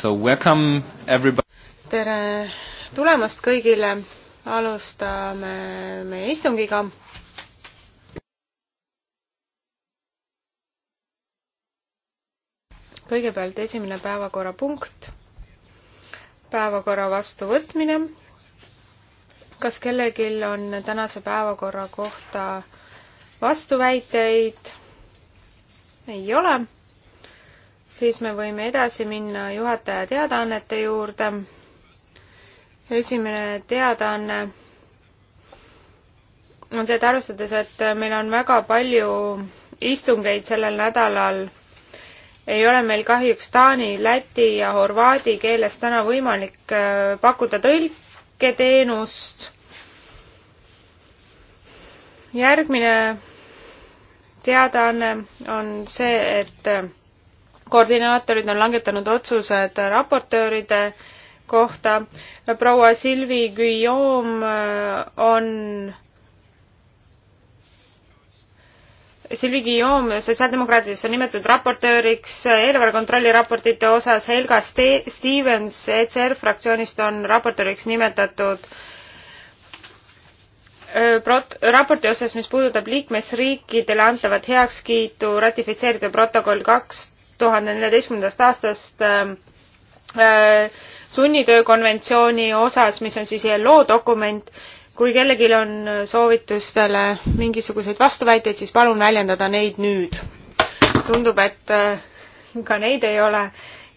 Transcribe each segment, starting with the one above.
So welcome everybody. tere tulemast kõigile, alustame meie istungiga. kõigepealt esimene päevakorrapunkt, päevakorra vastuvõtmine. kas kellelgi on tänase päevakorra kohta vastuväiteid? ei ole siis me võime edasi minna juhataja teadaannete juurde. esimene teadaanne on see, et arvestades, et meil on väga palju istungeid sellel nädalal, ei ole meil kahjuks taani, läti ja horvaadi keeles täna võimalik äh, pakkuda tõlketeenust. järgmine teadaanne on see, et koordinaatorid on langetanud otsused raportööride kohta. proua Silvi Guillaume äh, on Silvi Guillaume sotsiaaldemokraatidest on nimetatud raportööriks eelarvekontrolli raportite osas, Helga Ste-, Stevens ECR fraktsioonist on raportööriks nimetatud äh, prot-, raporti osas, mis puudutab liikmesriikidele antavat heakskiitu ratifitseerida protokoll kaks tuhande neljateistkümnendast aastast ähm, äh, sunnitöö konventsiooni osas, mis on siis ILO dokument. kui kellelgi on soovitustele mingisuguseid vastuväiteid, siis palun väljendada neid nüüd. tundub, et äh, ka neid ei ole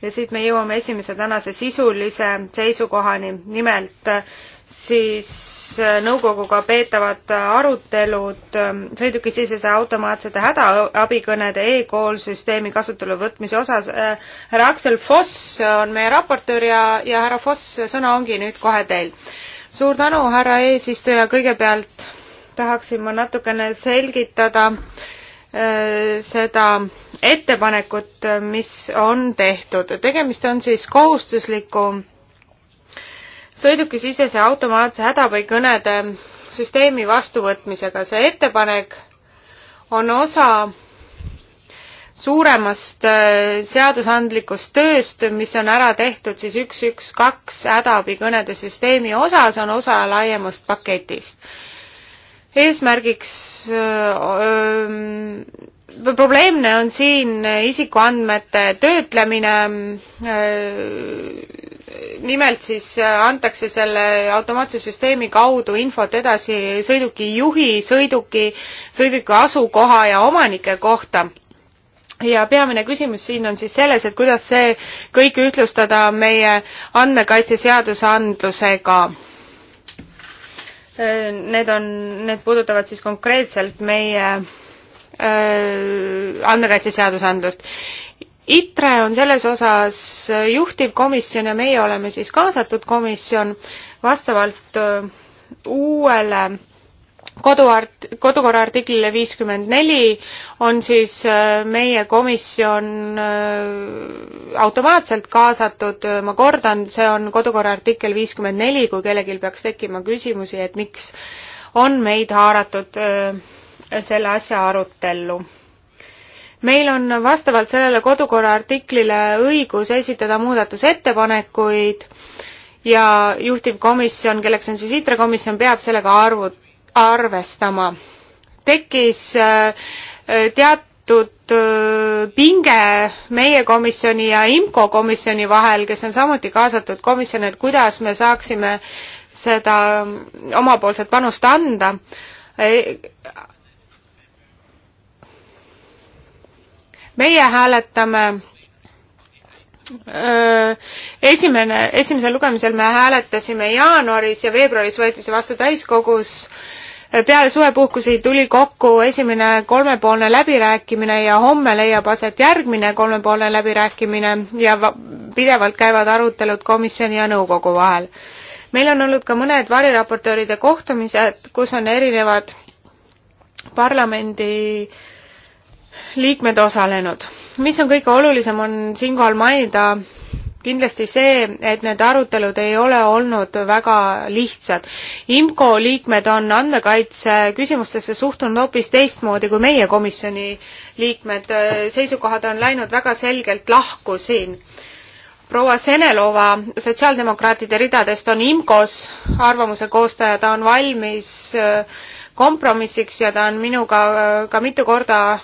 ja siit me jõuame esimese tänase sisulise seisukohani, nimelt äh, siis äh, nõukoguga peetavad äh, arutelud ähm, sõidukisisese automaatsete hädaabikõnede e-call süsteemi kasutusele võtmise osas. Äh, härra Aksel Foss on meie raportöör ja, ja härra Foss, sõna ongi nüüd kohe teil. suur tänu, härra eesistuja, kõigepealt tahaksin ma natukene selgitada seda ettepanekut, mis on tehtud. tegemist on siis kohustusliku sõidukisisese automaatse hädaabikõnede ähm, süsteemi vastuvõtmisega. see ettepanek on osa suuremast äh, seadusandlikust tööst, mis on ära tehtud siis üks, üks, kaks hädaabikõnede süsteemi osas, on osa laiemast paketist. eesmärgiks öö, äh, ähm, probleemne on siin isikuandmete töötlemine öö, äh, nimelt siis äh, antakse selle automaatse süsteemi kaudu infot edasi sõiduki juhi, sõiduki, sõiduki asukoha ja omanike kohta ja peamine küsimus siin on siis selles, et kuidas see kõik ühtlustada meie andmekaitseseaduse andlusega. Äh, need on, need puudutavad siis konkreetselt meie äh, andmekaitseseadusandlust ITRE on selles osas juhtivkomisjon ja meie oleme siis kaasatud komisjon vastavalt äh, uuele koduart-, kodukorra artiklile viiskümmend neli on siis äh, meie komisjon äh, automaatselt kaasatud, ma kordan, see on kodukorra artikkel viiskümmend neli, kui kellelgi peaks tekkima küsimusi, et miks on meid haaratud selle asja arutellu meil on vastavalt sellele kodukorra artiklile õigus esitada muudatusettepanekuid ja juhtivkomisjon, kelleks on siis ITRE komisjon, peab sellega arvu, arvestama. tekkis äh, äh, teatud äh, pinge meie komisjoni ja IMCO komisjoni vahel, kes on samuti kaasatud komisjon, et kuidas me saaksime seda omapoolset panust anda meie hääletame esimene, esimesel lugemisel me hääletasime jaanuaris ja veebruaris võeti see vastu täiskogus. peale suvepuhkusi tuli kokku esimene kolmepoolne läbirääkimine ja homme leiab aset järgmine kolmepoolne läbirääkimine ja pidevalt käivad arutelud komisjoni ja nõukogu vahel. meil on olnud ka mõned variraportööride kohtumised, kus on erinevad parlamendi äh, liikmed osalenud. mis on kõige olulisem, on siinkohal mainida kindlasti see, et need arutelud ei ole olnud väga lihtsad. IMCO liikmed on andmekaitse küsimustesse suhtunud hoopis teistmoodi kui meie komisjoni liikmed. seisukohad on läinud väga selgelt lahku siin. proua Senelova sotsiaaldemokraatide ridadest on IMCO-s arvamuse koostaja, ta on valmis kompromissiks ja ta on minuga ka mitu korda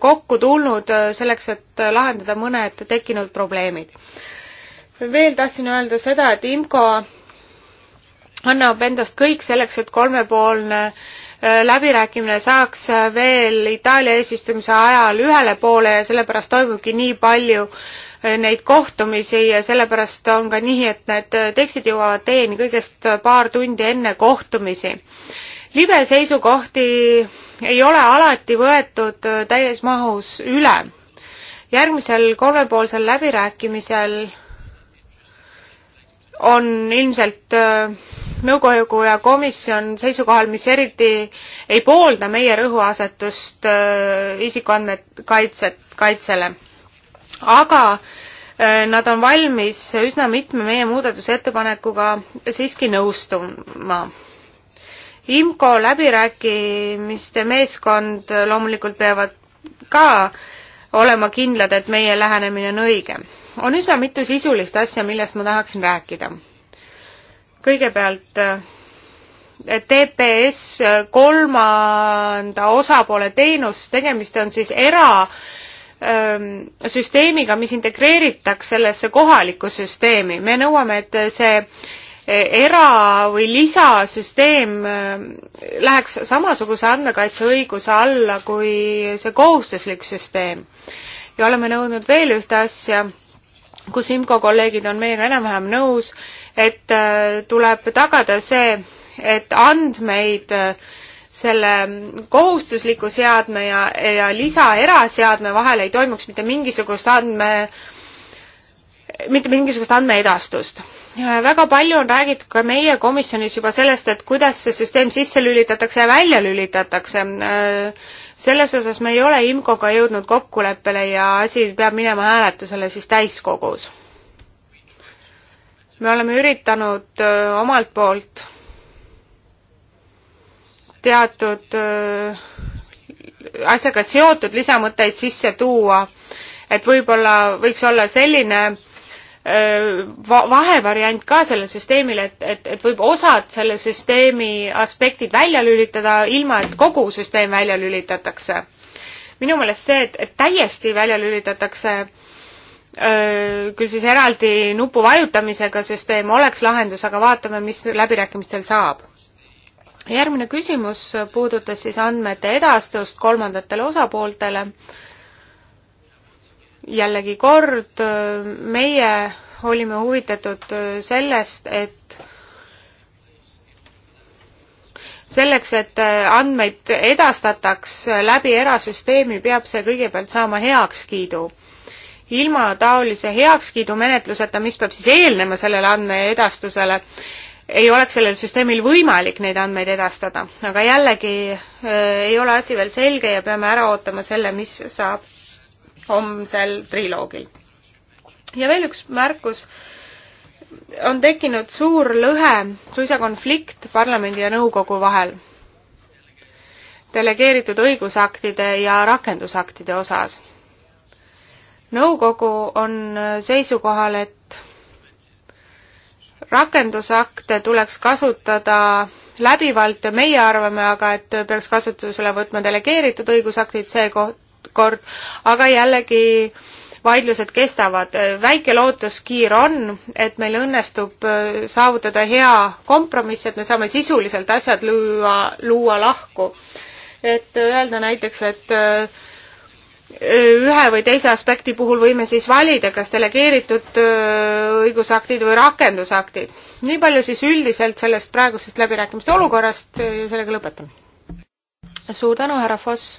kokku tulnud selleks, et lahendada mõned tekkinud probleemid. veel tahtsin öelda seda, et IMCO annab endast kõik selleks, et kolmepoolne läbirääkimine saaks veel Itaalia eesistumise ajal ühele poole ja sellepärast toimubki nii palju neid kohtumisi ja sellepärast on ka nii, et need tekstid jõuavad teieni kõigest paar tundi enne kohtumisi libe seisukohti ei ole alati võetud äh, täies mahus üle. järgmisel kolmepoolsel läbirääkimisel on ilmselt äh, nõukogu ja komisjon seisukohal, mis eriti ei poolda meie rõhuasetust äh, isikuandmed kaitset, kaitsele. aga nad on valmis üsna mitme meie muudatusettepanekuga siiski nõustuma IMCO läbirääkimiste meeskond loomulikult peavad ka olema kindlad, et meie lähenemine on õige. on üsna mitu sisulist asja, millest ma tahaksin rääkida. kõigepealt TPS kolmanda osapoole teenus, tegemist on siis erasüsteemiga, ähm, mis integreeritakse sellesse kohalikku süsteemi. me nõuame, et see Eh, era- või lisasüsteem eh, läheks samasuguse andmekaitseõiguse alla kui see kohustuslik süsteem. ja oleme nõudnud veel ühte asja, kus IMCO kolleegid on meiega enam-vähem nõus, et eh, tuleb tagada see, et andmeid selle kohustusliku seadme ja, ja lisa eraseadme vahel ei toimuks mitte mingisugust andme, mitte mingisugust andmeedastust Äh, väga palju on räägitud ka meie komisjonis juba sellest, et kuidas see süsteem sisse lülitatakse ja välja lülitatakse. Äh, selles osas me ei ole IMCO-ga jõudnud kokkuleppele ja asi peab minema hääletusele siis täiskogus. me oleme üritanud äh, omalt poolt teatud asjaga seotud lisamõtteid sisse tuua, et võib-olla võiks olla selline vahevariant ka sellele süsteemile, et, et, et võib osad selle süsteemi aspektid välja lülitada, ilma et kogu süsteem välja lülitatakse. minu meelest see, et, et täiesti välja lülitatakse küll siis eraldi nupu vajutamisega süsteem oleks lahendus, aga vaatame, mis läbirääkimistel saab. järgmine küsimus puudutas siis andmete edastust kolmandatele osapooltele jällegi kord, meie olime huvitatud sellest, et selleks, et andmeid edastataks läbi erasüsteemi, peab see kõigepealt saama heakskiidu. ilma taolise heakskiidumenetluseta, mis peab siis eelnema sellele andme edastusele, ei oleks sellel süsteemil võimalik neid andmeid edastada. aga jällegi äh, ei ole asi veel selge ja peame ära ootama selle, mis saab homsel triloogil. ja veel üks märkus, on tekkinud suur lõhe, suisa konflikt parlamendi ja nõukogu vahel delegeeritud õigusaktide ja rakendusaktide osas. nõukogu on seisukohal, et rakendusakte tuleks kasutada läbivalt ja meie arvame aga, et peaks kasutusele võtma delegeeritud õigusaktid, see koht, kord, aga jällegi vaidlused kestavad. väike lootuskiir on, et meil õnnestub äh, saavutada hea kompromiss, et me saame sisuliselt asjad luua, luua lahku. et öelda näiteks, et äh, ühe või teise aspekti puhul võime siis valida, kas delegeeritud äh, õigusaktid või rakendusaktid. nii palju siis üldiselt sellest praegusest läbirääkimiste olukorrast, sellega lõpetan. suur tänu, härra Foss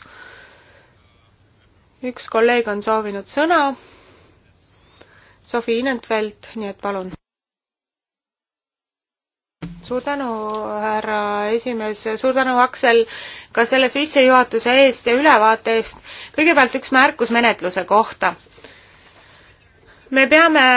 üks kolleeg on soovinud sõna. Sofi Inentvelt, nii et palun. suur tänu, härra esimees, suur tänu, Aksel, ka selle sissejuhatuse eest ja ülevaate eest. kõigepealt üks märkus menetluse kohta. me peame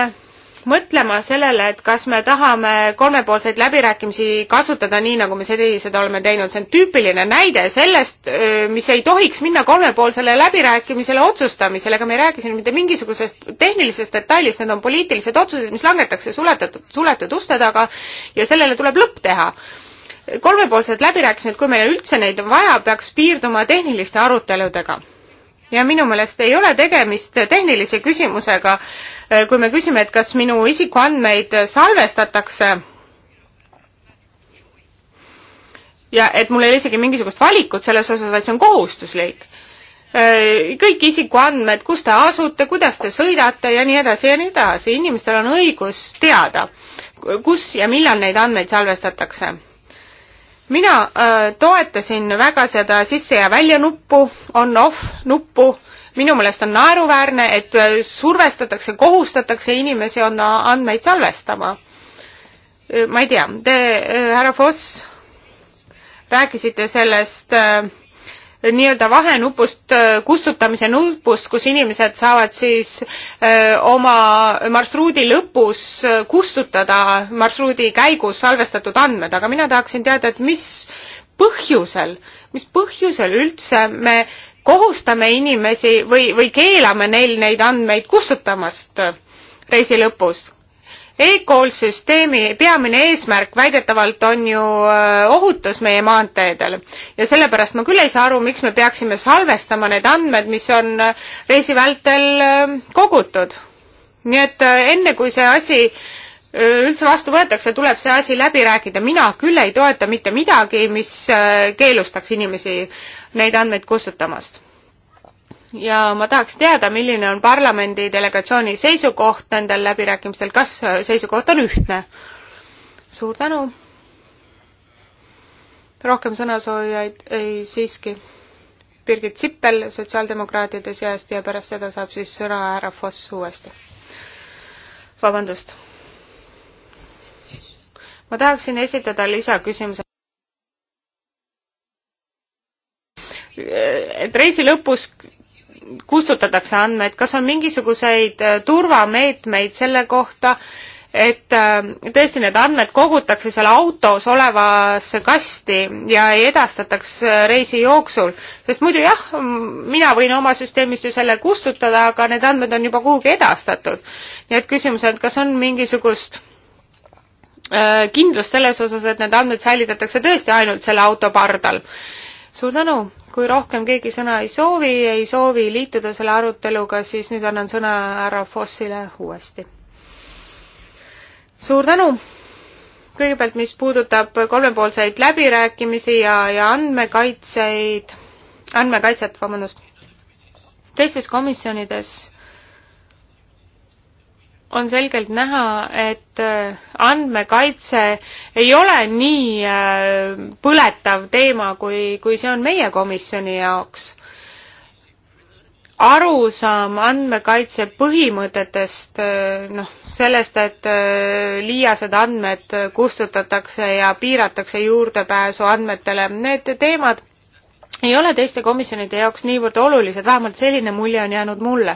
mõtlema sellele, et kas me tahame kolmepoolseid läbirääkimisi kasutada nii, nagu me seni seda oleme teinud, see on tüüpiline näide sellest, mis ei tohiks minna kolmepoolsele läbirääkimisele otsustamisele, ega me ei räägi siin mitte mingisugusest tehnilisest detailist, need on poliitilised otsused, mis langetatakse suletud, suletud uste taga ja sellele tuleb lõpp teha kolmepoolsed läbirääkimised, kui meil üldse neid on vaja, peaks piirduma tehniliste aruteludega ja minu meelest ei ole tegemist tehnilise küsimusega, äh, kui me küsime, et kas minu isikuandmeid salvestatakse ja et mul ei ole isegi mingisugust valikut selles osas, vaid see on kohustuslik. Äh, kõik isikuandmed, kus te asute, kuidas te sõidate ja nii edasi ja nii edasi, inimestel on õigus teada, kus ja millal neid andmeid salvestatakse mina öö, äh, toetasin väga seda sisse ja välja nuppu, on-off nuppu. minu meelest on naeruväärne, et äh, survestatakse, kohustatakse inimesi on äh, andmeid salvestama. ma ei tea, te, härra Foss, rääkisite sellest öö, nii-öelda vahenupust, kustutamise nupust, kus inimesed saavad siis öö, oma marsruudi lõpus kustutada marsruudi käigus salvestatud andmed, aga mina tahaksin teada, et mis põhjusel, mis põhjusel üldse me kohustame inimesi või, või keelame neil neid andmeid kustutamast reisi lõpus E-kool süsteemi peamine eesmärk väidetavalt on ju äh, ohutus meie maanteedel ja sellepärast ma küll ei saa aru, miks me peaksime salvestama need andmed, mis on äh, reisi vältel äh, kogutud. nii et enne, kui see asi üldse vastu võetakse, tuleb see asi läbi rääkida. mina küll ei toeta mitte midagi, mis keelustaks inimesi neid andmeid kustutamast ja ma tahaks teada, milline on parlamendi delegatsiooni seisukoht nendel läbirääkimistel, kas äh, seisukoht on ühtne? suur tänu. rohkem sõnasoovijaid ei siiski. Birgit Sippel sotsiaaldemokraatide seast ja pärast seda saab siis sõna härra Foss uuesti. vabandust. ma tahaksin esitada lisaküsimuse. et reisi lõpus kustutatakse andmed, kas on mingisuguseid äh, turvameetmeid selle kohta, et äh, tõesti need andmed kogutakse seal autos olevasse kasti ja ei edastataks äh, reisi jooksul, sest muidu jah, mina võin oma süsteemist ju selle kustutada, aga need andmed on juba kuhugi edastatud. nii et küsimus, et kas on mingisugust kindlust selles osas, et need andmed säilitatakse tõesti ainult selle auto pardal. suur tänu, kui rohkem keegi sõna ei soovi, ei soovi liituda selle aruteluga, siis nüüd annan sõna härra Fossile uuesti. suur tänu! kõigepealt, mis puudutab kolmepoolseid läbirääkimisi ja, ja andmekaitseid, andmekaitset, vabandust, teistes komisjonides on selgelt näha, et äh, andmekaitse ei ole nii äh, põletav teema, kui, kui see on meie komisjoni jaoks. arusaam andmekaitse põhimõtetest, äh, noh, sellest, et liiased andmed kustutatakse ja piiratakse juurdepääsu andmetele, need teemad ei ole teiste komisjonide jaoks niivõrd olulised, vähemalt selline mulje on jäänud mulle.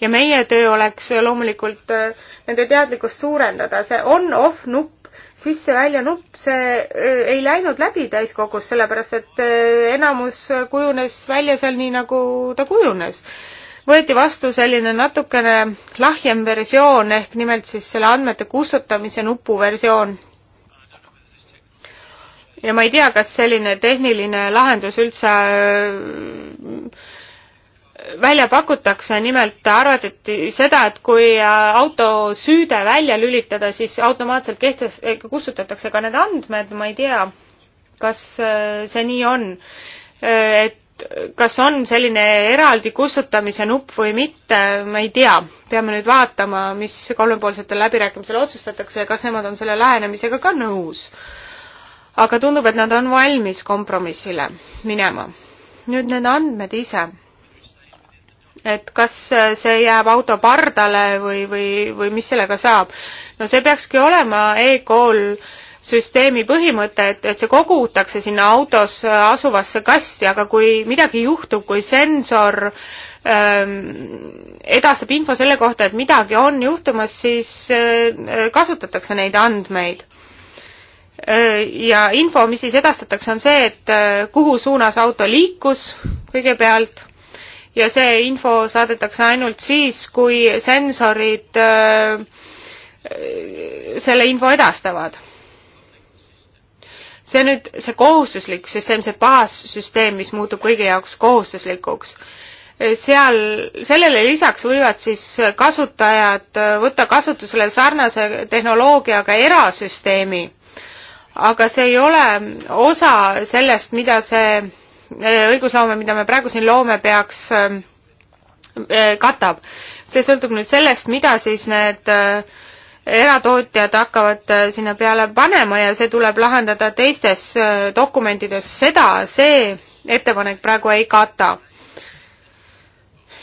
ja meie töö oleks loomulikult äh, nende teadlikkust suurendada, see on-off nupp, sisse-välja nupp, see äh, ei läinud läbi täiskogus, sellepärast et äh, enamus kujunes välja seal nii, nagu ta kujunes. võeti vastu selline natukene lahjem versioon ehk nimelt siis selle andmete kustutamise nupu versioon ja ma ei tea, kas selline tehniline lahendus üldse äh, välja pakutakse, nimelt arvatati seda, et kui äh, auto süüde välja lülitada, siis automaatselt kehtes-, kustutatakse ka need andmed, ma ei tea, kas äh, see nii on. et kas on selline eraldi kustutamise nupp või mitte, ma ei tea. peame nüüd vaatama, mis kolmepoolsetel läbirääkimistel otsustatakse ja kas nemad on selle lähenemisega ka nõus aga tundub, et nad on valmis kompromissile minema. nüüd need andmed ise, et kas see jääb auto pardale või, või, või mis sellega saab? no see peakski olema e-kool süsteemi põhimõte, et, et see kogutakse sinna autos asuvasse kasti, aga kui midagi juhtub, kui sensor ähm, edastab info selle kohta, et midagi on juhtumas, siis äh, kasutatakse neid andmeid Äh, ja info, mis siis edastatakse, on see, et äh, kuhu suunas auto liikus kõigepealt ja see info saadetakse ainult siis, kui sensorid äh, äh selle info edastavad. see nüüd, see kohustuslik süsteem, see baassüsteem, mis muutub kõigi jaoks kohustuslikuks, seal, sellele lisaks võivad siis kasutajad võtta kasutusele sarnase tehnoloogiaga erasüsteemi aga see ei ole osa sellest, mida see äh, õigusloome, mida me praegu siin loome, peaks ähm, äh, katab. see sõltub nüüd sellest, mida siis need äh, eratootjad hakkavad sinna peale panema ja see tuleb lahendada teistes dokumentides, seda see ettepanek praegu ei kata.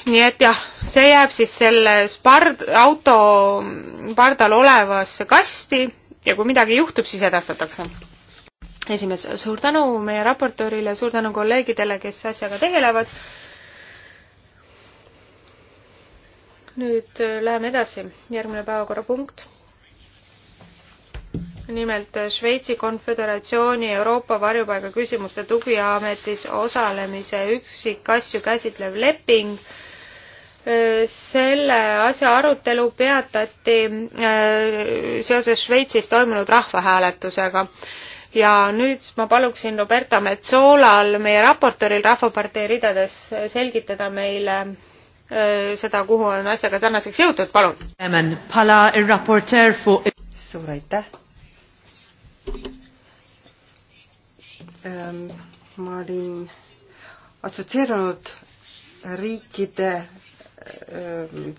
nii et jah, see jääb siis selles pard-, auto pardal olevasse kasti ja kui midagi juhtub, siis edastatakse. esimees, suur tänu meie raportöörile, suur tänu kolleegidele, kes asjaga tegelevad. nüüd äh, läheme edasi, järgmine päevakorrapunkt nimelt äh, Šveitsi Konföderatsiooni Euroopa varjupaiga küsimuste tugiametis osalemise üksikasju käsitlev leping selle asja arutelu peatati äh, seoses Šveitsis toimunud rahvahääletusega ja nüüd ma paluksin Roberta Metsolal, meie raportööril Rahvapartei ridades, selgitada meile äh, seda, kuhu on asjaga tänaseks jõutud, palun. suur aitäh. Ähm, ma olin assotsieerunud riikide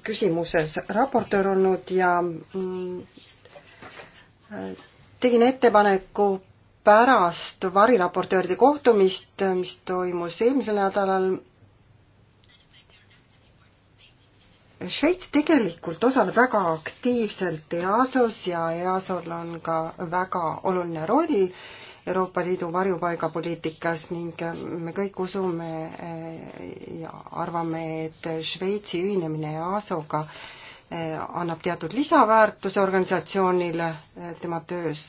küsimuses raportöör olnud ja mm, tegin ettepaneku pärast variraportööride kohtumist, mis toimus eelmisel nädalal, Šveits tegelikult osaleb väga aktiivselt EASO-s ja EASO-l on ka väga oluline roll Euroopa Liidu varjupaigapoliitikas ning me kõik usume ja arvame, et Šveitsi ühinemine EASO-ga eh, annab teatud lisaväärtuse organisatsioonile eh, tema töös.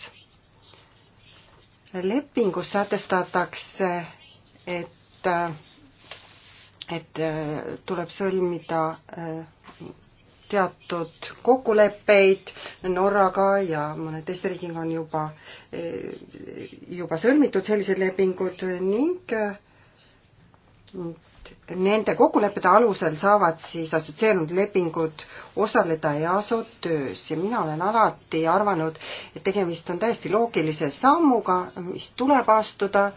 lepingus sätestatakse, et, eh, et tuleb sõlmida teatud kokkuleppeid Norraga ja mõne teiste riigiga on juba, juba sõlmitud sellised lepingud ning nende kokkulepete alusel saavad siis assotsieerunud lepingud osaleda EASO töös ja mina olen alati arvanud, et tegemist on täiesti loogilise sammuga, mis tuleb astuda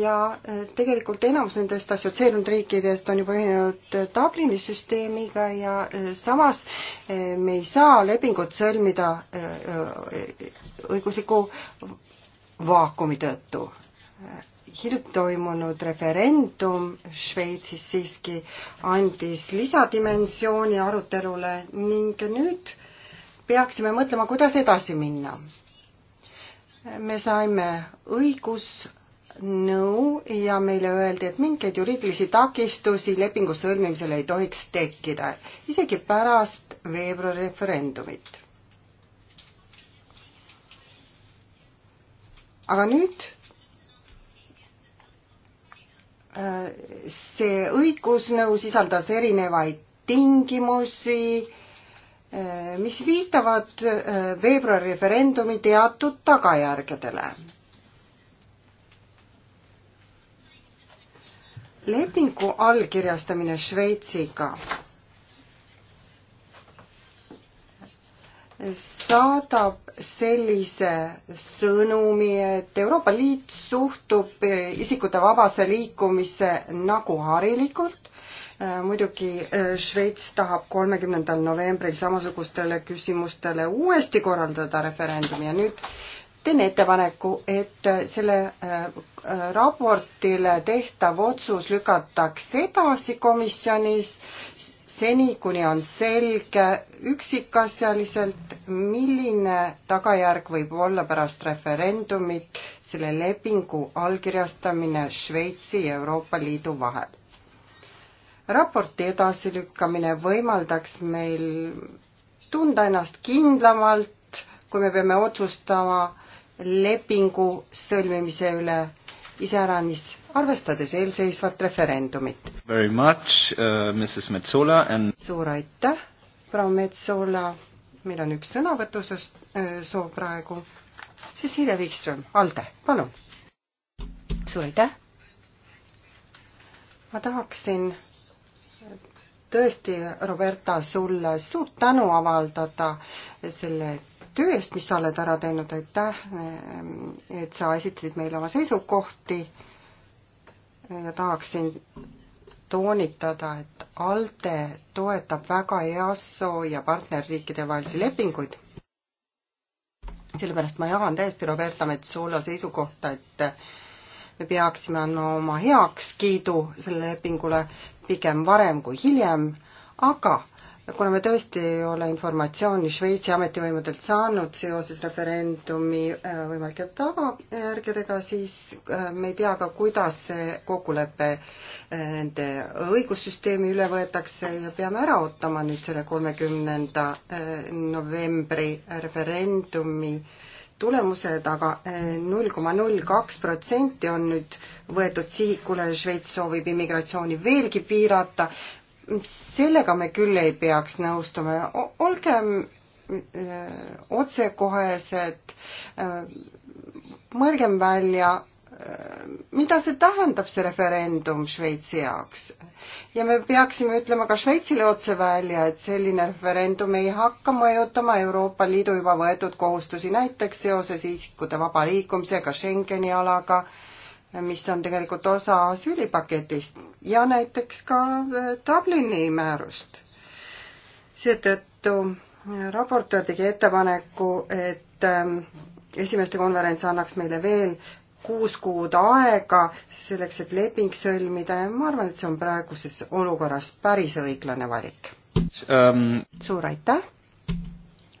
ja eh, tegelikult enamus nendest assotsieerunud riikidest on juba ühinenud eh, Dublini süsteemiga ja eh, samas me ei saa lepingut sõlmida õigusliku vaakumi tõttu. hiljuti toimunud referendum Šveitsis siiski andis lisadimensiooni arutelule ning nüüd peaksime mõtlema, kuidas edasi minna. me saime õigus nõu ja meile öeldi, et mingeid juriidilisi takistusi lepingu sõlmimisel ei tohiks tekkida, isegi pärast veebruari referendumit. aga nüüd äh, see õigusnõu sisaldas erinevaid tingimusi, äh, mis viitavad äh, veebruari referendumi teatud tagajärgedele lepingu allkirjastamine Šveitsiga saadab sellise sõnumi, et Euroopa Liit suhtub eh, isikute vabase liikumise nagu harilikult. Eh, muidugi eh, Šveits tahab kolmekümnendal novembril samasugustele küsimustele uuesti korraldada referendumi ja nüüd teen ettepaneku, et selle äh, raportile tehtav otsus lükatakse edasi komisjonis seni, kuni on selge üksikasjaliselt, milline tagajärg võib olla pärast referendumit selle lepingu allkirjastamine Šveitsi ja Euroopa Liidu vahel. raporti edasilükkamine võimaldaks meil tunda ennast kindlamalt, kui me peame otsustama lepingu sõlmimise üle iseäranis, arvestades eelseisvat referendumit. Very much uh,, Mrs Metsola and suur aitäh, proua Metsola, meil on üks sõnavõtusest äh, soov praegu. Cecilia Wikström, ALDE, palun. suur aitäh. ma tahaksin tõesti, Roberta, sulle suurt tänu avaldada selle töö eest, mis sa oled ära teinud, aitäh, et sa esitasid meile oma seisukohti ja tahaksin toonitada, et ALDE toetab väga EASO ja partnerriikide vahelisi lepinguid. sellepärast ma jagan täiesti Roberta Metsola seisukohta, et me peaksime andma oma heakskiidu sellele lepingule pigem varem kui hiljem, aga kuna me tõesti ei ole informatsiooni Šveitsi ametivõimudelt saanud seoses referendumi äh, võimalike tagajärgedega, siis äh, me ei tea ka, kuidas see kokkulepe äh, nende õigussüsteemi üle võetakse ja peame ära ootama nüüd selle kolmekümnenda novembri referendumi tulemused aga, aga null koma null kaks protsenti on nüüd võetud sihikule, Šveits soovib immigratsiooni veelgi piirata, sellega me küll ei peaks nõustuma, olgem äh, otsekohesed, äh, mõelgem välja, äh, mida see tähendab, see referendum Šveitsi jaoks. ja me peaksime ütlema ka Šveitsile otse välja, et selline referendum ei hakka mõjutama Euroopa Liidu juba võetud kohustusi, näiteks seoses isikute vaba liikumisega, Schengeni alaga äh, mis on tegelikult osa asüülipaketist ja näiteks ka äh, Dublini määrust. seetõttu äh, raportöör tegi ettepaneku, et ähm, esimeste konverents annaks meile veel kuus kuud aega selleks, et leping sõlmida ja ma arvan, et see on praeguses olukorras päris õiglane valik um.... suur aitäh!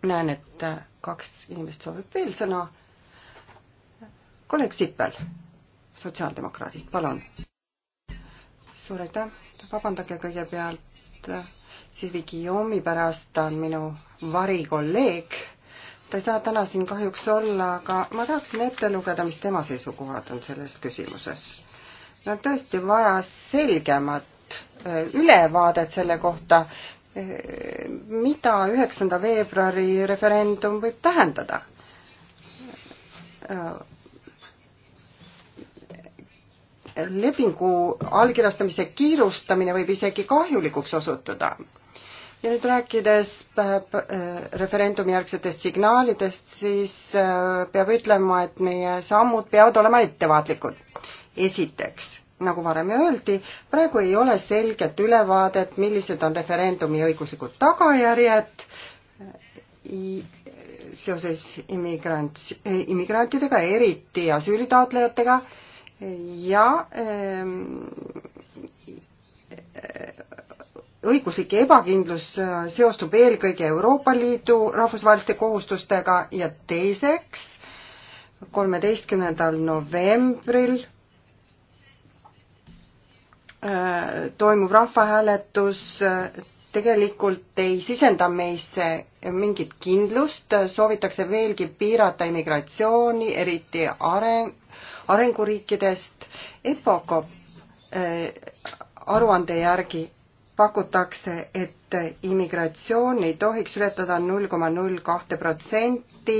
näen, et äh, kaks inimest soovib veel sõna. kolleeg Sippel sotsiaaldemokraadid, palun. suur aitäh, vabandage kõigepealt äh, Silvi Guillaume'i pärast, ta on minu varikolleeg. ta ei saa täna siin kahjuks olla, aga ma tahaksin ette lugeda, mis tema seisukohad on selles küsimuses. no tõesti vaja selgemat äh, ülevaadet selle kohta, äh, mida üheksanda veebruari referendum võib tähendada lepingu allkirjastamise kiirustamine võib isegi kahjulikuks osutuda. ja nüüd rääkides äh, äh, referendumi järgsetest signaalidest, siis äh, peab ütlema, et meie sammud peavad olema ettevaatlikud. esiteks, nagu varem öeldi, praegu ei ole selget ülevaadet, millised on referendumi õiguslikud tagajärjed seoses immigrant, immigrantidega, eriti asüülitaotlejatega ja ehm, õiguslik ebakindlus äh, seostub eelkõige Euroopa Liidu rahvusvaheliste kohustustega ja teiseks, kolmeteistkümnendal novembril äh, toimuv rahvahääletus äh, tegelikult ei sisenda meisse mingit kindlust, soovitakse veelgi piirata immigratsiooni, eriti areng, arenguriikidest. EPOCOP eh, aruande järgi pakutakse, et immigratsioon ei tohiks ületada null koma null kahte protsenti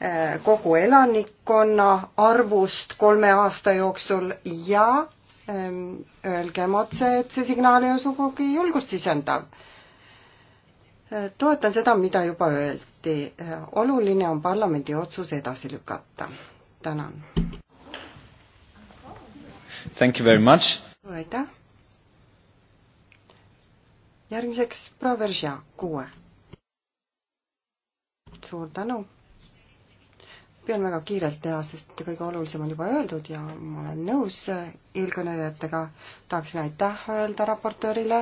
eh, kogu elanikkonna arvust kolme aasta jooksul ja ehm, öelgem otse, et see signaal ei ole sugugi julgust sisendav. Eh, toetan seda, mida juba öeldi. oluline on parlamendi otsus edasi lükata. tänan. Thank you very much. suur aitäh. järgmiseks Proveržia kuue. suur tänu. pean väga kiirelt teha, sest kõige olulisem on juba öeldud ja ma olen nõus eelkõnelejatega. tahaksin aitäh öelda raportöörile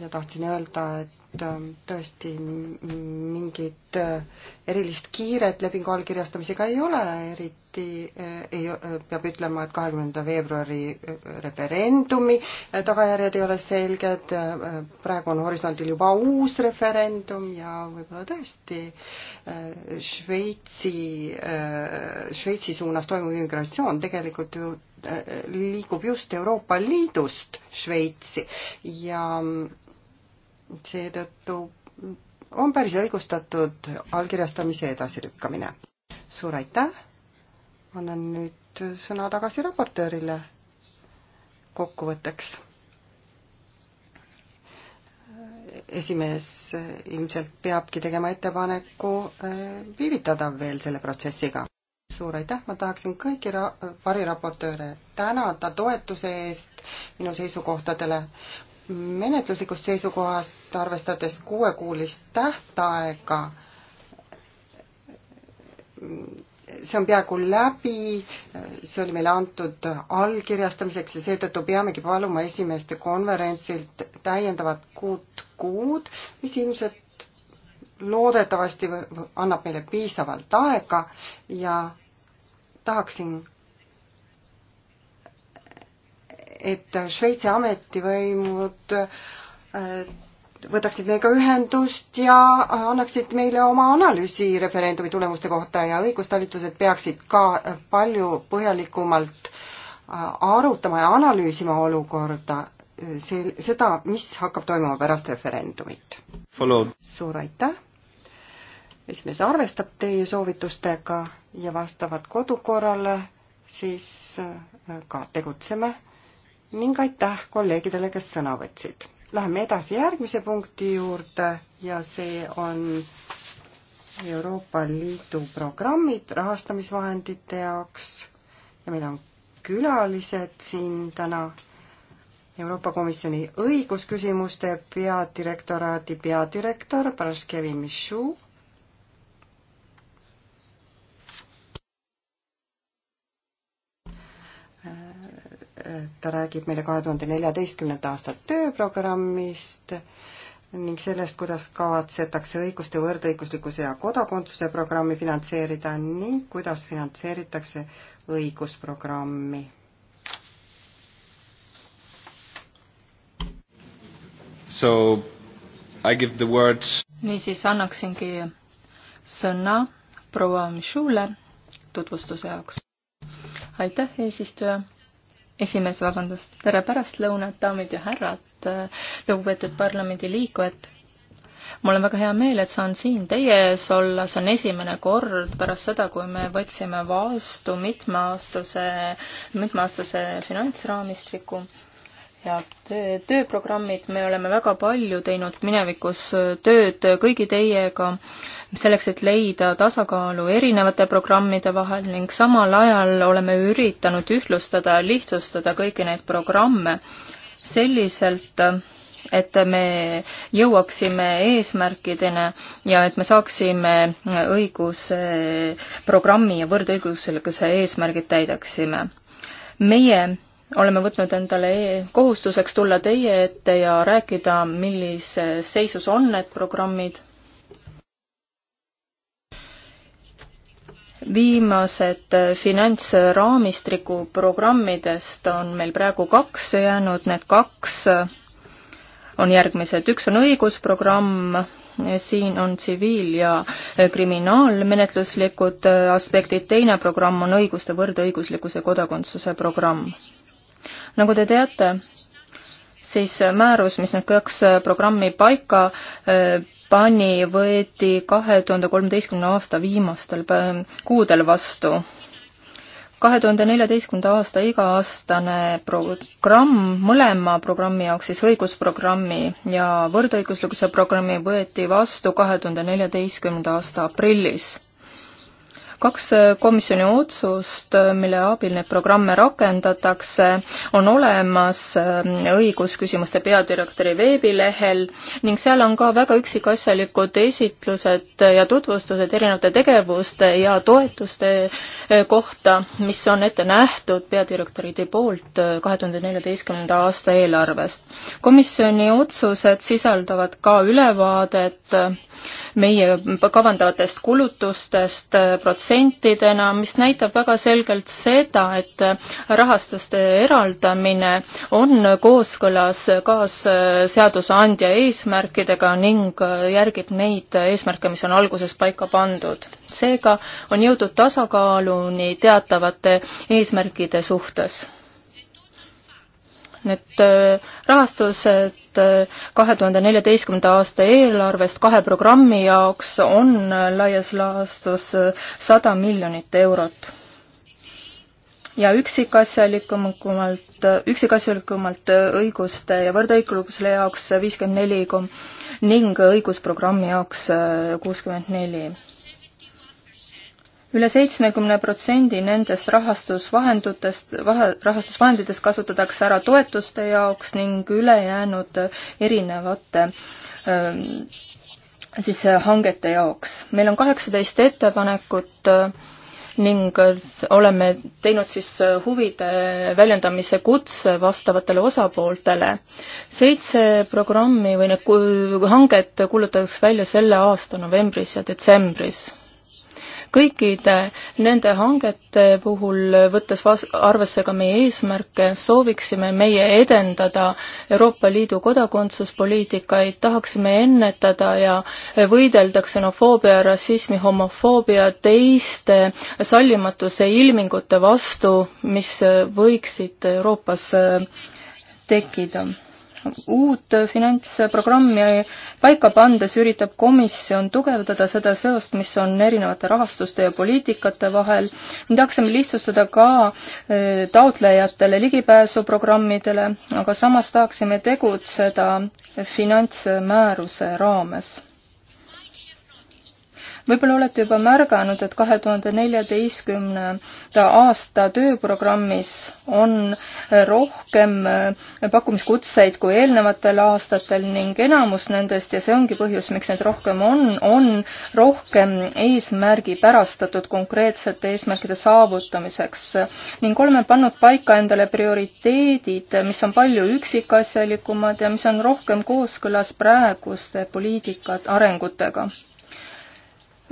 ja tahtsin öelda, et Ähm, tõesti mingit äh, erilist kiiret lepingu allkirjastamisega ei ole, eriti äh, ei, äh, peab ütlema, et kahekümnenda veebruari referendumi tagajärjed ei ole selged, praegu on horisondil juba uus referendum ja võib-olla tõesti Šveitsi, Šveitsi suunas toimuv immigratsioon tegelikult ju liigub just Euroopa Liidust Šveitsi ja seetõttu on päris õigustatud allkirjastamise edasilükkamine. suur aitäh, annan nüüd sõna tagasi raportöörile kokkuvõtteks. esimees ilmselt peabki tegema ettepaneku eh, viivitada veel selle protsessiga. suur aitäh, ma tahaksin kõiki ra-, variraportööre tänada toetuse eest minu seisukohtadele menetluslikust seisukohast, arvestades kuuekuulist tähtaega, see on peaaegu läbi, see oli meile antud allkirjastamiseks ja seetõttu peamegi paluma esimeeste konverentsilt täiendavat kuut kuud, mis ilmselt loodetavasti annab meile piisavalt aega ja tahaksin et Šveitsi ametivõimud äh, võtaksid meiega ühendust ja annaksid meile oma analüüsi referendumi tulemuste kohta ja õigustalitused peaksid ka palju põhjalikumalt äh, arutama ja analüüsima olukorda, äh, see, seda, mis hakkab toimuma pärast referendumit. suur aitäh! esimees arvestab teie soovitustega ja vastavalt kodukorrale siis ka tegutseme ning aitäh kolleegidele, kes sõna võtsid. Läheme edasi järgmise punkti juurde ja see on Euroopa Liidu programmid rahastamisvahendite jaoks ja meil on külalised siin täna Euroopa Komisjoni õigusküsimuste peadirektoraadi peadirektor Paraskevin Michu ta räägib meile kahe tuhande neljateistkümnenda aasta tööprogrammist ning sellest, kuidas kavatsetakse õiguste, võrdõiguslikkuse ja kodakondsuse programmi finantseerida ning kuidas finantseeritakse õigusprogrammi. So I give the words. niisiis annaksingi sõna proua Michule tutvustuse jaoks. aitäh, eesistuja esimees, vabandust, tere pärastlõunat, daamid ja härrad, lugupeetud parlamendiliikmed. mul on väga hea meel, et saan siin teie ees olla, see on esimene kord pärast seda, kui me võtsime vastu mitmeaastase, mitmeaastase finantsraamistiku ja tööprogrammid, me oleme väga palju teinud minevikus äh, tööd kõigi teiega selleks, et leida tasakaalu erinevate programmide vahel ning samal ajal oleme üritanud ühtlustada, lihtsustada kõiki neid programme selliselt, et me jõuaksime eesmärkideni ja et me saaksime õigusprogrammi ja võrdõiguslikkuse eesmärgid täidaksime. meie oleme võtnud endale e-, kohustuseks tulla teie ette ja rääkida, millises seisus on need programmid. viimased finantsraamistiku programmidest on meil praegu kaks jäänud, need kaks on järgmised, üks on õigusprogramm, siin on tsiviil- ja kriminaalmenetluslikud aspektid, teine programm on õiguste, võrdõiguslikkuse ja kodakondsuse programm nagu te teate, siis määrus, mis need kaks programmi paika eh, pani, võeti kahe tuhande kolmeteistkümne aasta viimastel eh, kuudel vastu. kahe tuhande neljateistkümnenda aasta iga-aastane programm, mõlema programmi jaoks siis õigusprogrammi ja võrdõiguslikkuse programmi võeti vastu kahe tuhande neljateistkümnenda aasta aprillis kaks äh, komisjoni otsust, äh, mille abil neid programme rakendatakse, on olemas äh, õigusküsimuste peadirektori veebilehel ning seal on ka väga üksikasjalikud esitlused ja tutvustused erinevate tegevuste ja toetuste kohta, mis on ette nähtud peadirektorite poolt kahe tuhande neljateistkümnenda aasta eelarvest. komisjoni otsused sisaldavad ka ülevaadet meie kavandavatest kulutustest protsentidena, mis näitab väga selgelt seda, et rahastuste eraldamine on kooskõlas kaasseadusandja eesmärkidega ning järgib neid eesmärke, mis on alguses paika pandud. seega on jõudnud tasakaaluni teatavate eesmärkide suhtes nüüd äh, rahastused äh, kahe tuhande neljateistkümnenda aasta eelarvest kahe programmi jaoks on äh, laias laastus sada miljonit eurot. ja üksikasjalikumalt, üksikasjalikumalt õiguste ja võrdõiguslikkuse jaoks viiskümmend neli ning õigusprogrammi jaoks kuuskümmend neli üle seitsmekümne protsendi nendest rahastusvahendutest, rahastusvahenditest kasutatakse ära toetuste jaoks ning ülejäänud erinevate ähm, siis äh, hangete jaoks. meil on kaheksateist ettepanekut äh, ning äh, oleme teinud siis huvide väljendamise kutse vastavatele osapooltele. seitse programmi või need hanget kuulutatakse välja selle aasta novembris ja detsembris kõikide nende hangete puhul, võttes vas-, arvesse ka meie eesmärke, sooviksime meie edendada Euroopa Liidu kodakondsuspoliitikaid, tahaksime ennetada ja võidelda ksenofoobia, rassismi, homofoobia, teiste sallimatuse ilmingute vastu, mis võiksid Euroopas tekkida uut finantsprogrammi paika pandes üritab komisjon tugevdada seda seost, mis on erinevate rahastuste ja poliitikate vahel. me tahaksime lihtsustada ka äh, taotlejatele ligipääsu programmidele, aga samas tahaksime tegutseda finantsmääruse raames võib-olla olete juba märganud, et kahe tuhande neljateistkümnenda aasta tööprogrammis on rohkem äh, pakkumiskutseid kui eelnevatel aastatel ning enamus nendest ja see ongi põhjus, miks neid rohkem on, on rohkem eesmärgipärastatud konkreetsete eesmärkide saavutamiseks ning oleme pannud paika endale prioriteedid, mis on palju üksikasjalikumad ja mis on rohkem kooskõlas praeguste poliitikad arengutega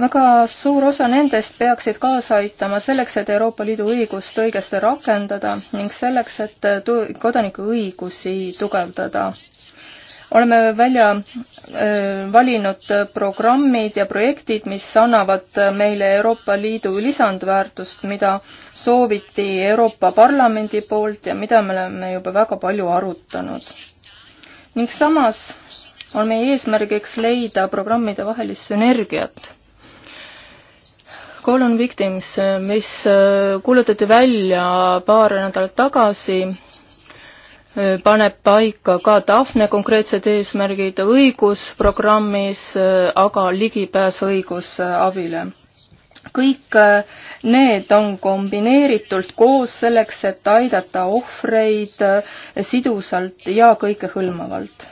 väga suur osa nendest peaksid kaasa aitama selleks, et Euroopa Liidu õigust õigesti rakendada ning selleks, et tu-, kodanikuõigusi tugevdada. oleme välja öö, valinud programmid ja projektid, mis annavad meile Euroopa Liidu lisandväärtust, mida sooviti Euroopa Parlamendi poolt ja mida me oleme juba väga palju arutanud. ning samas on meie eesmärgiks leida programmide vahelist sünergiat Call on Victims, mis äh, kuulutati välja paar nädalat tagasi, äh, paneb paika ka Daphne konkreetsed eesmärgid õigusprogrammis, äh, aga ligipääs õigusabile. kõik need on kombineeritult koos selleks, et aidata ohvreid sidusalt ja kõikehõlmavalt.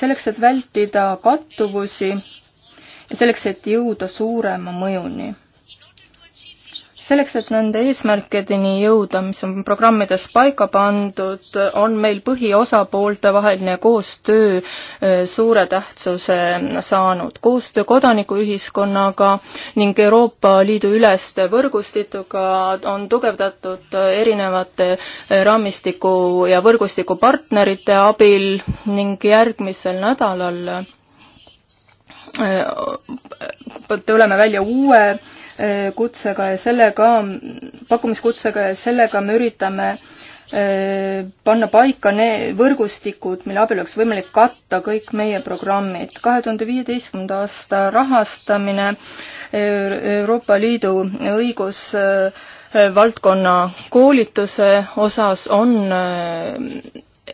selleks, et vältida kattuvusi selleks, et jõuda suurema mõjuni. selleks, et nende eesmärkideni jõuda, mis on programmides paika pandud, on meil põhiosapoolte vaheline koostöö äh, suure tähtsuse saanud. koostöö kodanikuühiskonnaga ning Euroopa Liidu üleste võrgustikuga on tugevdatud erinevate äh, raamistiku ja võrgustikupartnerite abil ning järgmisel nädalal Äh, tuleme välja uue äh, kutsega ja sellega, pakkumiskutsega ja sellega me üritame äh, panna paika need võrgustikud, mille abil oleks võimalik katta kõik meie programmid. kahe tuhande viieteistkümnenda aasta rahastamine Euroopa Liidu õigusvaldkonna koolituse osas on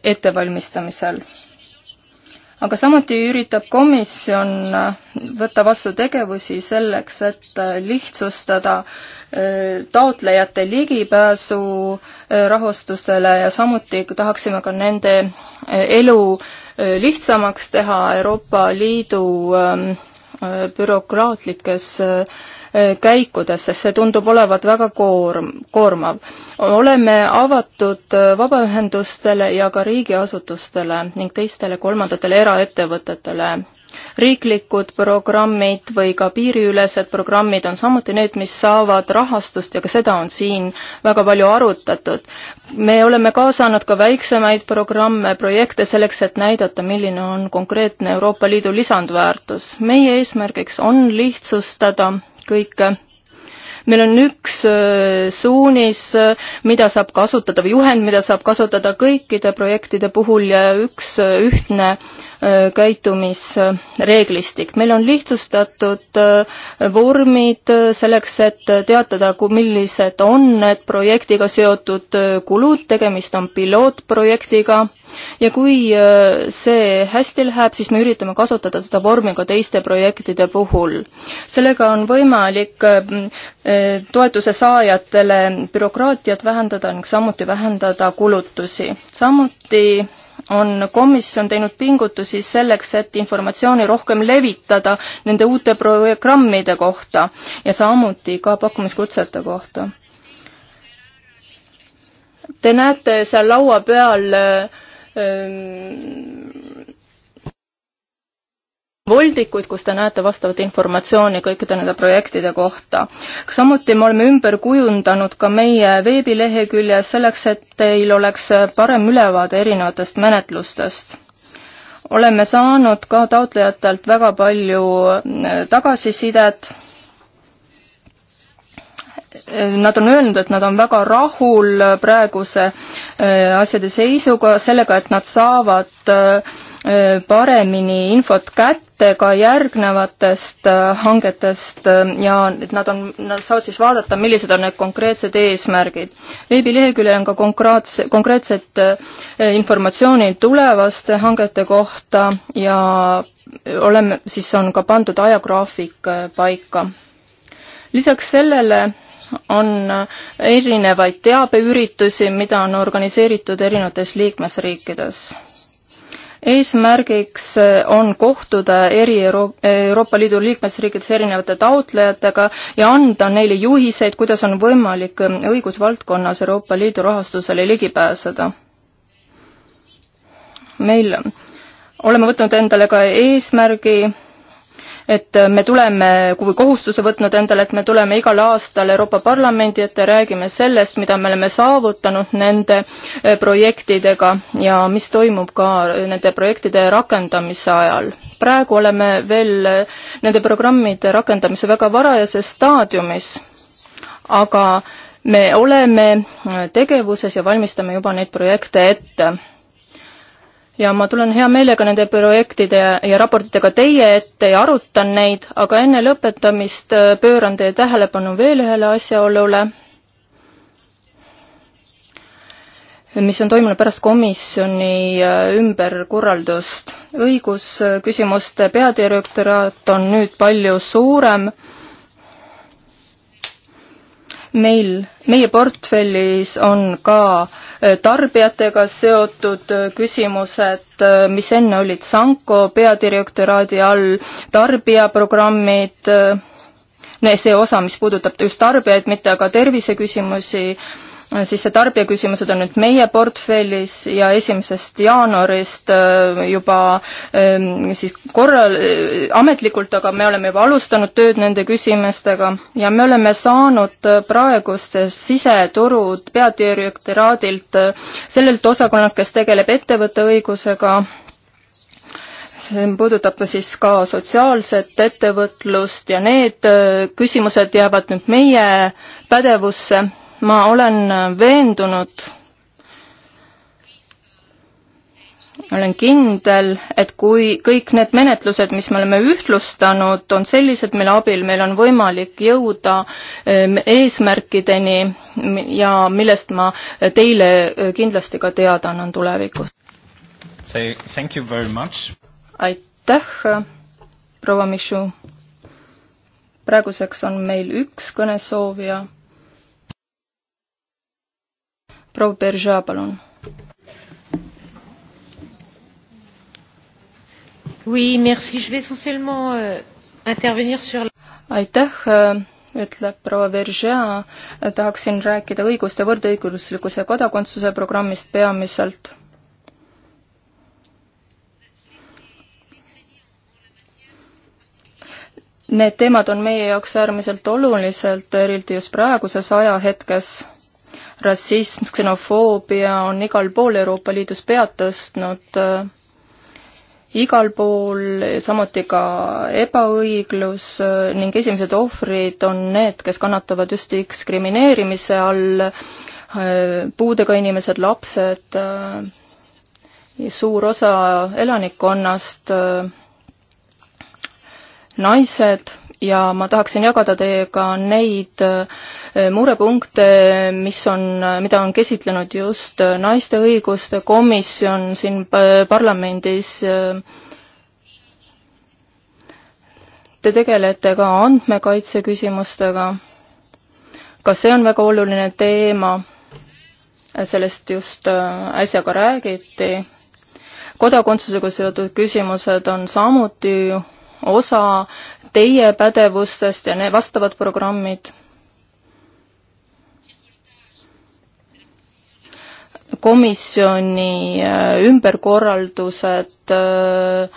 ettevalmistamisel aga samuti üritab komisjon võtta vastu tegevusi selleks, et lihtsustada äh, taotlejate ligipääsu äh, rahastustele ja samuti tahaksime ka nende äh, elu lihtsamaks teha Euroopa Liidu ähm, bürokraatlikes Äh, käikudes, sest see tundub olevat väga koorm, koormav. oleme avatud äh, vabaühendustele ja ka riigiasutustele ning teistele kolmandatele eraettevõtetele riiklikud programmid või ka piiriülesed programmid on samuti need, mis saavad rahastust ja ka seda on siin väga palju arutatud. me oleme kaasanud ka väiksemaid programme, projekte selleks, et näidata, milline on konkreetne Euroopa Liidu lisandväärtus. meie eesmärgiks on lihtsustada kõik meil on üks äh, suunis, äh, mida saab kasutada või juhend, mida saab kasutada kõikide projektide puhul ja üks äh, ühtne käitumisreeglistik. meil on lihtsustatud vormid selleks, et teatada, millised on need projektiga seotud kulud, tegemist on pilootprojektiga ja kui äh, see hästi läheb, siis me üritame kasutada seda vormi ka teiste projektide puhul. sellega on võimalik äh, äh, toetuse saajatele bürokraatiat vähendada ning samuti vähendada kulutusi. samuti on komisjon teinud pingutusi selleks, et informatsiooni rohkem levitada nende uute programmide kohta ja samuti ka pakkumiskutsete kohta. Te näete seal laua peal äh, voldikuid, kus te näete vastavat informatsiooni kõikide nende projektide kohta. samuti me oleme ümber kujundanud ka meie veebilehekülje selleks, et teil oleks parem ülevaade erinevatest menetlustest. oleme saanud ka taotlejatelt väga palju tagasisidet Nad on öelnud, et nad on väga rahul äh, praeguse äh, asjade seisuga, sellega, et nad saavad äh, paremini infot kätte ka järgnevatest hangetest ja et nad on, nad saavad siis vaadata, millised on need konkreetsed eesmärgid. veebileheküljel on ka konkreetse, konkreetset informatsiooni tulevaste hangete kohta ja oleme, siis on ka pandud ajagraafik paika. lisaks sellele on erinevaid teabeüritusi, mida on organiseeritud erinevates liikmesriikides. eesmärgiks on kohtuda eri Euro Euroopa Liidu liikmesriikides erinevate taotlejatega ja anda neile juhiseid, kuidas on võimalik õigusvaldkonnas Euroopa Liidu rahastusele ligi pääseda. meil oleme võtnud endale ka eesmärgi et me tuleme, kui kohustuse võtnud endale, et me tuleme igal aastal Euroopa Parlamendi ette, räägime sellest, mida me oleme saavutanud nende eh, projektidega ja mis toimub ka nende projektide rakendamise ajal. praegu oleme veel eh, nende programmide rakendamise väga varajases staadiumis, aga me oleme eh, tegevuses ja valmistame juba neid projekte ette ja ma tulen hea meelega nende projektide ja raportitega teie ette ja arutan neid, aga enne lõpetamist äh, pööran teie tähelepanu veel ühele asjaolule, mis on toimunud pärast komisjoni äh, ümberkorraldust. õigusküsimuste peadirektoraat on nüüd palju suurem meil, meie portfellis on ka äh, tarbijatega seotud äh, küsimused, äh, mis enne olid Sanko peadirektoraadi all, tarbijaprogrammid, see osa, mis puudutab just tarbijaid, mitte aga terviseküsimusi Äh, siis see tarbijaküsimused on nüüd meie portfellis ja esimesest jaanuarist äh, juba ähm, siis korral, äh, ametlikult, aga me oleme juba alustanud tööd nende küsimustega ja me oleme saanud praegust siseturu peadirektoraadilt sellelt osakonnalt, kes tegeleb ettevõtte õigusega, see puudutab siis ka sotsiaalset ettevõtlust ja need küsimused jäävad nüüd meie pädevusse ma olen veendunud, olen kindel, et kui kõik need menetlused, mis me oleme ühtlustanud, on sellised, mille abil meil on võimalik jõuda ehm, eesmärkideni ja millest ma teile ehm, kindlasti ka teada annan tulevikus. aitäh, proua Michu. praeguseks on meil üks kõnesoovija proua Beržaa, palun. aitäh, äh, ütleb proua Beržaa, tahaksin rääkida õiguste võrdõiguslikkuse kodakondsuse programmist peamiselt need teemad on meie jaoks äärmiselt olulised, eriti just praeguses ajahetkes rassism, ksenofoobia on igal pool Euroopa Liidus pead tõstnud, äh, igal pool, samuti ka ebaõiglus äh, ning esimesed ohvrid on need, kes kannatavad just diskrimineerimise all, äh, puudega inimesed, lapsed, suur osa elanikkonnast, naised ja ma tahaksin jagada teiega neid äh, murepunkte, mis on, mida on käsitlenud just äh, naiste õiguste komisjon siin äh, parlamendis. Te tegelete ka andmekaitse küsimustega. ka see on väga oluline teema. sellest just äsja ka räägiti kodakondsusega seotud küsimused on samuti osa teie pädevustest ja need vastavad programmid. komisjoni äh, ümberkorraldused, äh,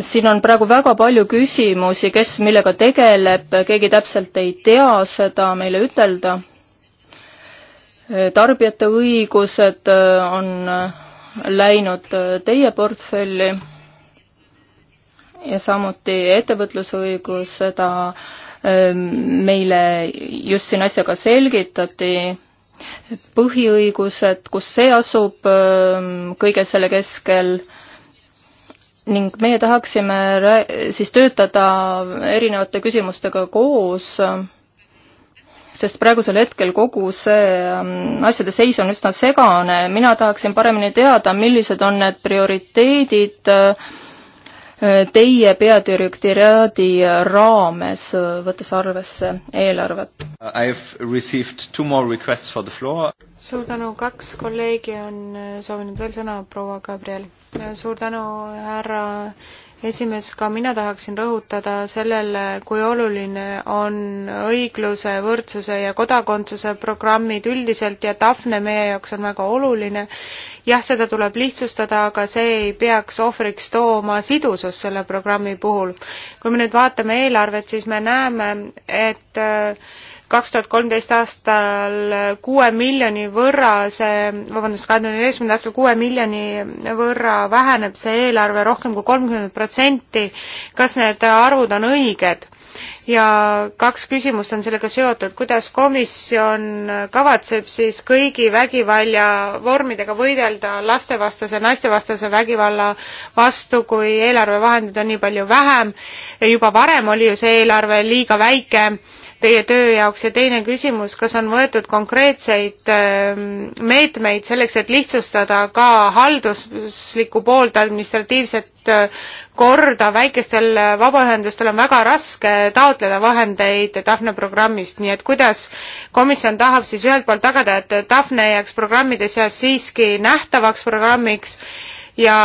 siin on praegu väga palju küsimusi, kes millega tegeleb, keegi täpselt ei tea seda meile ütelda. Äh, tarbijate õigused on läinud teie portfelli ja samuti ettevõtlusõigus, seda ähm, meile just siin asjaga selgitati, põhiõigused, kus see asub ähm, kõige selle keskel ning meie tahaksime siis töötada erinevate küsimustega koos, sest praegusel hetkel kogu see ähm, asjade seis on üsna segane, mina tahaksin paremini teada, millised on need prioriteedid äh, teie peadirektoraadi raames, võttes arvesse eelarvet? suur tänu, kaks kolleegi on soovinud veel sõna, proua Gabriel. suur tänu, härra esimees, ka mina tahaksin rõhutada sellele, kui oluline on õigluse, võrdsuse ja kodakondsuse programmid üldiselt ja Daphne meie jaoks on väga oluline jah, seda tuleb lihtsustada, aga see ei peaks ohvriks tooma sidusust selle programmi puhul. kui me nüüd vaatame eelarvet, siis me näeme, et äh, kaks tuhat kolmteist aastal kuue miljoni võrra see, vabandust, kahe tuhande üheksakümnenda aastal kuue miljoni võrra väheneb see eelarve rohkem kui kolmkümmend protsenti. kas need arvud on õiged? ja kaks küsimust on sellega seotud, kuidas komisjon kavatseb siis kõigi vägivalla vormidega võidelda lastevastase, naistevastase vägivalla vastu, kui eelarvevahendid on nii palju vähem, juba varem oli ju see eelarve liiga väike teie töö jaoks ja teine küsimus, kas on võetud konkreetseid ähm, meetmeid selleks, et lihtsustada ka halduslikku poolt, administratiivset äh, korda, väikestel äh, vabaühendustel on väga raske taotleda vahendeid Tafne programmist, nii et kuidas komisjon tahab siis ühelt poolt tagada, et Tafne jääks programmide seas siiski nähtavaks programmiks ja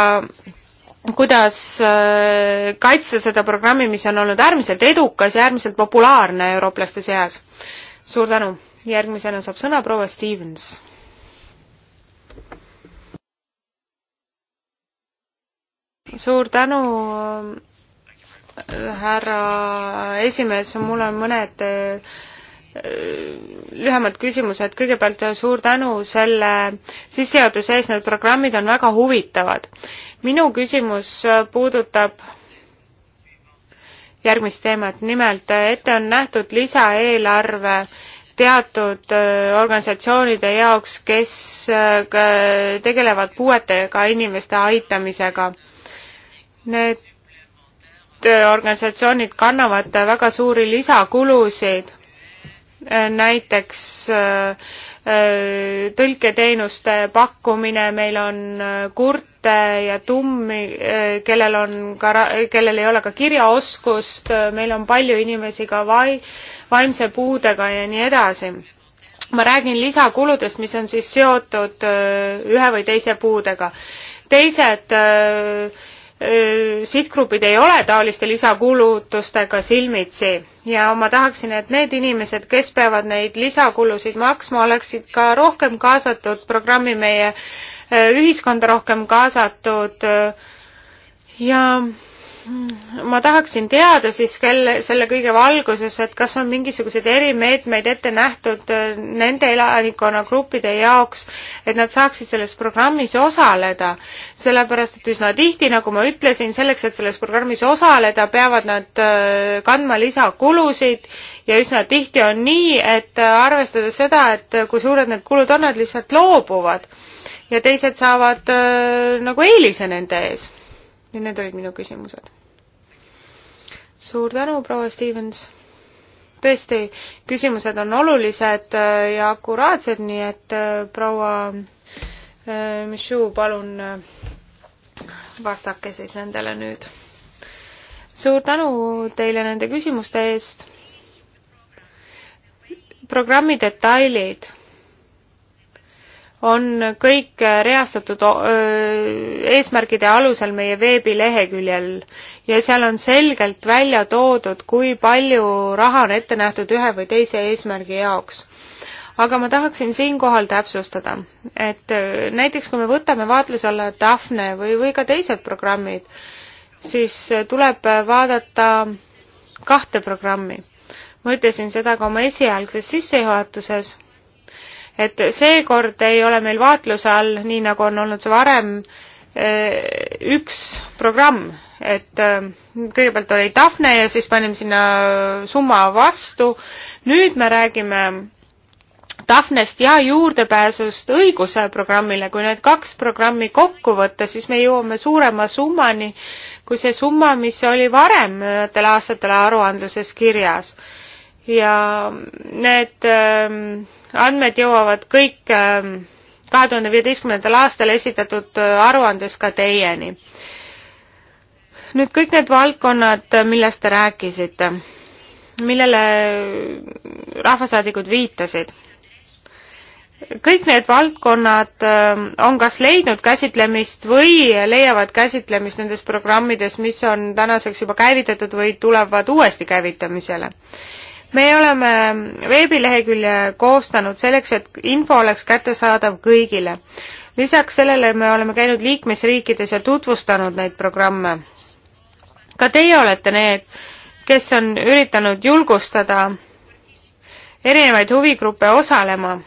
kuidas äh, kaitsta seda programmi, mis on olnud äärmiselt edukas ja äärmiselt populaarne eurooplaste seas. suur tänu. järgmisena saab sõna proua Stevens. suur tänu, äh, härra esimees, mul on mõned äh, Äh, lühemad küsimused, kõigepealt äh, suur tänu selle sissejuhatuse eest, need programmid on väga huvitavad. minu küsimus äh, puudutab järgmist teemat, nimelt ette on nähtud lisaeelarve teatud organisatsioonide jaoks, kes tegelevad puuetega inimeste aitamisega. Need organisatsioonid kannavad väga suuri lisakulusid Äh, näiteks äh, äh, tõlketeenuste pakkumine, meil on kurte ja tummi, kellel on ka, kellel ei ole ka kirjaoskust, meil on palju inimesi ka vai-, vaimse puudega ja nii edasi. ma räägin lisakuludest, mis on siis seotud ühe või teise puudega. teised öö, sihtgrupid ei ole taoliste lisakulutustega silmitsi ja ma tahaksin, et need inimesed, kes peavad neid lisakulusid maksma, oleksid ka rohkem kaasatud programmi meie ühiskonda rohkem kaasatud ja ma tahaksin teada siis kelle, selle kõige valguses, et kas on mingisuguseid erimeetmeid ette nähtud äh, nende elanikkonnagruppide jaoks, et nad saaksid selles programmis osaleda. sellepärast, et üsna tihti, nagu ma ütlesin, selleks, et selles programmis osaleda, peavad nad äh, kandma lisakulusid ja üsna tihti on nii, et äh, arvestades seda, et kui suured need kulud on, nad lihtsalt loobuvad ja teised saavad nagu eelise nende ees ja need olid minu küsimused. suur tänu, proua Stevens! tõesti, küsimused on olulised äh, ja akuraatsed, nii et äh, proua äh, Michu, palun vastake siis nendele nüüd. suur tänu teile nende küsimuste eest. programmi detailid on kõik reastatud eesmärgide alusel meie veebileheküljel ja seal on selgelt välja toodud, kui palju raha on ette nähtud ühe või teise eesmärgi jaoks. aga ma tahaksin siinkohal täpsustada, et näiteks kui me võtame vaatluse alla Daphne või, või ka teised programmid, siis tuleb vaadata kahte programmi. ma ütlesin seda ka oma esialgses sissejuhatuses et seekord ei ole meil vaatluse all, nii nagu on olnud see varem, eh, üks programm, et eh, kõigepealt oli Daphne ja siis panime sinna summa vastu, nüüd me räägime Daphnest ja juurdepääsust õiguse programmile, kui need kaks programmi kokku võtta, siis me jõuame suurema summani kui see summa, mis oli varematel aastatel aruandluses kirjas. ja need äh, andmed jõuavad kõik ähm, kahe tuhande viieteistkümnendal aastal esitatud äh, aruandes ka teieni. nüüd kõik need valdkonnad, äh, millest te rääkisite, millele äh, rahvasaadikud viitasid kõik need valdkonnad ähm, on kas leidnud käsitlemist või leiavad käsitlemist nendes programmides, mis on tänaseks juba käivitatud või tulevad uuesti käivitamisele me oleme veebilehekülje koostanud selleks, et info oleks kättesaadav kõigile. lisaks sellele me oleme käinud liikmesriikides ja tutvustanud neid programme. ka teie olete need, kes on üritanud julgustada erinevaid huvigruppe osalema.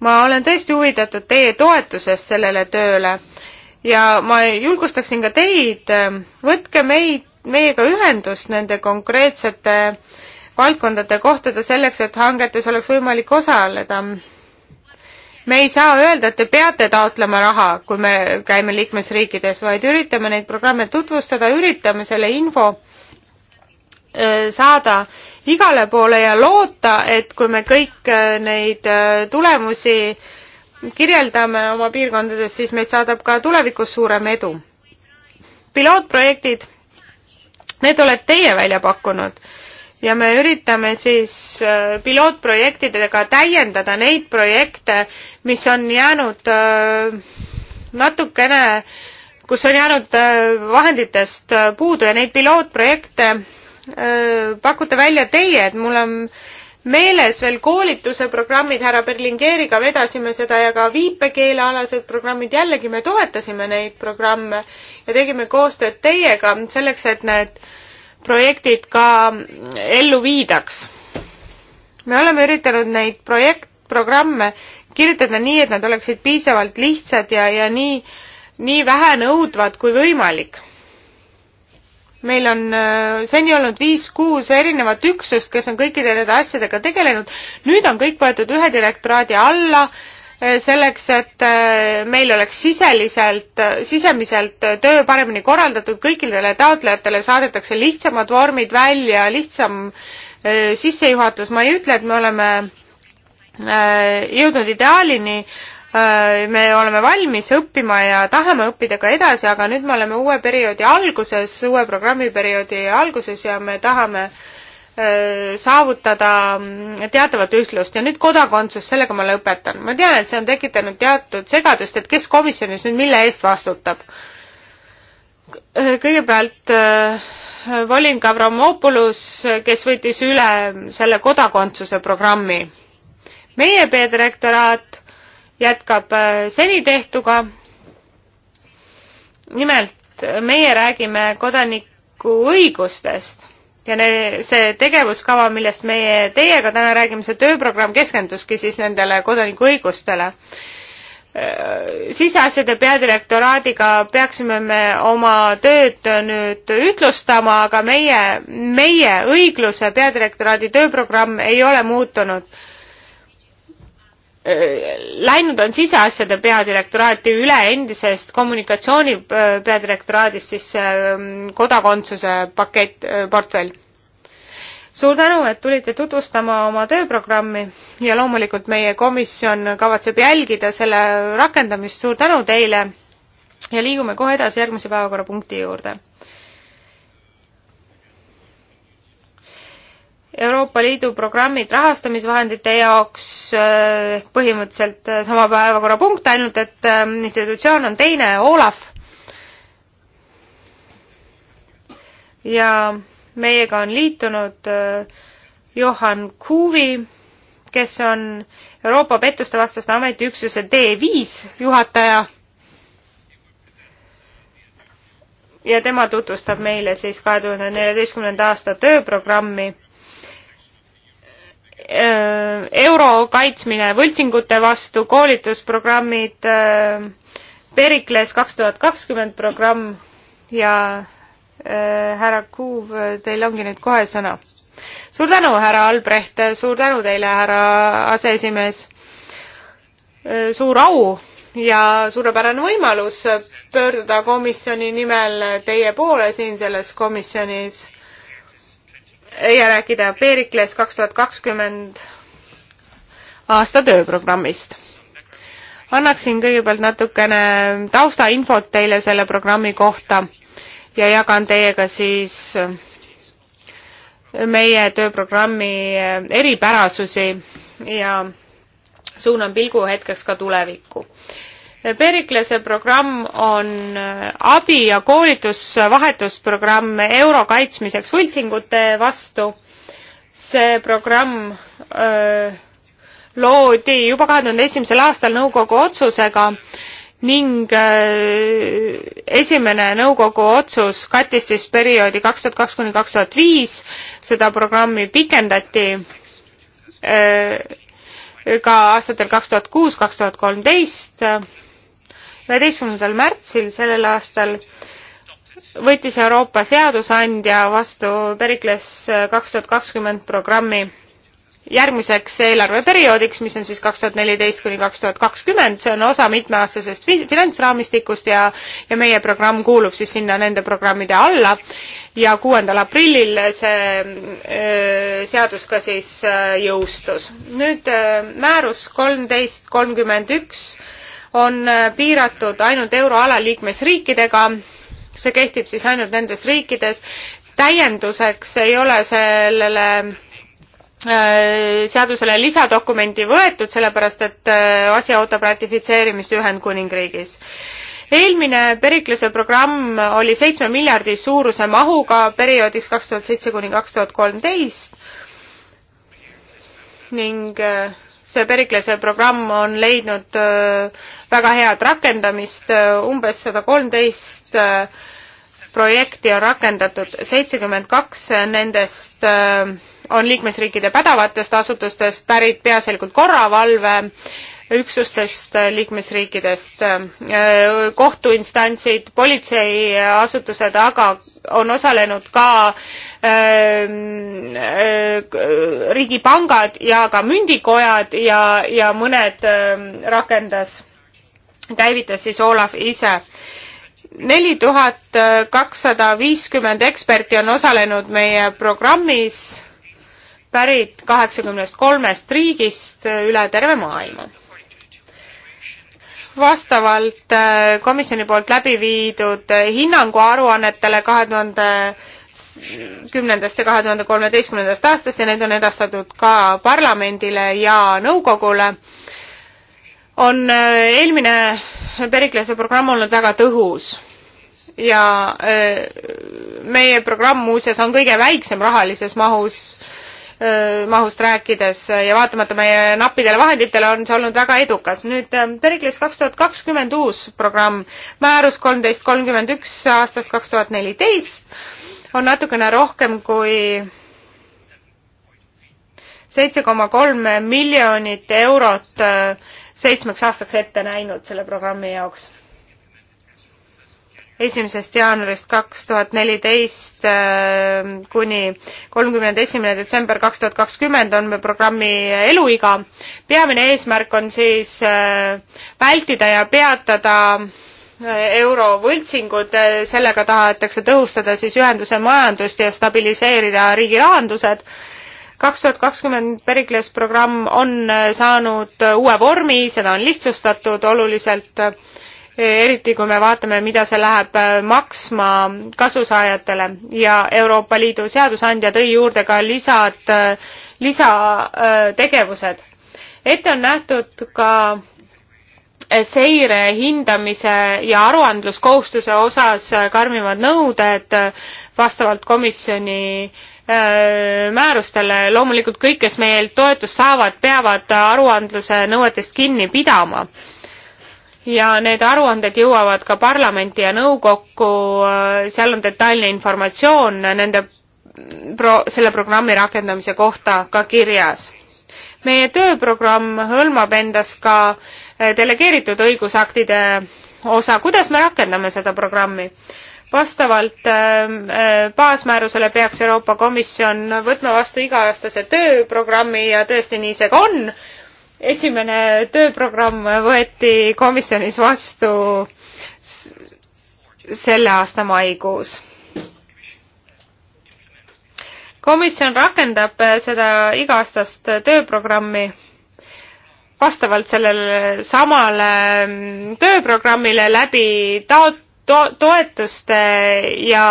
ma olen tõesti huvitatud teie toetusest sellele tööle ja ma julgustaksin ka teid, võtke meid meiega ühendust nende konkreetsete valdkondade kohtade selleks, et hangetes oleks võimalik osaleda. me ei saa öelda, et te peate taotlema raha, kui me käime liikmesriikides, vaid üritame neid programme tutvustada, üritame selle info äh, saada igale poole ja loota, et kui me kõik äh, neid äh, tulemusi kirjeldame oma piirkondades, siis meid saadab ka tulevikus suurem edu. pilootprojektid Need olete teie välja pakkunud ja me üritame siis äh, pilootprojektidega täiendada neid projekte, mis on jäänud äh, natukene, kus on jäänud äh, vahenditest puudu ja neid pilootprojekte pakute välja teie, et mul on meeles veel koolituse programmid, härra Berlingeeriga vedasime seda ja ka viipekeelealased programmid, jällegi me toetasime neid programme ja tegime koostööd teiega selleks, et need projektid ka ellu viidaks. me oleme üritanud neid projekt, programme kirjutada nii, et nad oleksid piisavalt lihtsad ja, ja nii, nii vähe nõudvad kui võimalik meil on äh, seni olnud viis-kuus erinevat üksust, kes on kõikide nende asjadega tegelenud, nüüd on kõik võetud ühe direktoraadi alla, äh, selleks, et äh, meil oleks siseliselt, sisemiselt töö paremini korraldatud, kõikidele taotlejatele saadetakse lihtsamad vormid välja, lihtsam sissejuhatus, ma ei ütle, et me oleme jõudnud ideaalini, Äh, me oleme valmis õppima ja tahame õppida ka edasi, aga nüüd me oleme uue perioodi alguses, uue programmiperioodi alguses ja me tahame äh, saavutada mm, teatavat ühtlust ja nüüd kodakondsus, sellega ma lõpetan. ma tean, et see on tekitanud teatud segadust, et kes komisjonis nüüd mille eest vastutab. Äh, kõigepealt Volin Gavramopoulos, kes võttis üle selle kodakondsuse programmi. meie peadirektoraat jätkab äh, seni tehtuga. nimelt äh, meie räägime kodaniku õigustest ja ne, see tegevuskava, millest meie teiega täna räägime, see tööprogramm keskenduski siis nendele kodanikuõigustele. Äh, siseasjade peadirektoraadiga peaksime me oma tööd nüüd ühtlustama, aga meie, meie õigluse peadirektoraadi tööprogramm ei ole muutunud läinud on siseasjade peadirektoraati üle endisest kommunikatsiooni äh, peadirektoraadist siis ähm, kodakondsuse pakett, äh, portfell. suur tänu, et tulite tutvustama oma tööprogrammi ja loomulikult meie komisjon kavatseb jälgida selle rakendamist, suur tänu teile ja liigume kohe edasi järgmise päevakorrapunkti juurde Euroopa Liidu programmid rahastamisvahendite jaoks ehk põhimõtteliselt eh, sama päevakorrapunkt, ainult et eh, institutsioon on teine, Olav. ja meiega on liitunud eh, Johan Kuvi, kes on Euroopa pettuste vastaste ametiüksuse D5 juhataja. ja tema tutvustab meile siis kahe tuhande neljateistkümnenda aasta tööprogrammi Äh, euro kaitsmine võltsingute vastu, koolitusprogrammid, äh, Pericles kaks tuhat kakskümmend programm ja äh, härra Kuuv, teil ongi nüüd kohe sõna. suur tänu, härra Albrecht, suur tänu teile, härra aseesimees. suur au ja suurepärane võimalus pöörduda komisjoni nimel teie poole siin selles komisjonis ja rääkida Pericles kaks tuhat kakskümmend aasta tööprogrammist. annaksin kõigepealt natukene taustainfot teile selle programmi kohta ja jagan teiega siis meie tööprogrammi eripärasusi ja suunan pilgu hetkeks ka tulevikku. Periklase programm on äh, abi- ja koolitusvahetusprogramm euro kaitsmiseks võltsingute vastu. see programm öö, äh, loodi juba kahe tuhande esimesel aastal nõukogu otsusega ning öö, äh, esimene nõukogu otsus kattis siis perioodi kaks tuhat kaks kuni kaks tuhat viis, seda programmi pikendati öö, ka aastatel kaks tuhat kuus, kaks tuhat kolmteist üheteistkümnendal märtsil sellel aastal võttis Euroopa seadusandja vastu Pericles kaks tuhat kakskümmend programmi järgmiseks eelarveperioodiks, mis on siis kaks tuhat neliteist kuni kaks tuhat kakskümmend, see on osa mitmeaastasest finantsraamistikust ja, ja meie programm kuulub siis sinna nende programmide alla ja kuuendal aprillil see öö, seadus ka siis öö, jõustus. nüüd öö, määrus kolmteist kolmkümmend üks on äh, piiratud ainult euroala liikmesriikidega, see kehtib siis ainult nendes riikides, täienduseks ei ole sellele äh, seadusele lisadokumenti võetud, sellepärast et äh, asi ootab ratifitseerimist Ühendkuningriigis. eelmine Periklase programm oli seitsme miljardi suuruse mahuga perioodiks kaks tuhat seitse kuni kaks tuhat kolmteist ning see Periklase programm on leidnud äh, väga head rakendamist, äh, umbes sada kolmteist äh, projekti on rakendatud, seitsekümmend kaks nendest on liikmesriikide pädevatest asutustest pärit peaasjalikult korravalve üksustest liikmesriikidest, kohtuinstantsid, politseiasutused, aga on osalenud ka Ähm, äh, riigipangad ja ka mündikojad ja, ja mõned ähm, rakendas, käivitas siis Olav ise neli tuhat äh, kakssada viiskümmend eksperti on osalenud meie programmis pärit kaheksakümnest kolmest riigist äh, üle terve maailma. vastavalt komisjoni poolt läbi viidud hinnanguaruannetele kahe tuhande kümnendast ja kahe tuhande kolmeteistkümnendast aastast ja need on edastatud ka parlamendile ja nõukogule, on äh, eelmine Periklase programm olnud väga tõhus ja äh, meie programm muuseas on kõige väiksem rahalises mahus, äh, mahust rääkides ja vaatamata meie nappidele vahenditele on see olnud väga edukas. nüüd Perikles kaks tuhat kakskümmend uus programm, määrus kolmteist kolmkümmend üks aastast kaks tuhat neliteist on natukene rohkem kui seitse koma kolm miljonit eurot äh, seitsmeks aastaks ette näinud selle programmi jaoks. esimesest jaanuarist kaks tuhat neliteist äh, kuni kolmkümmend esimene detsember kaks tuhat kakskümmend on programmi eluiga. peamine eesmärk on siis äh, vältida ja peatada euro võltsingud, eh, sellega tahetakse tõhustada siis ühenduse majandust ja stabiliseerida riigi rahandused. kaks tuhat kakskümmend Pericles programm on eh, saanud eh, uue vormi, seda on lihtsustatud oluliselt, eriti kui me vaatame, mida see läheb maksma kasusaajatele ja Euroopa Liidu seadusandja tõi juurde ka lisad, lisategevused. ette on nähtud ka seire, hindamise ja aruandluskohustuse osas karmimad nõuded vastavalt komisjoni äh, määrustele. loomulikult kõik, kes meilt toetust saavad, peavad aruandluse nõuetest kinni pidama. ja need aruanded jõuavad ka parlamenti ja nõukokku, äh, seal on detailne informatsioon nende pro-, selle programmi rakendamise kohta ka kirjas meie tööprogramm hõlmab endas ka delegeeritud õigusaktide osa, kuidas me rakendame seda programmi? vastavalt äh, äh, baasmäärusele peaks Euroopa Komisjon võtma vastu iga-aastase tööprogrammi ja tõesti nii see ka on. esimene tööprogramm võeti komisjonis vastu selle aasta maikuus komisjon rakendab äh, seda iga-aastast tööprogrammi vastavalt sellele samale mm, tööprogrammile läbi ta-, to-, toetuste ja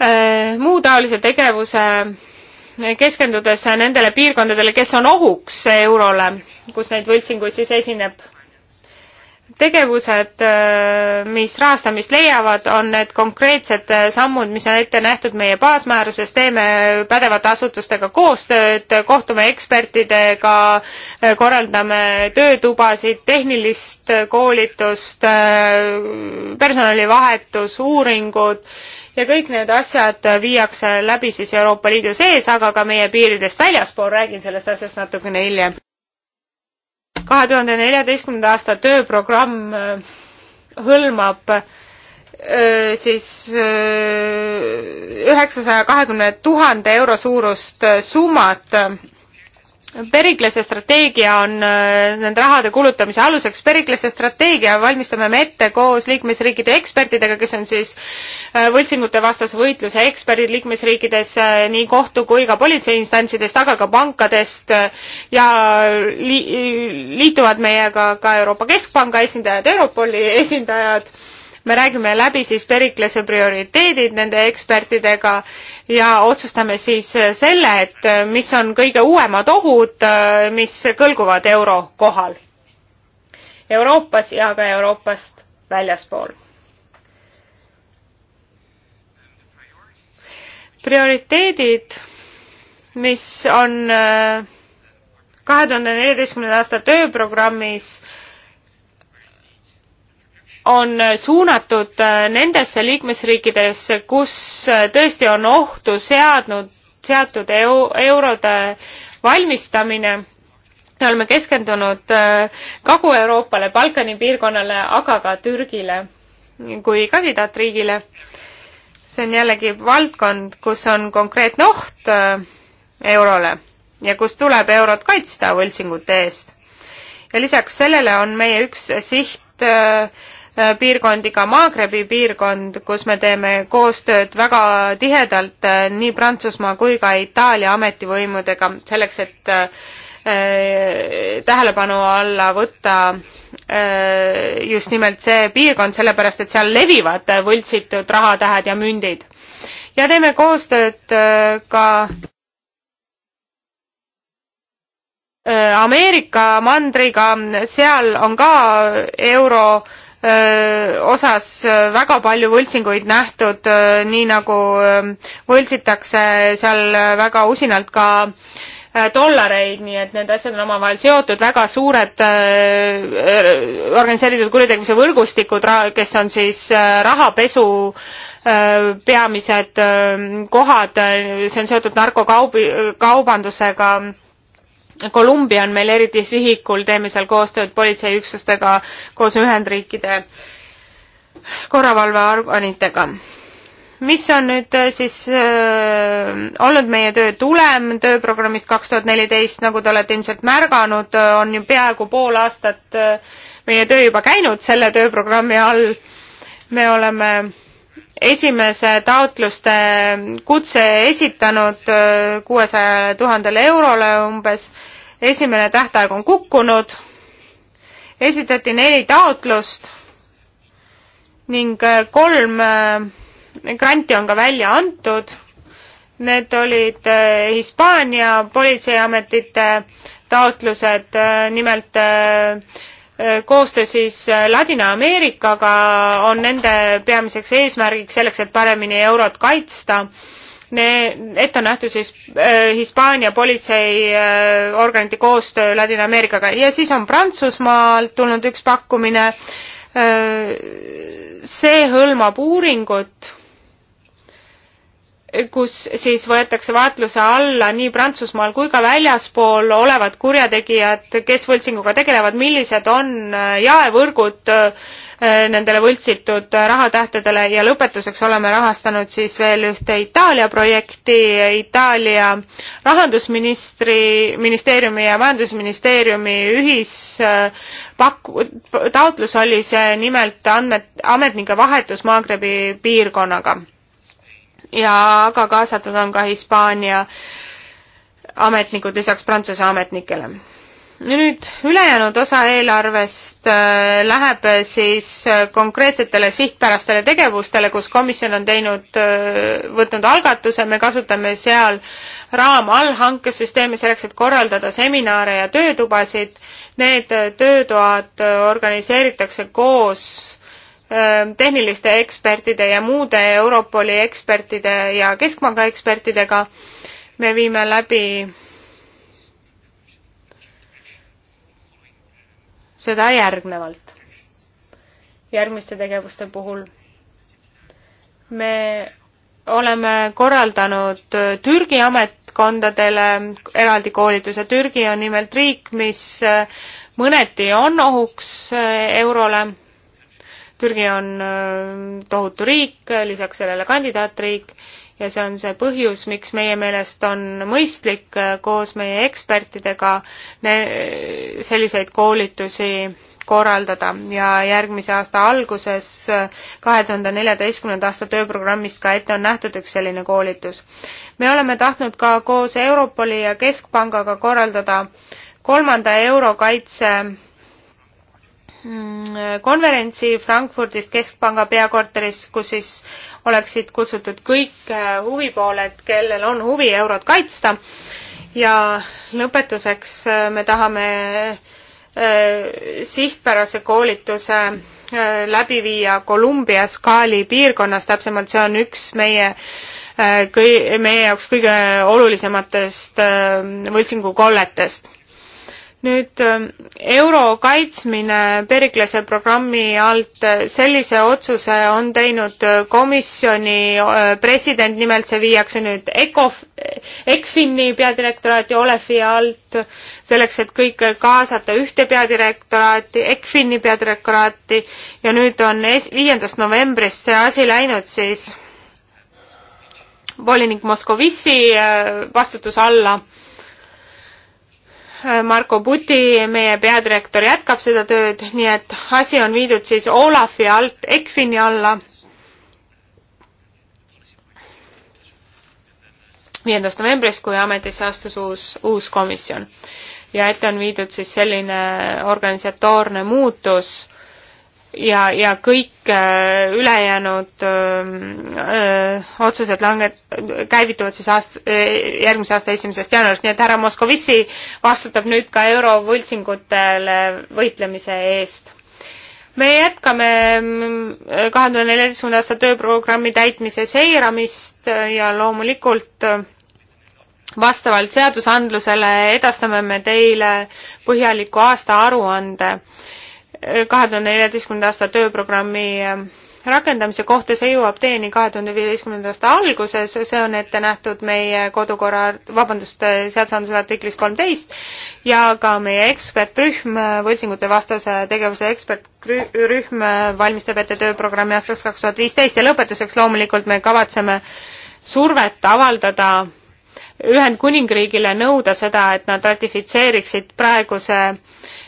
äh, muu taolise tegevuse äh, keskendudes nendele piirkondadele, kes on ohuks eurole, kus neid võltsinguid siis esineb tegevused, äh, mis rahastamist leiavad, on need konkreetsed äh, sammud, mis on ette nähtud meie baasmääruses, teeme pädevate asutustega koostööd, kohtume ekspertidega, äh, korraldame töötubasid, tehnilist koolitust, personalivahetus, uuringud ja kõik need asjad viiakse läbi siis Euroopa Liidu sees, aga ka meie piiridest väljaspool, räägin sellest asjast natukene hiljem kahe tuhande neljateistkümnenda aasta tööprogramm äh, hõlmab äh, siis äh, üheksasaja kahekümne tuhande euro suurust summat Periklase strateegia on äh, nende rahade kulutamise aluseks. Periklase strateegia valmistame me ette koos liikmesriikide ekspertidega, kes on siis äh, võltsingute vastase võitluse eksperdid liikmesriikides äh, nii kohtu kui ka politseiinstantsidest, aga ka pankadest ja li liituvad meiega ka Euroopa Keskpanga esindajad, Europoli esindajad me räägime läbi siis Periklase prioriteedid nende ekspertidega ja otsustame siis selle, et mis on kõige uuemad ohud, mis kõlguvad euro kohal Euroopas ja ka Euroopast väljaspool prioriteedid, mis on äh, kahe tuhande neljateistkümnenda aasta tööprogrammis on suunatud äh, nendesse liikmesriikidesse, kus äh, tõesti on ohtu seadnud, seatud eu, eurode valmistamine. me oleme keskendunud äh, Kagu-Euroopale, Balkani piirkonnale, aga ka Türgile kui kandidaatriigile. see on jällegi valdkond, kus on konkreetne oht eurole ja kus tuleb eurot kaitsta võltsingute eest. ja lisaks sellele on meie üks siht äh, Äh, piirkond, iga Maagrebi piirkond, kus me teeme koostööd väga tihedalt äh, nii Prantsusmaa kui ka Itaalia ametivõimudega, selleks et äh, tähelepanu alla võtta just nimelt see piirkond, sellepärast et seal levivad võltsitud rahatähed ja mündid. ja teeme koostööd ka Ameerika mandriga, seal on ka euro äh, osas väga palju võltsinguid nähtud, nii nagu võltsitakse seal väga usinalt ka dollareid, nii et need asjad on omavahel seotud, väga suured organiseeritud kuritegevuse võrgustikud, kes on siis rahapesu peamised kohad, see on seotud narkokaubi, kaubandusega Kolumbia on meil eriti sihikul, teeme seal koostööd politseiüksustega koos Ühendriikide korravalveorganitega. mis on nüüd äh, siis äh, olnud meie töö tulem tööprogrammist kaks tuhat neliteist, nagu te olete ilmselt märganud, äh, on ju peaaegu pool aastat äh, meie töö juba käinud selle tööprogrammi all. me oleme äh, esimese taotluste kutse esitanud äh, kuuesajale tuhandele eurole umbes, esimene tähtaeg on kukkunud, esitati neli taotlust ning äh, kolm äh, granti on ka välja antud. Need olid Hispaania politseiametite taotlused, nimelt äh, Äh, koostöö siis äh, Ladina-Ameerikaga on nende peamiseks eesmärgiks selleks, et paremini eurot kaitsta. ette on nähtud siis äh, Hispaania politseiorganite koostöö Ladina-Ameerikaga ja siis on Prantsusmaalt tulnud üks pakkumine. see hõlmab uuringut kus siis võetakse vaatluse alla nii Prantsusmaal kui ka väljaspool olevad kurjategijad, kes võltsinguga tegelevad, millised on äh, jaevõrgud äh, nendele võltsitud äh, rahatähtedele ja lõpetuseks oleme rahastanud siis veel ühte Itaalia projekti, Itaalia rahandusministri, ministeeriumi ja majandusministeeriumi ühispaku-, taotlus oli see nimelt andmed, ametnike vahetus Maagrebi piirkonnaga ja aga kaasatud on ka Hispaania ametnikud lisaks Prantsuse ametnikele. nüüd ülejäänud osa eelarvest äh, läheb äh, siis äh, konkreetsetele sihtpärastele tegevustele, kus komisjon on teinud, võtnud algatuse, me kasutame seal raamallhankesüsteemi selleks, et korraldada seminare ja töötubasid. Need töötoad organiseeritakse koos Ähm, tehniliste ekspertide ja muude Europoli ekspertide ja Keskpanga ekspertidega. me viime läbi seda järgnevalt, järgmiste tegevuste puhul. me oleme korraldanud Türgi ametkondadele eraldi koolituse. Türgi on nimelt riik, mis mõneti on ohuks eurole Türgi on äh, tohutu riik, lisaks sellele kandidaatriik ja see on see põhjus, miks meie meelest on mõistlik äh, koos meie ekspertidega selliseid koolitusi korraldada ja järgmise aasta alguses, äh, kahe tuhande neljateistkümnenda aasta tööprogrammist ka ette on nähtud üks selline koolitus. me oleme tahtnud ka koos Europoli ja Keskpangaga korraldada kolmanda eurokaitse Mm, konverentsi Frankfurdist Keskpanga peakorteris, kus siis oleksid kutsutud kõik äh, huvipooled, kellel on huvi eurot kaitsta. ja lõpetuseks äh, me tahame äh, sihtpärase koolituse läbi viia Kolumbia skaali piirkonnas, täpsemalt see on üks meie kõi-, meie jaoks kõige olulisematest võltsingukolletest nüüd ähm, euro kaitsmine Periklase programmi alt, äh, sellise otsuse on teinud äh, komisjoni äh, president, nimelt see viiakse nüüd ECOF, ECFIN-i peadirektoraati Olefi alt, selleks et kõik kaasata ühte peadirektoraati, ECFIN-i peadirektoraati ja nüüd on es-, viiendast novembrist see asi läinud siis volinik Moskovitši vastutuse alla Marko Puti, meie peadirektor, jätkab seda tööd, nii et asi on viidud siis Olafi alt ECFIN-i alla. viiendast novembrist, kui ametisse astus uus, uus komisjon. ja ette on viidud siis selline organisatoorne muutus ja, ja kõik äh, ülejäänud öö, ähm, äh, otsused langet-, käivituvad siis aast-, äh, järgmise aasta esimesest jaanuarist, nii et härra Moskovitši vastutab nüüd ka eurovõltsingutele võitlemise eest. me jätkame mm, kahe tuhande neljateistkümnenda aasta tööprogrammi täitmise seiramist ja loomulikult äh, vastavalt seadusandlusele edastame me teile põhjaliku aastaaruande äh, kahe tuhande neljateistkümnenda aasta tööprogrammi äh, rakendamise kohta, see jõuab teieni kahe tuhande viieteistkümnenda aasta alguses, see on ette nähtud meie kodukorra, vabandust, seadusandluse artiklis kolmteist ja ka meie ekspertrühm, võltsingute vastase tegevuse ekspertrühm valmistab ette tööprogrammi aastaks kaks tuhat viisteist ja lõpetuseks loomulikult me kavatseme survet avaldada Ühendkuningriigile nõuda seda, et nad ratifitseeriksid praeguse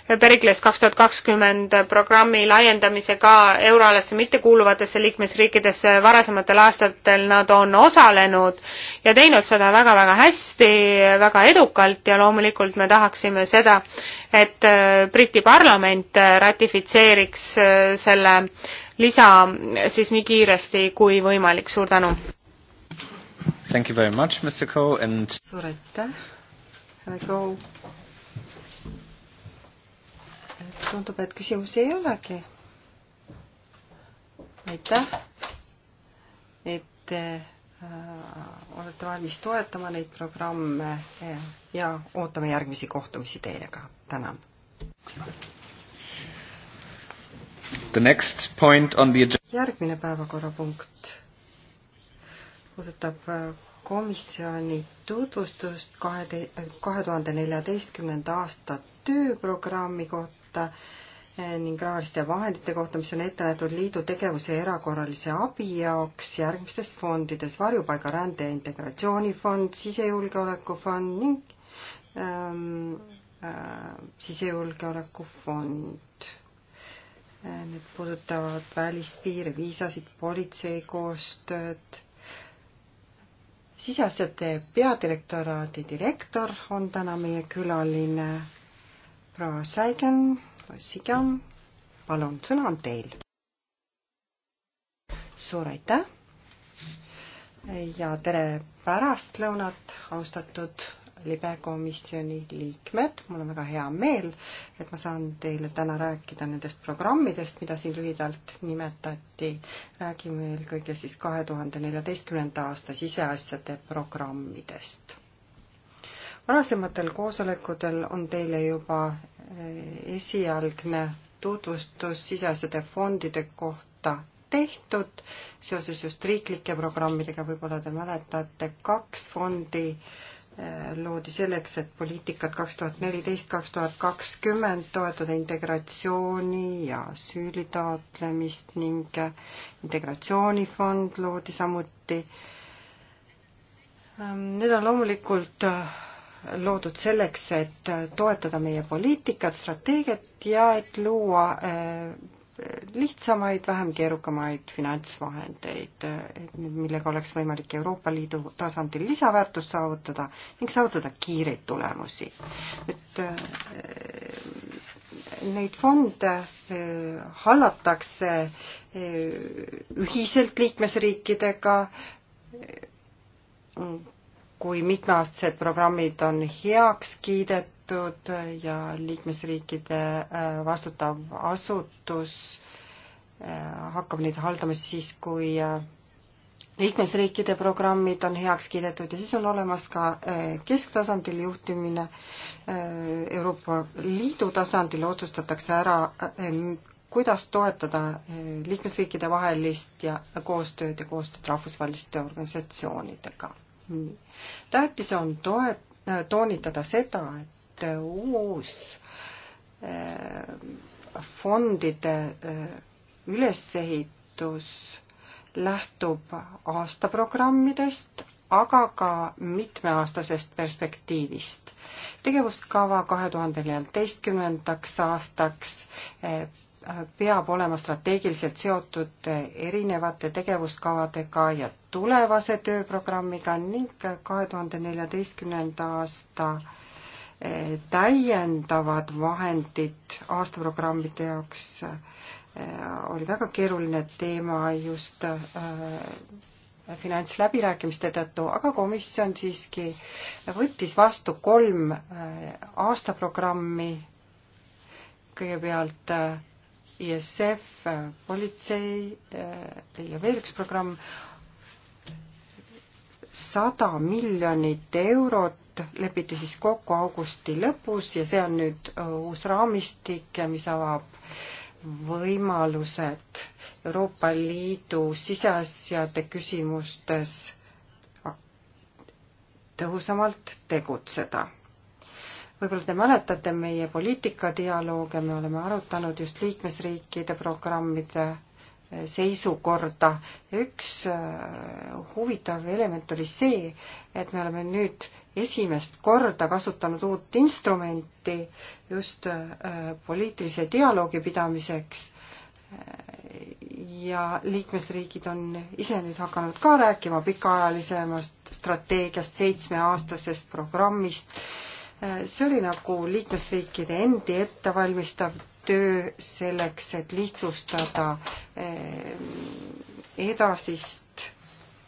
Pericles kaks tuhat kakskümmend programmi laiendamise ka euroalasse mittekuuluvatesse liikmesriikidesse, varasematel aastatel nad on osalenud ja teinud seda väga-väga hästi, väga edukalt ja loomulikult me tahaksime seda, et äh, Briti parlament äh, ratifitseeriks äh, selle lisa siis nii kiiresti kui võimalik, suur tänu! Thank you very much, Mr Coe and suur aitäh, härra Coe. tundub, et küsimusi ei olegi. aitäh, et äh, olete valmis toetama neid programme äh, ja ootame järgmisi kohtumisi teiega. tänan. The next point on the järgmine päevakorrapunkt puudutab äh, komisjoni tutvustust kahe, kahe tuhande neljateistkümnenda aasta tööprogrammi kohta äh, ning rahaliste vahendite kohta, mis on ette nähtud liidu tegevuse ja erakorralise abi jaoks järgmistes fondides varjupaiga rände ja integratsioonifond, sisejulgeolekufond ning ähm, äh, sisejulgeolekufond. Äh, need puudutavad välispiire, viisasid, politsei koostööd siseasjade peadirektoraadi direktor on täna meie külaline, proua Säigen, Sigan, palun, sõna on teil. suur aitäh ja tere pärastlõunat, austatud libekomisjoni liikmed, mul on väga hea meel, et ma saan teile täna rääkida nendest programmidest, mida siin lühidalt nimetati. räägime eelkõige siis kahe tuhande neljateistkümnenda aasta siseasjade programmidest. varasematel koosolekutel on teile juba eh, esialgne tutvustus siseasjade fondide kohta tehtud seoses just riiklike programmidega, võib-olla te mäletate, kaks fondi äh, Äh, loodi selleks, et poliitikat kaks tuhat neliteist, kaks tuhat kakskümmend toetada integratsiooni ja asüüli taotlemist ning äh, integratsioonifond loodi samuti. Ähm, need on loomulikult äh, loodud selleks, et toetada meie poliitikat, strateegiat ja et luua lihtsamaid, vähem keerukamaid finantsvahendeid, millega oleks võimalik Euroopa Liidu tasandil lisaväärtust saavutada ning saavutada kiireid tulemusi. et äh, neid fonde äh, hallatakse äh, ühiselt liikmesriikidega, kui mitmeaastased programmid on heaks kiidetud, seotud ja liikmesriikide äh, vastutav asutus äh, hakkab neid haldama siis, kui äh, liikmesriikide programmid on heaks kiidetud ja siis on olemas ka kesktasandil juhtimine. Euroopa Liidu tasandil otsustatakse ära, kuidas toetada liikmesriikide vahelist ja koostööd ja koostööd rahvusvaheliste organisatsioonidega. tähtis on toet-, Äh, toonitada seda, et äh, uus äh, fondide ülesehitus lähtub aastaprogrammidest, aga ka mitmeaastasest perspektiivist. tegevuskava kahe tuhande neljateistkümnendaks aastaks peab olema strateegiliselt seotud erinevate tegevuskavadega ja tulevase tööprogrammiga ning kahe tuhande neljateistkümnenda aasta eh, täiendavad vahendid aastaprogrammide jaoks eh, oli väga keeruline teema just eh, finantsläbirääkimiste tõttu, aga komisjon siiski võttis vastu kolm aastaprogrammi. kõigepealt ISF, politsei eh, ja veel üks programm, sada miljonit eurot lepiti siis kokku augusti lõpus ja see on nüüd eh, uus raamistik, mis avab võimalused Euroopa Liidu siseasjade küsimustes tõhusamalt tegutseda võib-olla te mäletate meie poliitikadialoogi, me oleme arutanud just liikmesriikide programmide eh, seisukorda ja üks eh, huvitav element oli see, et me oleme nüüd esimest korda kasutanud uut instrumenti just eh, poliitilise dialoogi pidamiseks ja liikmesriigid on ise nüüd hakanud ka rääkima pikaajalisemast strateegiast, seitsmeaastasest programmist see oli nagu liikmesriikide endi ettevalmistav töö selleks, et lihtsustada eh, edasist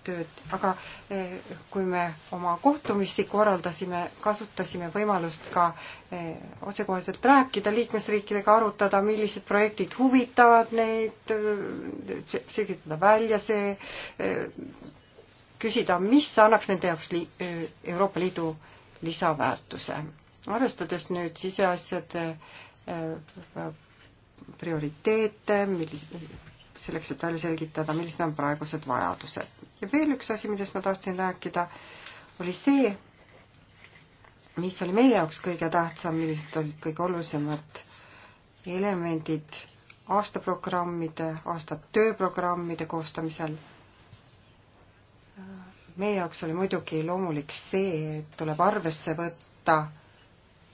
tööd, aga eh, kui me oma kohtumisi korraldasime, kasutasime võimalust ka eh, otsekoheselt rääkida liikmesriikidega, arutada, millised projektid huvitavad neid, selgitada välja see, küsida, mis annaks nende jaoks Euroopa Liidu lisaväärtuse. arvestades nüüd siseasjade äh, prioriteete, selleks, et välja selgitada, millised on praegused vajadused. ja veel üks asi, millest ma tahtsin rääkida, oli see, mis oli meie jaoks kõige tähtsam, millised olid kõige olulisemad elemendid aastaprogrammide, aasta tööprogrammide koostamisel meie jaoks oli muidugi loomulik see, et tuleb arvesse võtta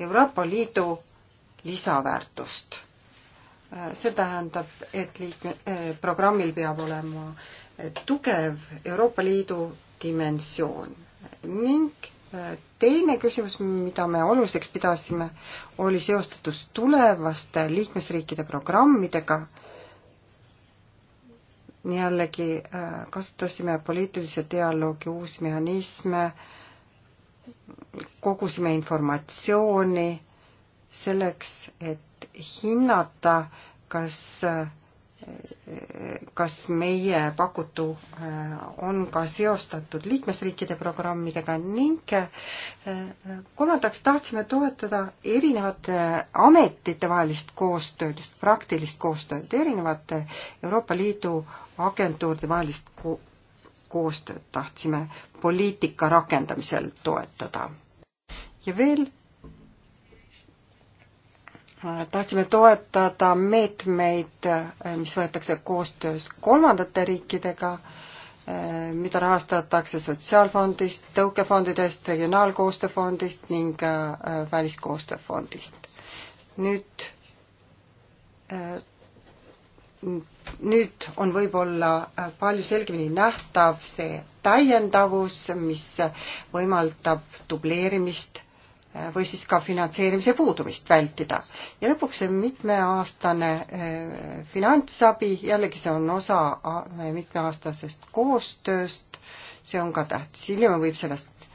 Euroopa Liidu lisaväärtust. see tähendab, et liikme, eh, programmil peab olema tugev Euroopa Liidu dimensioon ning eh, teine küsimus, mida me oluliseks pidasime, oli seostatus tulevaste liikmesriikide programmidega jällegi äh, kasutasime poliitilise dialoogi uusi mehhanisme, kogusime informatsiooni selleks, et hinnata, kas äh, kas meie pakutu äh, on ka seostatud liikmesriikide programmidega ning äh, kolmandaks tahtsime toetada erinevate ametite vahelist koostööd, just praktilist koostööd, erinevate Euroopa Liidu agentuuride vahelist ko koostööd tahtsime poliitika rakendamisel toetada. ja veel tahtsime toetada meetmeid, mis võetakse koostöös kolmandate riikidega, mida rahastatakse Sotsiaalfondist, tõukefondidest, Regionaalkoostööfondist ning äh, Väliskoostööfondist. nüüd, äh, nüüd on võib-olla äh, palju selgemini nähtav see täiendavus, mis võimaldab dubleerimist või siis ka finantseerimise puudumist vältida. ja lõpuks see mitmeaastane eh, finantsabi, jällegi see on osa mitmeaastasest koostööst, see on ka tähtis, hiljem võib sellest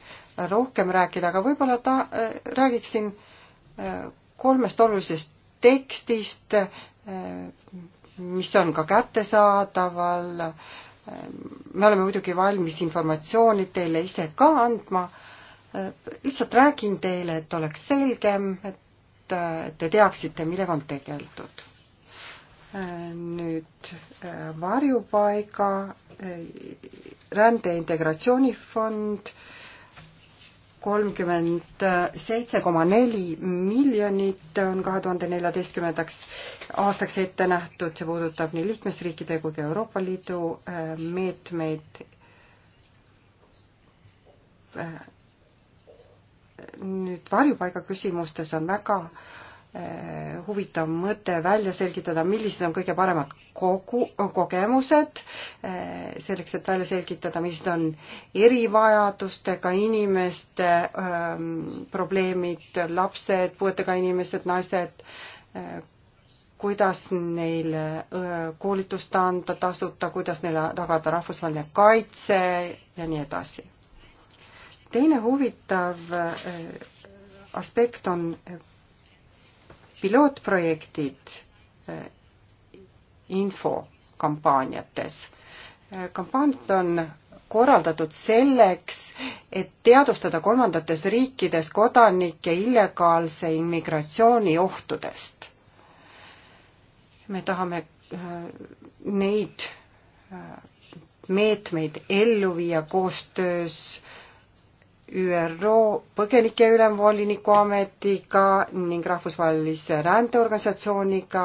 rohkem rääkida, aga võib-olla ta, eh, räägiksin eh, kolmest olulisest tekstist, mis on ka kättesaadaval, me oleme muidugi valmis informatsiooni teile ise ka andma Äh, lihtsalt räägin teile, et oleks selgem, et äh, te teaksite, millega on tegeldud. Äh, nüüd varjupaiga rände integratsioonifond kolmkümmend seitse koma neli miljonit on kahe tuhande neljateistkümnendaks aastaks ette nähtud, see puudutab nii liikmesriikide kui ka Euroopa Liidu meetmeid nüüd varjupaiga küsimustes on väga eh, huvitav mõte välja selgitada, millised on kõige paremad kogu, kogemused, eh, selleks, et välja selgitada, millised on erivajadustega inimeste öö, ehm, probleemid, lapsed, puuetega inimesed, naised, eh, kuidas neile koolitust anda tasuta, kuidas neile tagada rahvusvaheline kaitse ja nii edasi teine huvitav äh, aspekt on äh, pilootprojektid äh, infokampaaniates. kampaaniad on korraldatud selleks, et teadvustada kolmandates riikides kodanike illegaalse immigratsiooni ohtudest. me tahame neid meetmeid ellu viia koostöös äh, ÜRO põgenike ülemvoliniku ametiga ning rahvusvahelise rändeorganisatsiooniga,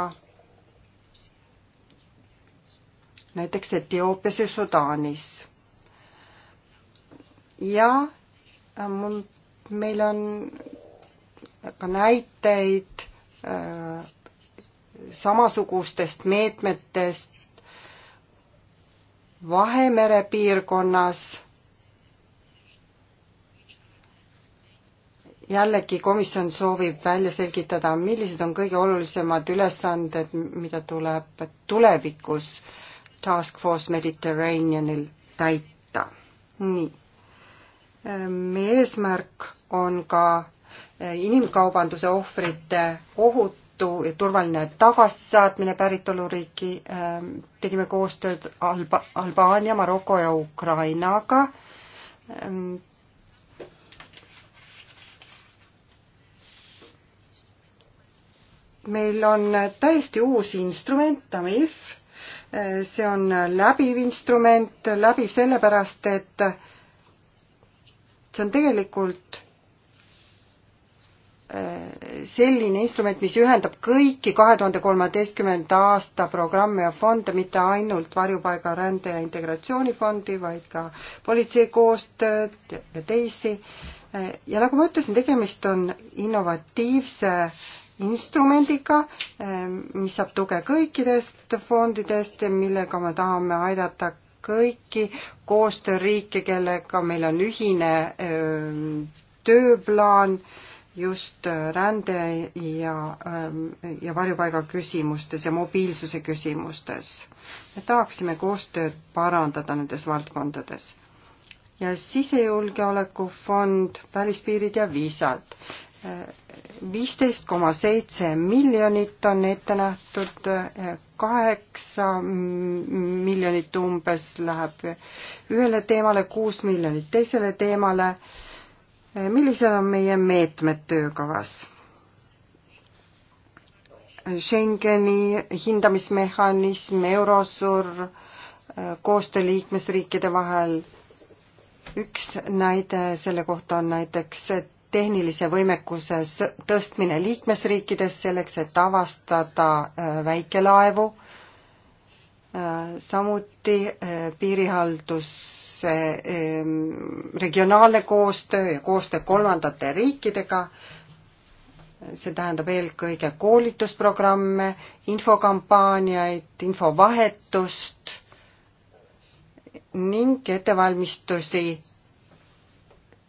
näiteks Etioopias ja Sudaanis. ja äh, mul, meil on ka näiteid äh, samasugustest meetmetest Vahemere piirkonnas jällegi komisjon soovib välja selgitada, millised on kõige olulisemad ülesanded, mida tuleb tulevikus Task Force Mediterraneanil täita. nii. meie eesmärk on ka eh, inimkaubanduse ohvrite ohutu ja turvaline tagasisaatmine päritoluriiki. Ähm, tegime koostööd Alba-, Albaania, Maroko ja Ukrainaga ähm, meil on täiesti uus instrument, TAMIF, see on läbiv instrument, läbiv sellepärast, et see on tegelikult äh, selline instrument, mis ühendab kõiki kahe tuhande kolmeteistkümnenda aasta programme ja fonde, mitte ainult varjupaiga rände ja integratsioonifondi, vaid ka politsei koostööd ja teisi. Äh, ja nagu ma ütlesin, tegemist on innovatiivse instrumendiga, ehm, mis saab tuge kõikidest fondidest, millega me tahame aidata kõiki koostööriike, kellega meil on ühine ehm, tööplaan just äh, rände ja, ehm, ja varjupaiga küsimustes ja mobiilsuse küsimustes. me tahaksime koostööd parandada nendes valdkondades. ja sisejulgeolekufond, välispiirid ja viisad viisteist koma seitse miljonit on ette nähtud, kaheksa miljonit umbes läheb ühele teemale, kuus miljonit teisele teemale. millised on meie meetmed töökavas? Schengeni hindamismehhanism, Eurosur, koostöö liikmesriikide vahel. üks näide selle kohta on näiteks tehnilise võimekuse tõstmine liikmesriikides selleks, et avastada äh, väikelaevu, äh, samuti äh, piirihaldus, ähm, regionaalne koostöö ja koostöö kolmandate riikidega, see tähendab eelkõige koolitusprogramme, infokampaaniaid, infovahetust ning ettevalmistusi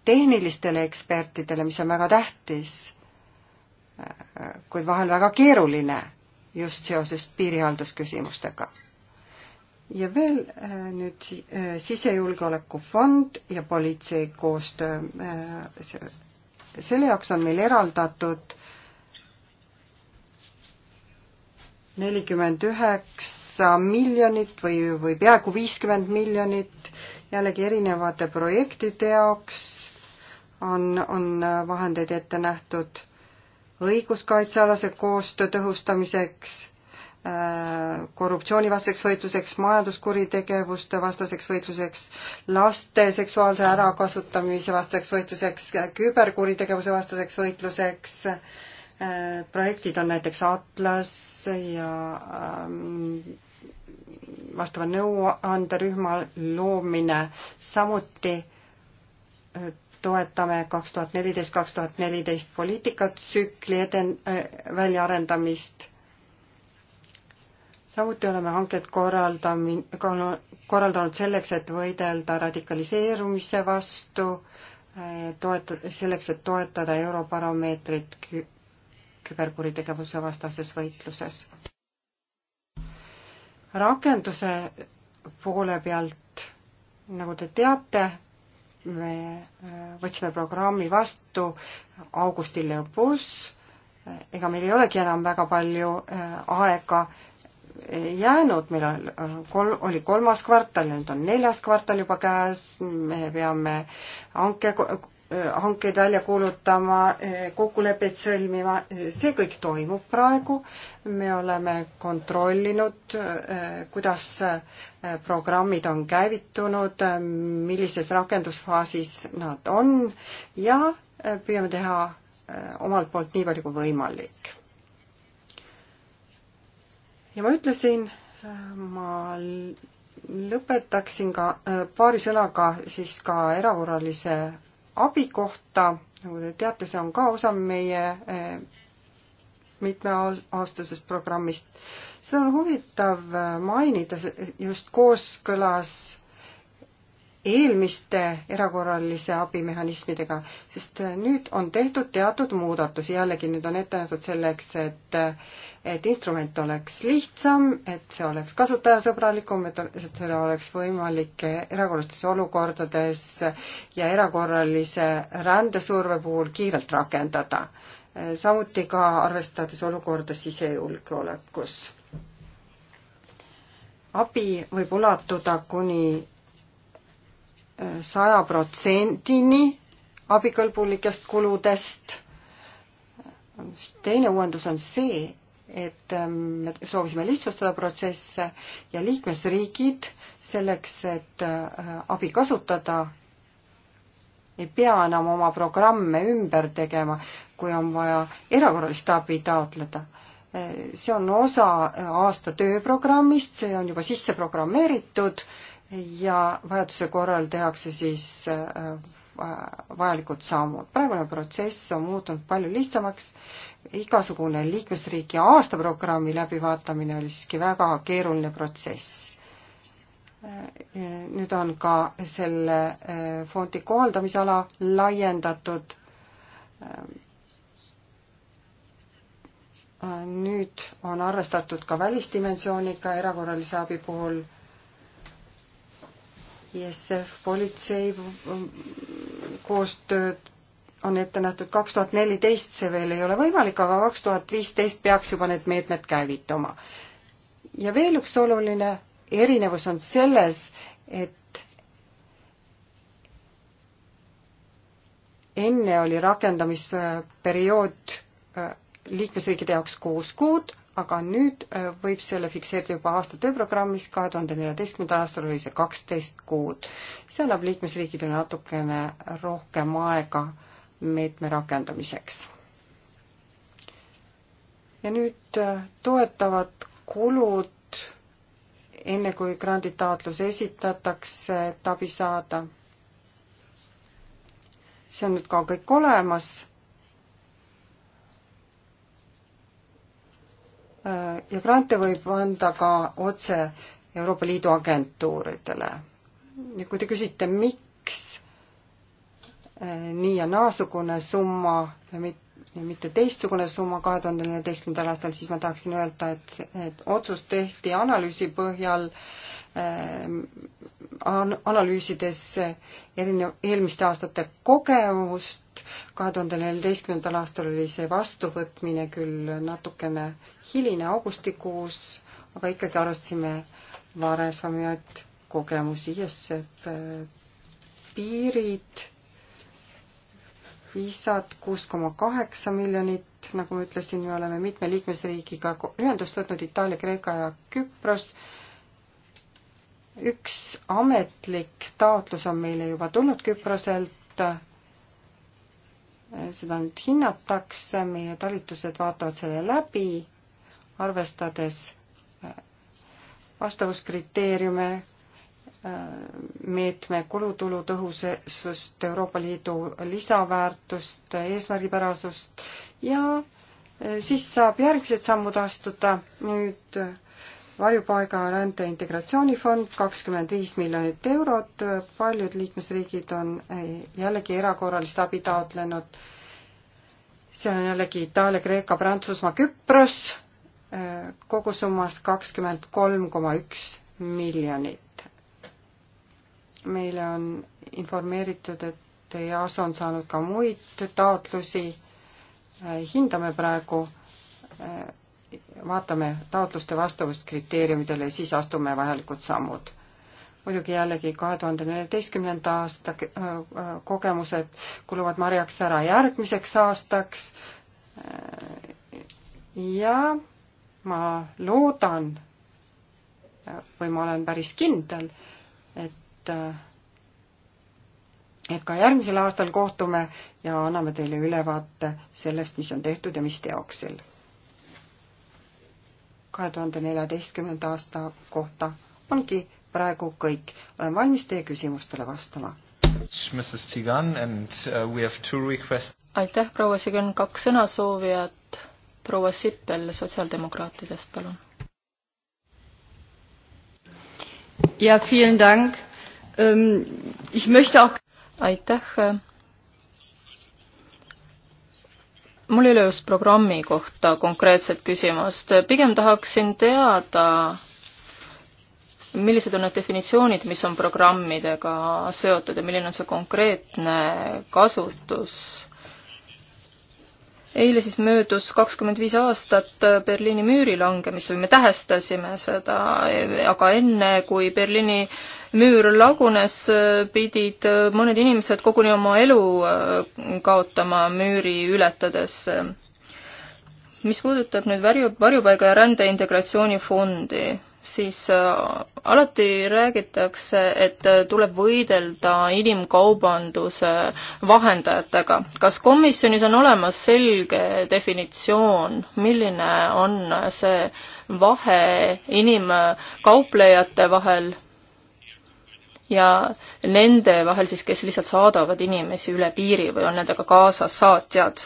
tehnilistele ekspertidele, mis on väga tähtis, kuid vahel väga keeruline just seoses piirihaldusküsimustega. ja veel äh, nüüd äh, sisejulgeolekufond ja politsei koostöö. Äh, selle jaoks on meil eraldatud nelikümmend üheksa miljonit või, või peaaegu viiskümmend miljonit jällegi erinevate projektide jaoks on, on äh, vahendeid ette nähtud õiguskaitsealase koostöö tõhustamiseks, äh, korruptsioonivastaseks võitluseks, majanduskuritegevuste vastaseks võitluseks, laste seksuaalse ärakasutamise vastaseks võitluseks, küberkuritegevuse vastaseks võitluseks, äh, projektid on näiteks Atlas ja ähm, vastava nõuanderühma loomine, samuti toetame kaks tuhat neliteist, kaks tuhat neliteist poliitikatsükli eden- äh,, väljaarendamist. samuti oleme hanked korraldami-, korraldanud selleks, et võidelda radikaliseerumise vastu, äh, toet-, selleks, et toetada Eurobaromeetrit kü-, küberkuritegevuse vastases võitluses. rakenduse poole pealt, nagu te teate, me äh, võtsime programmi vastu augusti lõpus, ega meil ei olegi enam väga palju äh, aega äh, jäänud, meil on kol-, oli kolmas kvartal, nüüd on neljas kvartal juba käes, me peame hanke Eh, hankeid välja kuulutama, eh, kokkuleppeid sõlmima, eh, see kõik toimub praegu. me oleme kontrollinud, kuidas programmid on käivitunud, millises rakendusfaasis nad on ja püüame teha omalt poolt nii palju kui võimalik. ja ma ütlesin, ma lõpetaksin ka paari sõnaga siis ka erakorralise abi kohta, nagu te teate, see on ka osa meie eh, mitmeaastasest programmist. seda on huvitav eh, mainida just kooskõlas eelmiste erakorralise abimehhanismidega, sest eh, nüüd on tehtud teatud muudatusi, jällegi nüüd on ette nähtud selleks, et et instrument oleks lihtsam, et see oleks kasutajasõbralikum, et seda oleks võimalik erakorralistes olukordades ja erakorralise rändesurve puhul kiirelt rakendada. samuti ka arvestades olukorda sisejulgeolekus. abi võib ulatuda kuni äh, saja protsendini abikõlbulikest kuludest. teine uuendus on see, et ähm, me soovisime lihtsustada protsesse ja liikmesriigid selleks, et äh, abi kasutada, ei pea enam oma programme ümber tegema, kui on vaja erakorralist abi taotleda. Äh, see on osa äh, aasta tööprogrammist, see on juba sisse programmeeritud ja vajaduse korral tehakse siis vajalikud sammud. praegune protsess on muutunud palju lihtsamaks igasugune liikmesriigi aastaprogrammi läbivaatamine oli siiski väga keeruline protsess. nüüd on ka selle eh, fondi kohaldamisala laiendatud. nüüd on arvestatud ka välisdimensiooniga erakorralise abi puhul ISF politsei koostööd on ette nähtud kaks tuhat neliteist, see veel ei ole võimalik, aga kaks tuhat viisteist peaks juba need meetmed käivituma. ja veel üks oluline erinevus on selles, et enne oli rakendamisperiood äh, liikmesriikide jaoks kuus kuud, aga nüüd äh, võib selle fikseerida juba aasta tööprogrammis, kahe tuhande neljateistkümnendal aastal oli see kaksteist kuud. see annab liikmesriikidele natukene rohkem aega äh, meetme rakendamiseks. ja nüüd äh, toetavad kulud enne kui granditaotlus esitatakse, et abi saada. see on nüüd ka kõik olemas. Äh, ja grante võib anda ka otse Euroopa Liidu agentuuridele. ja kui te küsite, miks Äh, nii ja naasugune summa, mitte teistsugune summa kahe tuhande neljateistkümnendal aastal, siis ma tahaksin öelda, et, et otsus tehti analüüsi põhjal äh,, analüüsides erinev, eelmiste aastate kogemust, kahe tuhande neljateistkümnendal aastal oli see vastuvõtmine küll natukene hiline, augustikuus, aga ikkagi arvestasime varasemaid kogemusi ja see äh, piirid viisat kuus koma kaheksa miljonit, nagu ma ütlesin, me oleme mitme liikmesriigiga ühendust võtnud, Itaalia, Kreeka ja Küpros. üks ametlik taotlus on meile juba tulnud Küproselt. seda nüüd hinnatakse, meie talitused vaatavad selle läbi, arvestades vastavuskriteeriume meetme kulutulu tõhusust, Euroopa Liidu lisaväärtust, eesmärgipärasust ja eh, siis saab järgmised sammud astuda. nüüd varjupaiga rände integratsioonifond, kakskümmend viis miljonit eurot, paljud liikmesriigid on eh, jällegi erakorralist abi taotlenud. seal on jällegi Itaalia, Kreeka, Prantsusmaa, Küpros, eh, kogusummas kakskümmend kolm koma üks miljonit meile on informeeritud, et EASA on saanud ka muid taotlusi. Äh, hindame praegu, äh, vaatame taotluste vastavust kriteeriumidele ja siis astume vajalikud sammud muidugi jällegi kahe tuhande neljateistkümnenda aasta äh, kogemused kuluvad marjaks ära järgmiseks aastaks. ja ma loodan või ma olen päris kindel, et et ka järgmisel aastal kohtume ja anname teile ülevaate sellest, mis on tehtud ja mis teoksil. kahe tuhande neljateistkümnenda aasta kohta ongi praegu kõik. olen valmis teie küsimustele vastama. Uh, aitäh, proua Sigan, kaks sõnasoovijat. proua Sippel sotsiaaldemokraatidest, palun. ja, vielen Dank Ähm, aitäh. mul ei ole just programmi kohta konkreetset küsimust, pigem tahaksin teada, millised on need definitsioonid, mis on programmidega seotud ja milline on see konkreetne kasutus? eile siis möödus kakskümmend viis aastat Berliini müüri langemist või me tähestasime seda, aga enne, kui Berliini äh, müür lagunes, pidid mõned inimesed koguni oma elu äh, kaotama müüri ületades. mis puudutab nüüd varju, varjupaiga ja rände integratsioonifondi, siis äh, alati räägitakse, et äh, tuleb võidelda inimkaubanduse vahendajatega. kas komisjonis on olemas selge definitsioon, milline on see vahe inimkauplejate vahel ja nende vahel siis, kes lihtsalt saadavad inimesi üle piiri või on nendega kaasas saatjad.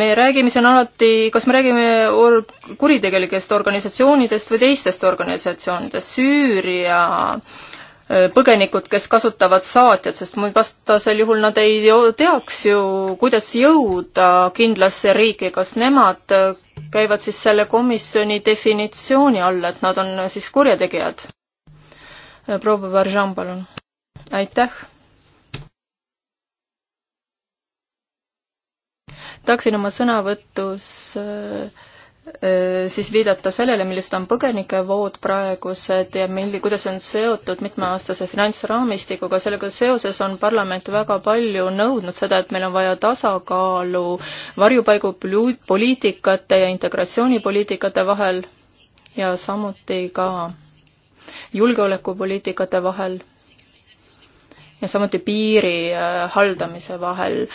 me räägime siin alati, kas me räägime or-, kuritegelikest organisatsioonidest või teistest organisatsioonidest, Süüria äh, põgenikud, kes kasutavad saatjat, sest muid vastasel juhul nad ei teaks ju, kuidas jõuda kindlasse riiki, kas nemad äh, käivad siis selle komisjoni definitsiooni alla, et nad on äh, siis kurjategijad? Äh, proua Baržan, palun. aitäh. tahaksin oma sõnavõtus äh, äh, siis viidata sellele, millised on põgenikevood praegused ja milli-, kuidas on seotud mitmeaastase finantsraamistikuga, sellega seoses on parlament väga palju nõudnud seda, et meil on vaja tasakaalu varjupaigu poliitikate ja integratsioonipoliitikate vahel ja samuti ka julgeolekupoliitikate vahel ja samuti piiri äh, haldamise vahel.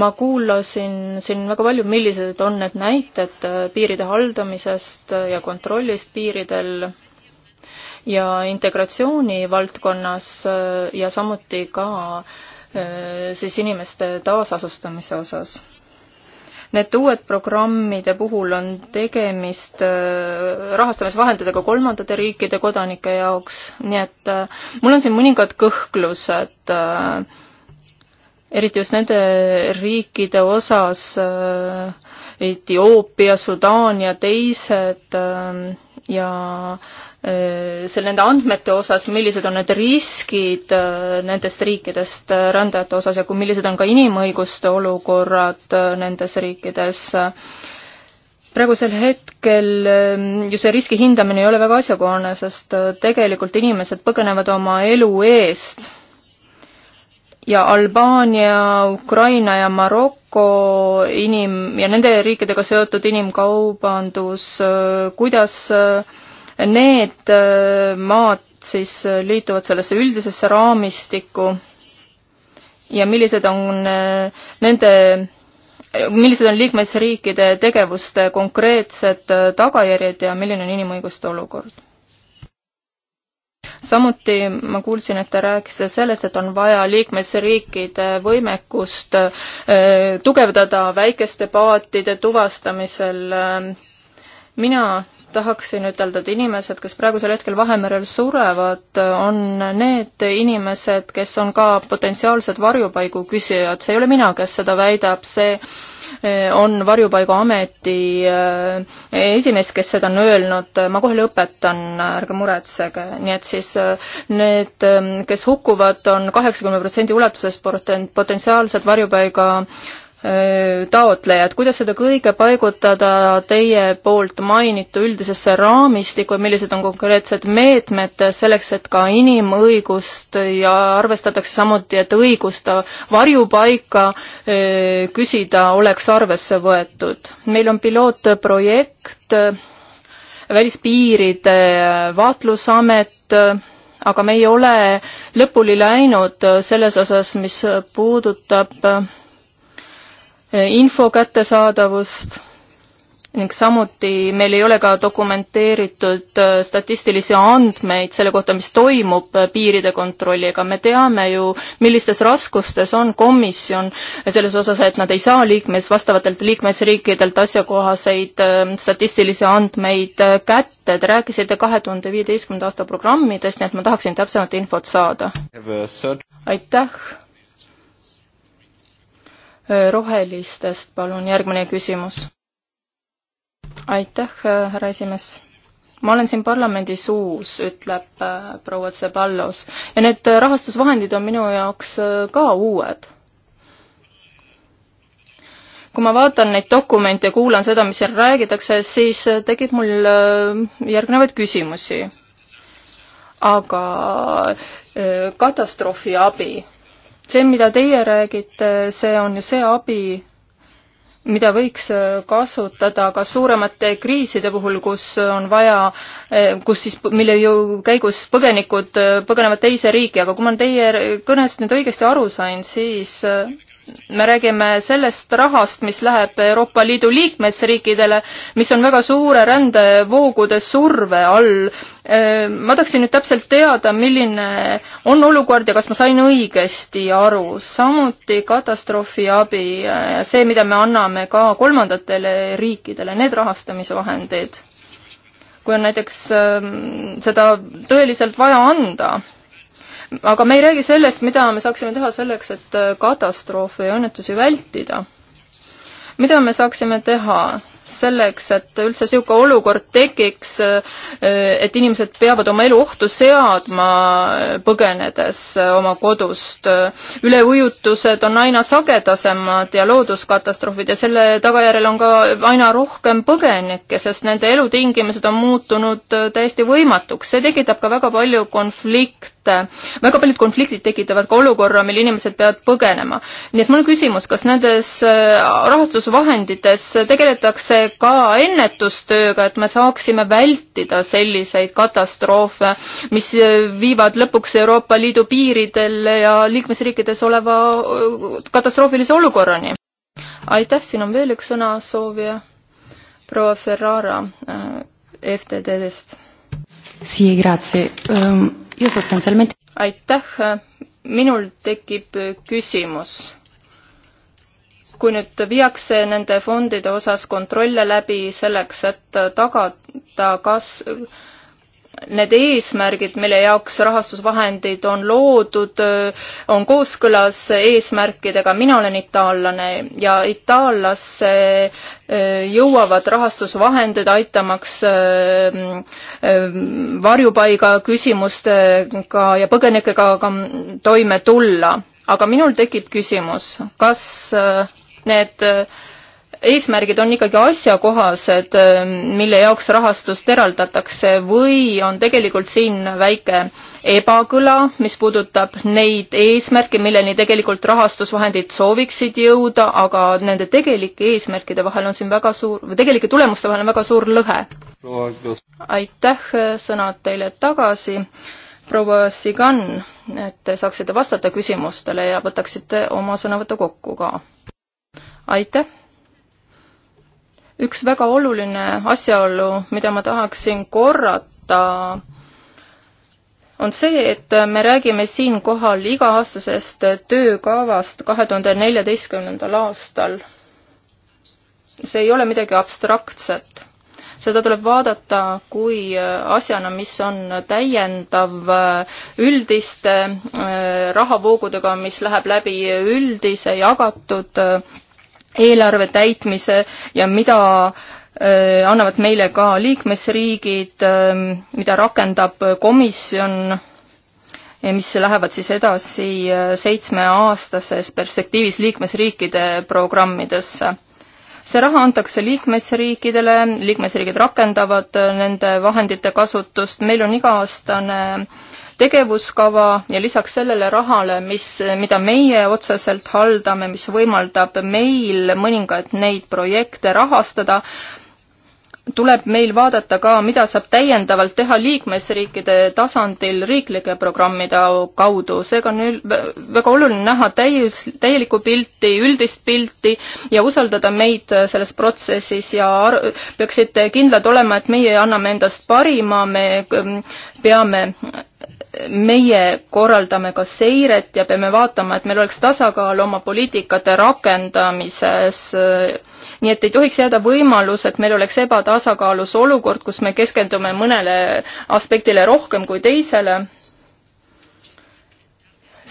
ma kuulasin siin väga palju, millised on need näited äh, piiride haldamisest ja kontrollist piiridel ja integratsiooni valdkonnas äh, ja samuti ka siis inimeste taasasustamise osas Need uued programmide puhul on tegemist äh, rahastamisvahenditega kolmandate riikide kodanike jaoks, nii et äh, mul on siin mõningad kõhklused, äh, eriti just nende riikide osas, Etioopia, Sudaan ja teised ja äh, Äh, seal nende andmete osas, millised on need riskid äh, nendest riikidest äh, rändajate osas ja kui millised on ka inimõiguste olukorrad nendes riikides. praegusel hetkel ju see riski hindamine ei ole väga asjakohane, sest tegelikult inimesed põgenevad oma elu eest. ja Albaania, Ukraina ja Maroko inim- ja nende riikidega seotud inimkaubandus, kuidas äh, need äh, maad siis äh, liituvad sellesse üldisesse raamistikku ja millised on äh, nende, millised on liikmesriikide tegevuste konkreetsed tagajärjed ja milline on inimõiguste olukord? samuti ma kuulsin, et te rääkisite sellest, et on vaja liikmesriikide võimekust tugevdada väikeste paatide tuvastamisel. mina tahaksin ütelda, et inimesed, kes praegusel hetkel Vahemerel surevad, on need inimesed, kes on ka potentsiaalsed varjupaigu küsijad, see ei ole mina, kes seda väidab, see eh, on Varjupaigaameti eh, esimees, kes seda on öelnud, ma kohe lõpetan, ärge muretsege, nii et siis eh, need, kes hukkuvad on, on kaheksakümne protsendi ulatuses potentsiaalsed varjupaiga taotlejad, kuidas seda kõige paigutada teie poolt mainitu üldisesse raamistikku ja millised on konkreetsed meetmed selleks, et ka inimõigust ja arvestatakse samuti, et õigust varjupaika küsida oleks arvesse võetud. meil on pilootprojekt, välispiiride vaatlusamet, aga me ei ole lõpuni läinud selles osas, mis puudutab Äh, info kättesaadavust ning samuti meil ei ole ka dokumenteeritud äh, statistilisi andmeid selle kohta, mis toimub äh, piiride kontrolliga. me teame ju, millistes raskustes on komisjon selles osas, et nad ei saa liikmes, vastavatelt liikmesriikidelt asjakohaseid statistilisi andmeid kätte. Te rääkisite kahe tuhande viieteistkümnenda aasta programmidest, nii et ma tahaksin täpsemat infot saada. aitäh Äh, rohelistest, palun järgmine küsimus. aitäh, äh, härra esimees ma olen siin parlamendis uus, ütleb äh, proua Tseballos ja need rahastusvahendid on minu jaoks ka uued. kui ma vaatan neid dokumente ja kuulan seda, mis seal räägitakse, siis tekib mul järgnevaid küsimusi. aga katastroofiabi see, mida teie räägite, see on ju see abi, mida võiks äh, kasutada ka suuremate kriiside puhul, kus on vaja, äh, kus siis, mille ju käigus põgenikud äh, põgenevad teise riiki, aga kui ma teie kõnest nüüd õigesti aru sain, siis me räägime sellest rahast, mis läheb Euroopa Liidu liikmesriikidele, mis on väga suure rändevoogude surve all. ma tahaksin nüüd täpselt teada, milline on olukord ja kas ma sain õigesti aru. samuti katastroofiabi, see, mida me anname ka kolmandatele riikidele, need rahastamisvahendid. kui on näiteks ähm, seda tõeliselt vaja anda aga me ei räägi sellest, mida me saaksime teha selleks, et äh, katastroofe ja õnnetusi vältida. mida me saaksime teha selleks, et üldse niisugune olukord tekiks, äh, et inimesed peavad oma elu ohtu seadma, äh, põgenedes oma kodust. üleujutused on aina sagedasemad ja looduskatastroofid ja selle tagajärjel on ka aina rohkem põgenikke, sest nende elutingimused on muutunud täiesti võimatuks. see tekitab ka väga palju konflikte et äh, väga paljud konfliktid tekitavad ka olukorra, mil inimesed peavad põgenema. nii et mul on küsimus, kas nendes äh, rahastusvahendites tegeletakse ka ennetustööga, et me saaksime vältida selliseid katastroofe, mis äh, viivad lõpuks Euroopa Liidu piiridel ja liikmesriikides oleva katastroofilise olukorrani? aitäh, siin on veel üks sõnasoovija, proua Ferrara EFTD-st Sii, grazie um,. Io sostanzialmente... aitäh, minul tekib küsimus. kui nüüd viiakse nende fondide osas kontrolle läbi selleks, et tagada, kas äh, need eesmärgid, mille jaoks rahastusvahendid on loodud, on kooskõlas eesmärkidega, mina olen itaallane ja itaallasse e, jõuavad rahastusvahendid aitamaks e, e, varjupaiga küsimustega ja põgenikega toime tulla. aga minul tekib küsimus, kas need eesmärgid on ikkagi asjakohased, ähm, mille jaoks rahastust eraldatakse või on tegelikult siin väike ebakõla, mis puudutab neid eesmärke, milleni tegelikult rahastusvahendid sooviksid jõuda, aga nende tegelike eesmärkide vahel on siin väga suur, või tegelike tulemuste vahel on väga suur lõhe. aitäh, sõnad teile tagasi. proua Sigan, et te saaksite vastata küsimustele ja võtaksite oma sõnavõtu kokku ka. aitäh üks väga oluline asjaolu, mida ma tahaksin korrata, on see, et me räägime siinkohal iga-aastasest töökavast kahe tuhande neljateistkümnendal aastal. see ei ole midagi abstraktset. seda tuleb vaadata kui asjana, mis on täiendav üldiste eh, rahavoogudega, mis läheb läbi üldise jagatud eh, eelarve täitmise ja mida äh, annavad meile ka liikmesriigid, ähm, mida rakendab komisjon mis lähevad siis edasi äh, seitsmeaastases perspektiivis liikmesriikide programmidesse. see raha antakse liikmesriikidele, liikmesriigid rakendavad äh, nende vahendite kasutust, meil on iga-aastane äh, tegevuskava ja lisaks sellele rahale, mis, mida meie otseselt haldame, mis võimaldab meil mõningaid neid projekte rahastada, tuleb meil vaadata ka, mida saab täiendavalt teha liikmesriikide tasandil riiklike programmide kaudu. seega on väga oluline näha täies, täielikku pilti, üldist pilti ja usaldada meid selles protsessis ja peaksite kindlad olema, et meie anname endast parima, me peame meie korraldame ka seiret ja peame vaatama, et meil oleks tasakaal oma poliitikate rakendamises. nii et ei tohiks jääda võimalus, et meil oleks ebatasakaalus olukord, kus me keskendume mõnele aspektile rohkem kui teisele.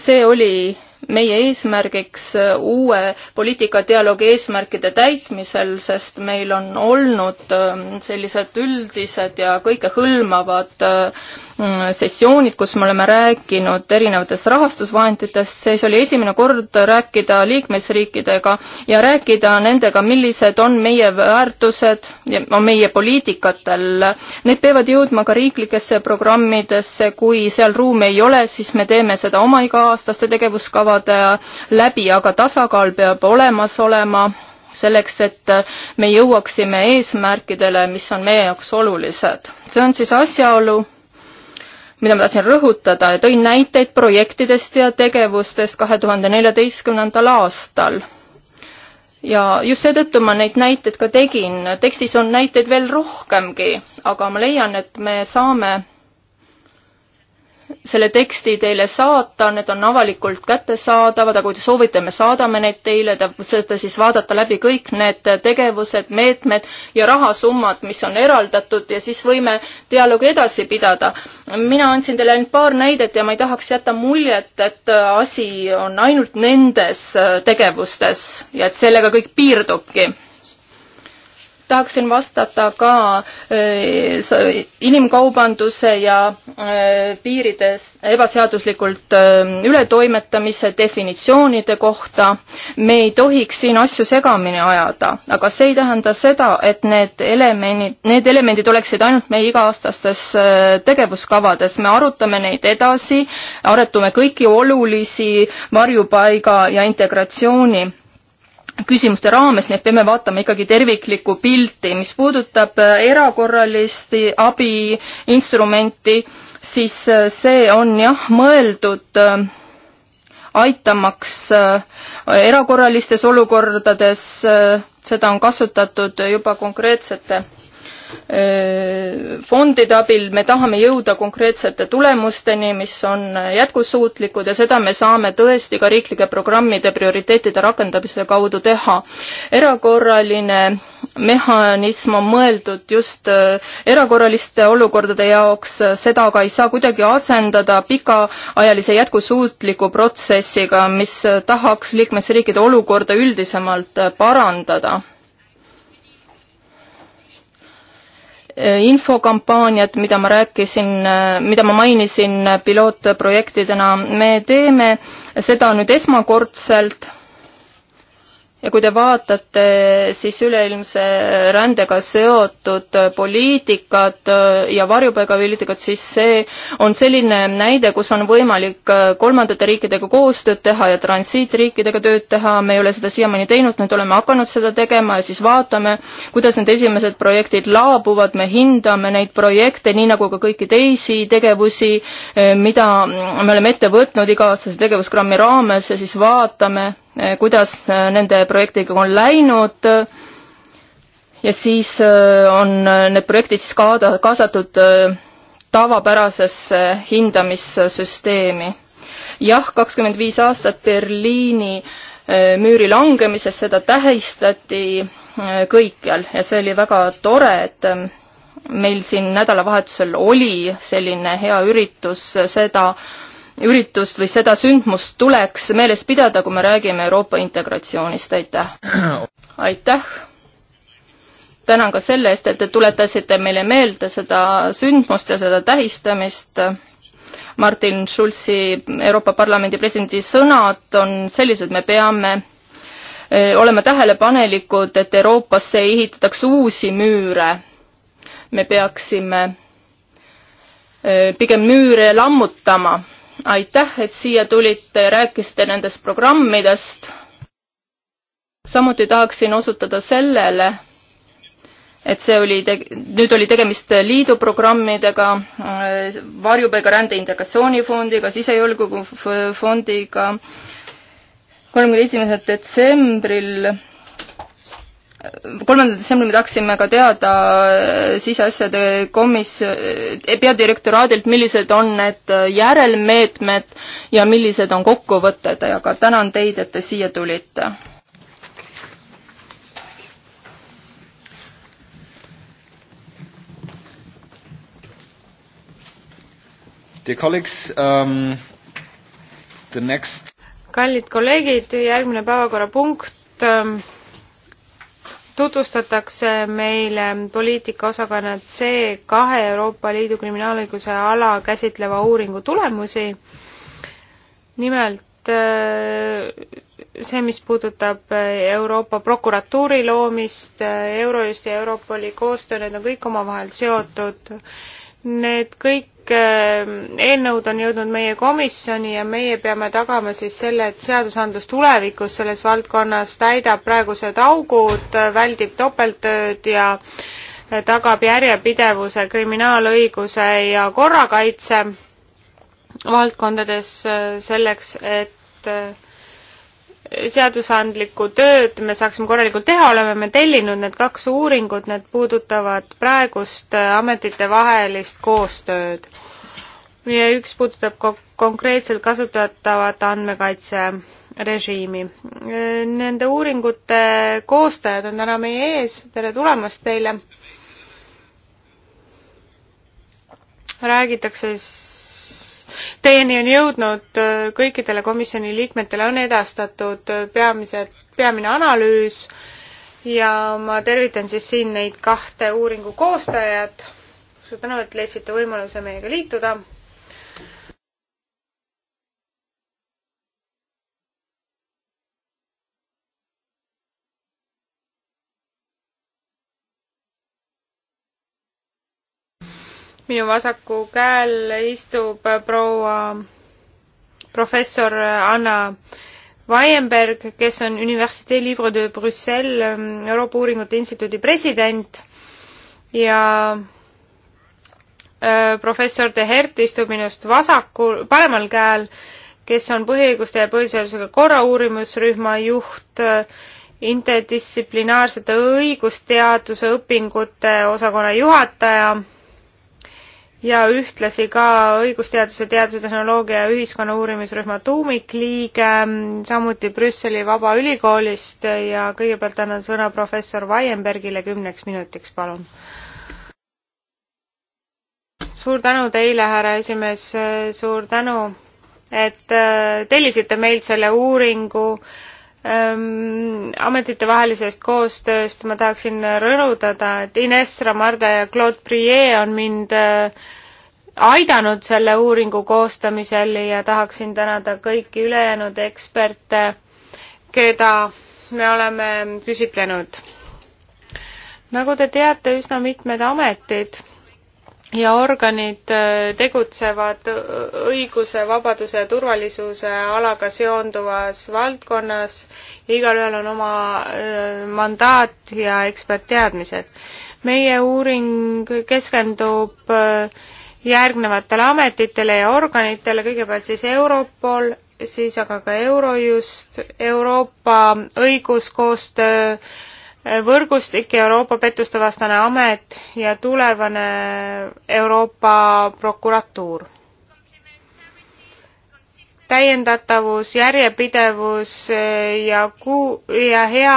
see oli meie eesmärgiks uue poliitikadialoogi eesmärkide täitmisel, sest meil on olnud ähm, sellised üldised ja kõikehõlmavad äh, Mm, sessioonid, kus me oleme rääkinud erinevatest rahastusvahenditest, siis oli esimene kord rääkida liikmesriikidega ja rääkida nendega, millised on meie väärtused ja meie poliitikatel. Need peavad jõudma ka riiklikesse programmidesse, kui seal ruumi ei ole, siis me teeme seda oma iga-aastaste tegevuskavade läbi, aga tasakaal peab olemas olema selleks, et me jõuaksime eesmärkidele, mis on meie jaoks olulised. see on siis asjaolu, mida ma tahtsin rõhutada ja tõin näiteid projektidest ja tegevustest kahe tuhande neljateistkümnendal aastal. ja just seetõttu ma neid näiteid ka tegin, tekstis on näiteid veel rohkemgi, aga ma leian, et me saame selle teksti teile saata, need on avalikult kättesaadavad, aga kui te soovite, me saadame neid teile, te saate siis vaadata läbi kõik need tegevused, meetmed ja rahasummad, mis on eraldatud ja siis võime dialoogi edasi pidada. mina andsin teile ainult paar näidet ja ma ei tahaks jätta muljet, et asi on ainult nendes tegevustes ja et sellega kõik piirdubki tahaksin vastata ka äh, inimkaubanduse ja äh, piirides ebaseaduslikult äh, ületoimetamise definitsioonide kohta. me ei tohiks siin asju segamini ajada, aga see ei tähenda seda, et need elemendid, need elemendid oleksid ainult meie iga-aastastes tegevuskavades. me arutame neid edasi, arutame kõiki olulisi varjupaiga ja integratsiooni küsimuste raames, nii et peame vaatama ikkagi terviklikku pilti, mis puudutab äh, erakorralist abi instrumenti, siis äh, see on jah, mõeldud äh, aitamaks erakorralistes olukordades, seda on kasutatud juba konkreetsete fondide abil me tahame jõuda konkreetsete tulemusteni, mis on jätkusuutlikud ja seda me saame tõesti ka riiklike programmide prioriteetide rakendamise kaudu teha. erakorraline mehhanism on mõeldud just erakorraliste olukordade jaoks, seda aga ei saa kuidagi asendada pikaajalise jätkusuutliku protsessiga, mis tahaks liikmesriikide olukorda üldisemalt parandada Äh, infokampaaniad, mida ma rääkisin, äh, mida ma mainisin äh, pilootprojektidena, me teeme seda nüüd esmakordselt ja kui te vaatate siis üleilmse rändega seotud poliitikat ja varjupaigapoliitikat, siis see on selline näide, kus on võimalik kolmandate riikidega koostööd teha ja transiitriikidega tööd teha, me ei ole seda siiamaani teinud, nüüd oleme hakanud seda tegema ja siis vaatame, kuidas need esimesed projektid laabuvad, me hindame neid projekte, nii nagu ka kõiki teisi tegevusi, eh, mida me oleme ette võtnud iga-aastase tegevusprogrammi raames ja siis vaatame, Äh, kuidas äh, nende projektiga on läinud ja siis äh, on need projektid siis kaada-, kaasatud tavapärasesse hindamissüsteemi. jah, kakskümmend viis aastat Berliini müüri langemisest, seda tähistati kõikjal ja see oli väga tore, et meil siin nädalavahetusel oli selline hea üritus, seda äh, üritust või seda sündmust tuleks meeles pidada, kui me räägime Euroopa integratsioonist, aitäh! aitäh! tänan ka selle eest, et te tuletasite meile meelde seda sündmust ja seda tähistamist. Martin Schulzi, Euroopa Parlamendi presidendi sõnad on sellised, me peame e, olema tähelepanelikud, et Euroopasse ei ehitataks uusi müüre. me peaksime e, pigem müüre lammutama aitäh, et siia tulite ja rääkisite nendest programmidest. samuti tahaksin osutada sellele, et see oli, nüüd oli tegemist liidu programmidega, varjupaigarände integratsioonifondiga, sisejulgeolekufondiga. kolmekümne esimesel detsembril kolmandal detsembril me tahaksime ka teada äh, siseasjade komis-, äh, peadirektoraadilt, millised on need äh, järelmeetmed ja millised on kokkuvõtted, aga tänan teid, et te siia tulite. Dear colleagues um,, the next kallid kolleegid, järgmine päevakorrapunkt um, tutvustatakse meile poliitikaosakonna C kahe Euroopa Liidu kriminaalõiguse ala käsitleva uuringu tulemusi. nimelt äh, see, mis puudutab äh, Euroopa prokuratuuri loomist, äh, Eurojust ja Europoli koostöö, need on kõik omavahel seotud Need kõik kõik äh, eelnõud on jõudnud meie komisjoni ja meie peame tagama siis selle, et seadusandlus tulevikus selles valdkonnas täidab praegused augud, väldib topelttööd ja äh, tagab järjepidevuse kriminaalõiguse ja korrakaitse valdkondades äh, selleks, et seadusandlikku tööd me saaksime korralikult teha, oleme me tellinud need kaks uuringut, need puudutavad praegust äh, ametitevahelist koostööd. ja üks puudutab ko-, konkreetselt kasutatavat andmekaitserežiimi. Äh, nende uuringute koostajad on täna meie ees, tere tulemast teile! räägitakse siis Teieni on jõudnud kõikidele komisjoni liikmetele on edastatud peamised, peamine analüüs ja ma tervitan siis siin neid kahte uuringu koostajat. suur tänu, et leidsite võimaluse meiega liituda minu vasaku käel istub proua professor Anna Weinberg, kes on Université Livre de Bruxelles Euroopa Uuringute Instituudi president ja äh, professor De Hert istub minust vasakul, paremal käel, kes on põhiõiguste ja põhiseadusega korra uurimusrühma juht, äh, interdistsiplinaarsete õigusteaduse õpingute osakonna juhataja ja ühtlasi ka õigusteaduse, teadustehnoloogia ja ühiskonna uurimisrühma tuumikliige, samuti Brüsseli Vabaülikoolist ja kõigepealt annan sõna professor Vaienbergile kümneks minutiks, palun. suur tänu teile, härra esimees, suur tänu, et äh, tellisite meilt selle uuringu äh, ähm, ametitevahelisest koostööst ma tahaksin rõhutada, et Ines Ramarda ja Claude Priet on mind äh, aidanud selle uuringu koostamisel ja tahaksin tänada kõiki ülejäänud eksperte, keda me oleme küsitlenud. nagu te teate, üsna mitmed ametid ja organid äh, tegutsevad õiguse, vabaduse ja turvalisuse alaga seonduvas valdkonnas ja igalühel on oma äh, mandaat ja ekspertteadmised. meie uuring keskendub äh, järgnevatele ametitele ja organitele, kõigepealt siis Europol, siis aga ka Eurojust, Euroopa õiguskoostöö võrgustik Euroopa pettustevastane amet ja tulevane Euroopa prokuratuur täiendatavus, järjepidevus eh, ja kuu- ja hea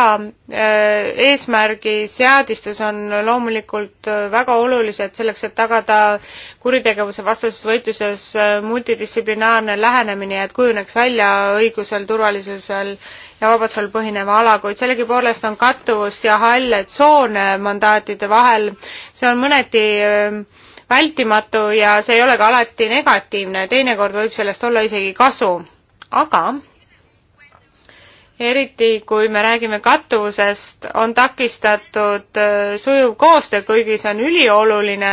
eh, eesmärgi seadistus on loomulikult eh, väga olulised selleks, et tagada kuritegevuse vastases võitluses multidistsiplinaarne lähenemine ja et kujuneks välja õigusel, turvalisusel ja vabadusel põhineva ala, kuid sellegipoolest on kattuvust ja halle tsoone mandaatide vahel. see on mõneti vältimatu ja see ei ole ka alati negatiivne, teinekord võib sellest olla isegi kasu. aga eriti kui me räägime kattuvusest, on takistatud äh, sujuv koostöö, kuigi see on ülioluline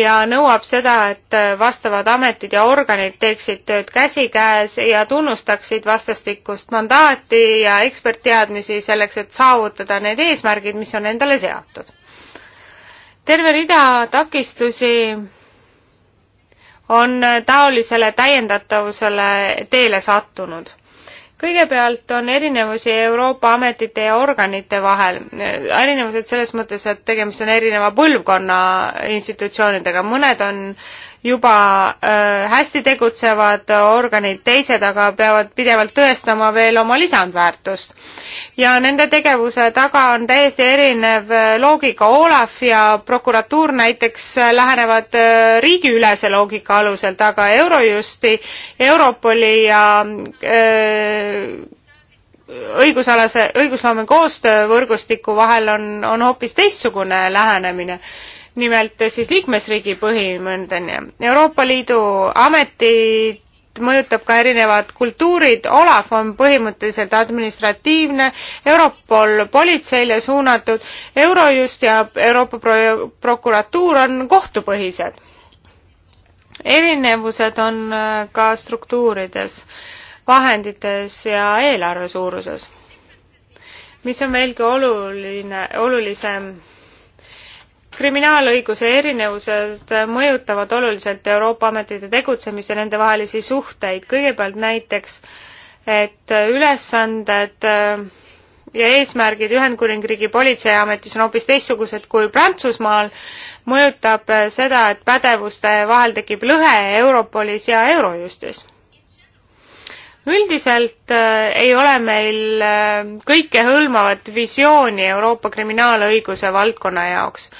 ja nõuab seda, et äh, vastavad ametid ja organid teeksid tööd käsikäes ja tunnustaksid vastastikust mandaati ja ekspertteadmisi selleks, et saavutada need eesmärgid, mis on endale seatud terve rida takistusi on taolisele täiendatavusele teele sattunud kõigepealt on erinevusi Euroopa ametite ja organite vahel, erinevused selles mõttes, et tegemist on erineva põlvkonna institutsioonidega, mõned on juba äh, hästi tegutsevad organid, teised aga peavad pidevalt tõestama veel oma lisandväärtust. ja nende tegevuse taga on täiesti erinev äh, loogika. Olav ja prokuratuur näiteks äh, lähenevad riigiülese loogika aluselt, aga Eurojusti, Europoli ja öö, õigusalase, õigusloome koostöövõrgustiku vahel on, on hoopis teistsugune lähenemine nimelt siis liikmesriigi põhimõndeni. Euroopa Liidu ametid mõjutab ka erinevad kultuurid, Olav on põhimõtteliselt administratiivne, Europol politseile suunatud, Eurojust ja Euroopa pro-, prokuratuur on kohtupõhised. erinevused on äh, ka struktuurides, vahendites ja eelarve suuruses. mis on veelgi oluline, olulisem kriminaalõiguse erinevused mõjutavad oluliselt Euroopa ametite tegutsemist ja nendevahelisi suhteid. kõigepealt näiteks, et ülesanded äh, ja eesmärgid Ühendkuningriigi politseiametis on hoopis teistsugused kui Prantsusmaal, mõjutab äh, seda, et pädevuste vahel tekib lõhe Europolis ja Eurojustis. üldiselt äh, ei ole meil kõikehõlmavat visiooni Euroopa kriminaalõiguse valdkonna jaoks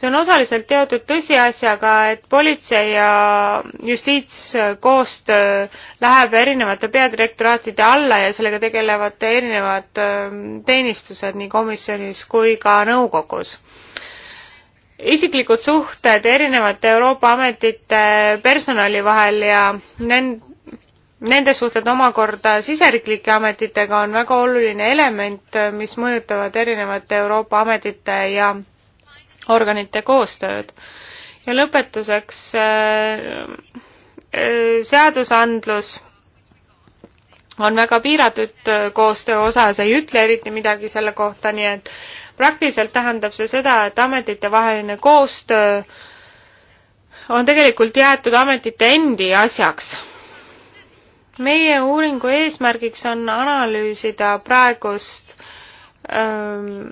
see on osaliselt teatud tõsiasjaga, et politsei ja justiitskoostöö läheb erinevate peadirektoraatide alla ja sellega tegelevad erinevad ähm, teenistused nii komisjonis kui ka nõukogus. isiklikud suhted erinevate Euroopa ametite personali vahel ja nend-, Nende suhted omakorda siseriiklike ametitega on väga oluline element, mis mõjutavad erinevate Euroopa ametite ja organite koostööd. ja lõpetuseks äh, äh, seadusandlus on väga piiratud äh, koostöö osas, ei ütle eriti midagi selle kohta, nii et praktiliselt tähendab see seda, et ametitevaheline koostöö on tegelikult jäetud ametite endi asjaks. meie uuringu eesmärgiks on analüüsida praegust öö, ähm,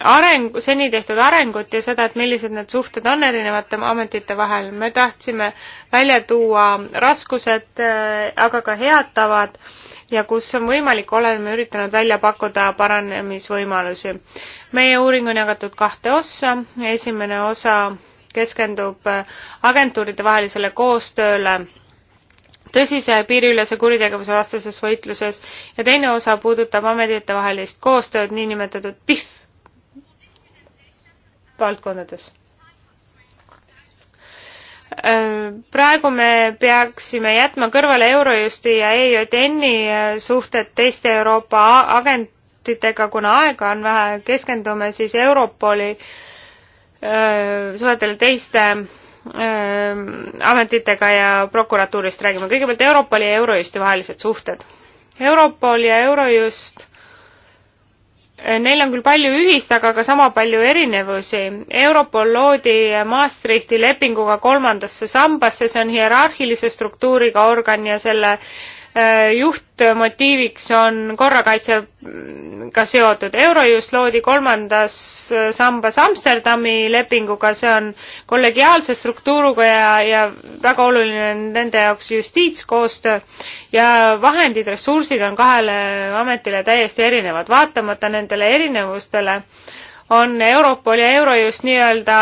areng, seni tehtud arengut ja seda, et millised need suhted on erinevate ametite vahel. me tahtsime välja tuua raskused, äh, aga ka head tavad ja kus on võimalik, oleme üritanud välja pakkuda paranemisvõimalusi. meie uuring on jagatud kahte ossa, esimene osa keskendub äh, agentuuride vahelisele koostööle tõsise piiriülese kuritegevuse vastases võitluses ja teine osa puudutab ametitevahelist koostööd, niinimetatud PIF valdkondades. Äh, praegu me peaksime jätma kõrvale Eurojusti ja EJN-i äh, suhted teiste Euroopa agentidega, kuna aega on vähe, keskendume siis Europoli äh, suhetele teiste ametitega ja prokuratuurist räägime. kõigepealt Europoli ja Eurojusti vahelised suhted. Europol ja Eurojust Äh, neil on küll palju ühist, aga ka sama palju erinevusi. Europol loodi Maastrichti lepinguga kolmandasse sambasse, see on hierarhilise struktuuriga organ ja selle Äh, juhtmotiiviks on korrakaitsega seotud. Eurojust loodi kolmandas äh, sambas Amsterdami lepinguga, see on kollegiaalse struktuuriga ja, ja väga oluline on nende jaoks justiitskoostöö ja vahendid, ressursid on kahele ametile täiesti erinevad. vaatamata nendele erinevustele on Europol ja Eurojust nii-öelda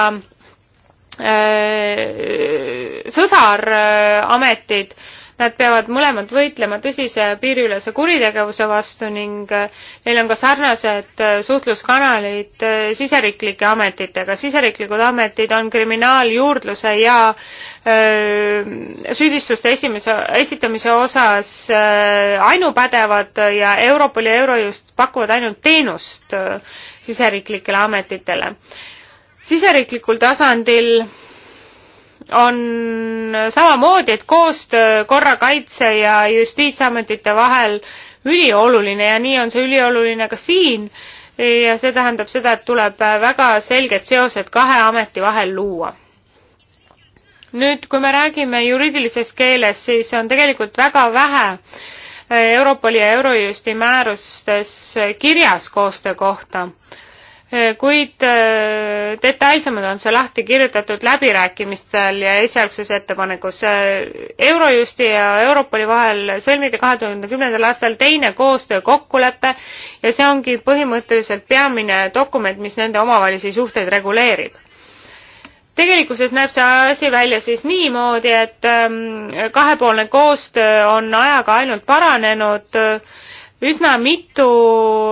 äh, sõsarametid äh, Nad peavad mõlemad võitlema tõsise piiriülese kuritegevuse vastu ning eh, neil on ka sarnased eh, suhtluskanalid eh, siseriiklike ametitega. siseriiklikud ametid on kriminaaljuurdluse ja öö, süüdistuste esimese, esitamise osas öö, ainupädevad ja Europol ja Eurojust pakuvad ainult teenust öö, siseriiklikele ametitele. siseriiklikul tasandil on samamoodi, et koostöö korrakaitse ja justiitsametite vahel ülioluline ja nii on see ülioluline ka siin ja see tähendab seda, et tuleb väga selged seosed kahe ameti vahel luua. nüüd, kui me räägime juriidilisest keelest, siis on tegelikult väga vähe Europoli ja Eurojusti määrustes kirjas koostöö kohta kuid äh, detailsemalt on see lahti kirjutatud läbirääkimistel ja esialgses ettepanekus. Eurojusti ja Europoli vahel sõlmiti kahe tuhande kümnendal aastal teine koostöökokkulepe ja see ongi põhimõtteliselt peamine dokument, mis nende omavahelisi suhteid reguleerib tegelikkuses näeb see asi välja siis niimoodi, et ähm, kahepoolne koostöö on ajaga ainult paranenud äh, üsna mitu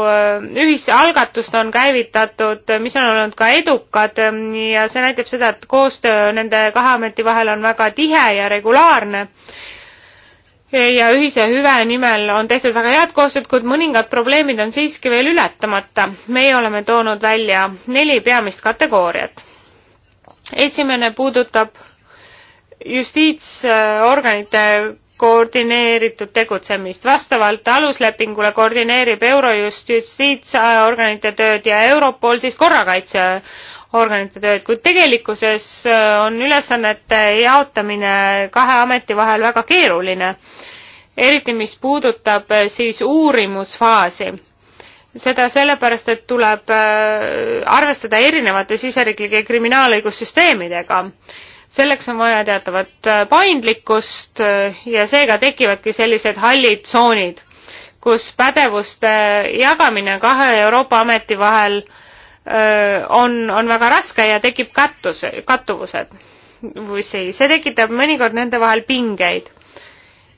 äh, ühisalgatust on käivitatud, mis on olnud ka edukad ähm, ja see näitab seda, et koostöö nende kahe ameti vahel on väga tihe ja regulaarne. ja ühise hüve nimel on tehtud väga head koostööd, kuid mõningad probleemid on siiski veel ületamata. meie oleme toonud välja neli peamist kategooriat. esimene puudutab justiitsorganite koordineeritud tegutsemist. vastavalt aluslepingule koordineerib Eurojust justiitsorganite tööd ja Europol siis korrakaitseorganite tööd, kuid tegelikkuses äh, on ülesannete jaotamine kahe ameti vahel väga keeruline, eriti mis puudutab äh, siis uurimusfaasi seda sellepärast, et tuleb äh, arvestada erinevate siseriiklike kriminaalõigussüsteemidega selleks on vaja teatavat äh, paindlikkust äh, ja seega tekivadki sellised hallid tsoonid, kus pädevuste jagamine kahe Euroopa ameti vahel äh, on, on väga raske ja tekib kattus, kattuvused või see, see tekitab mõnikord nende vahel pingeid.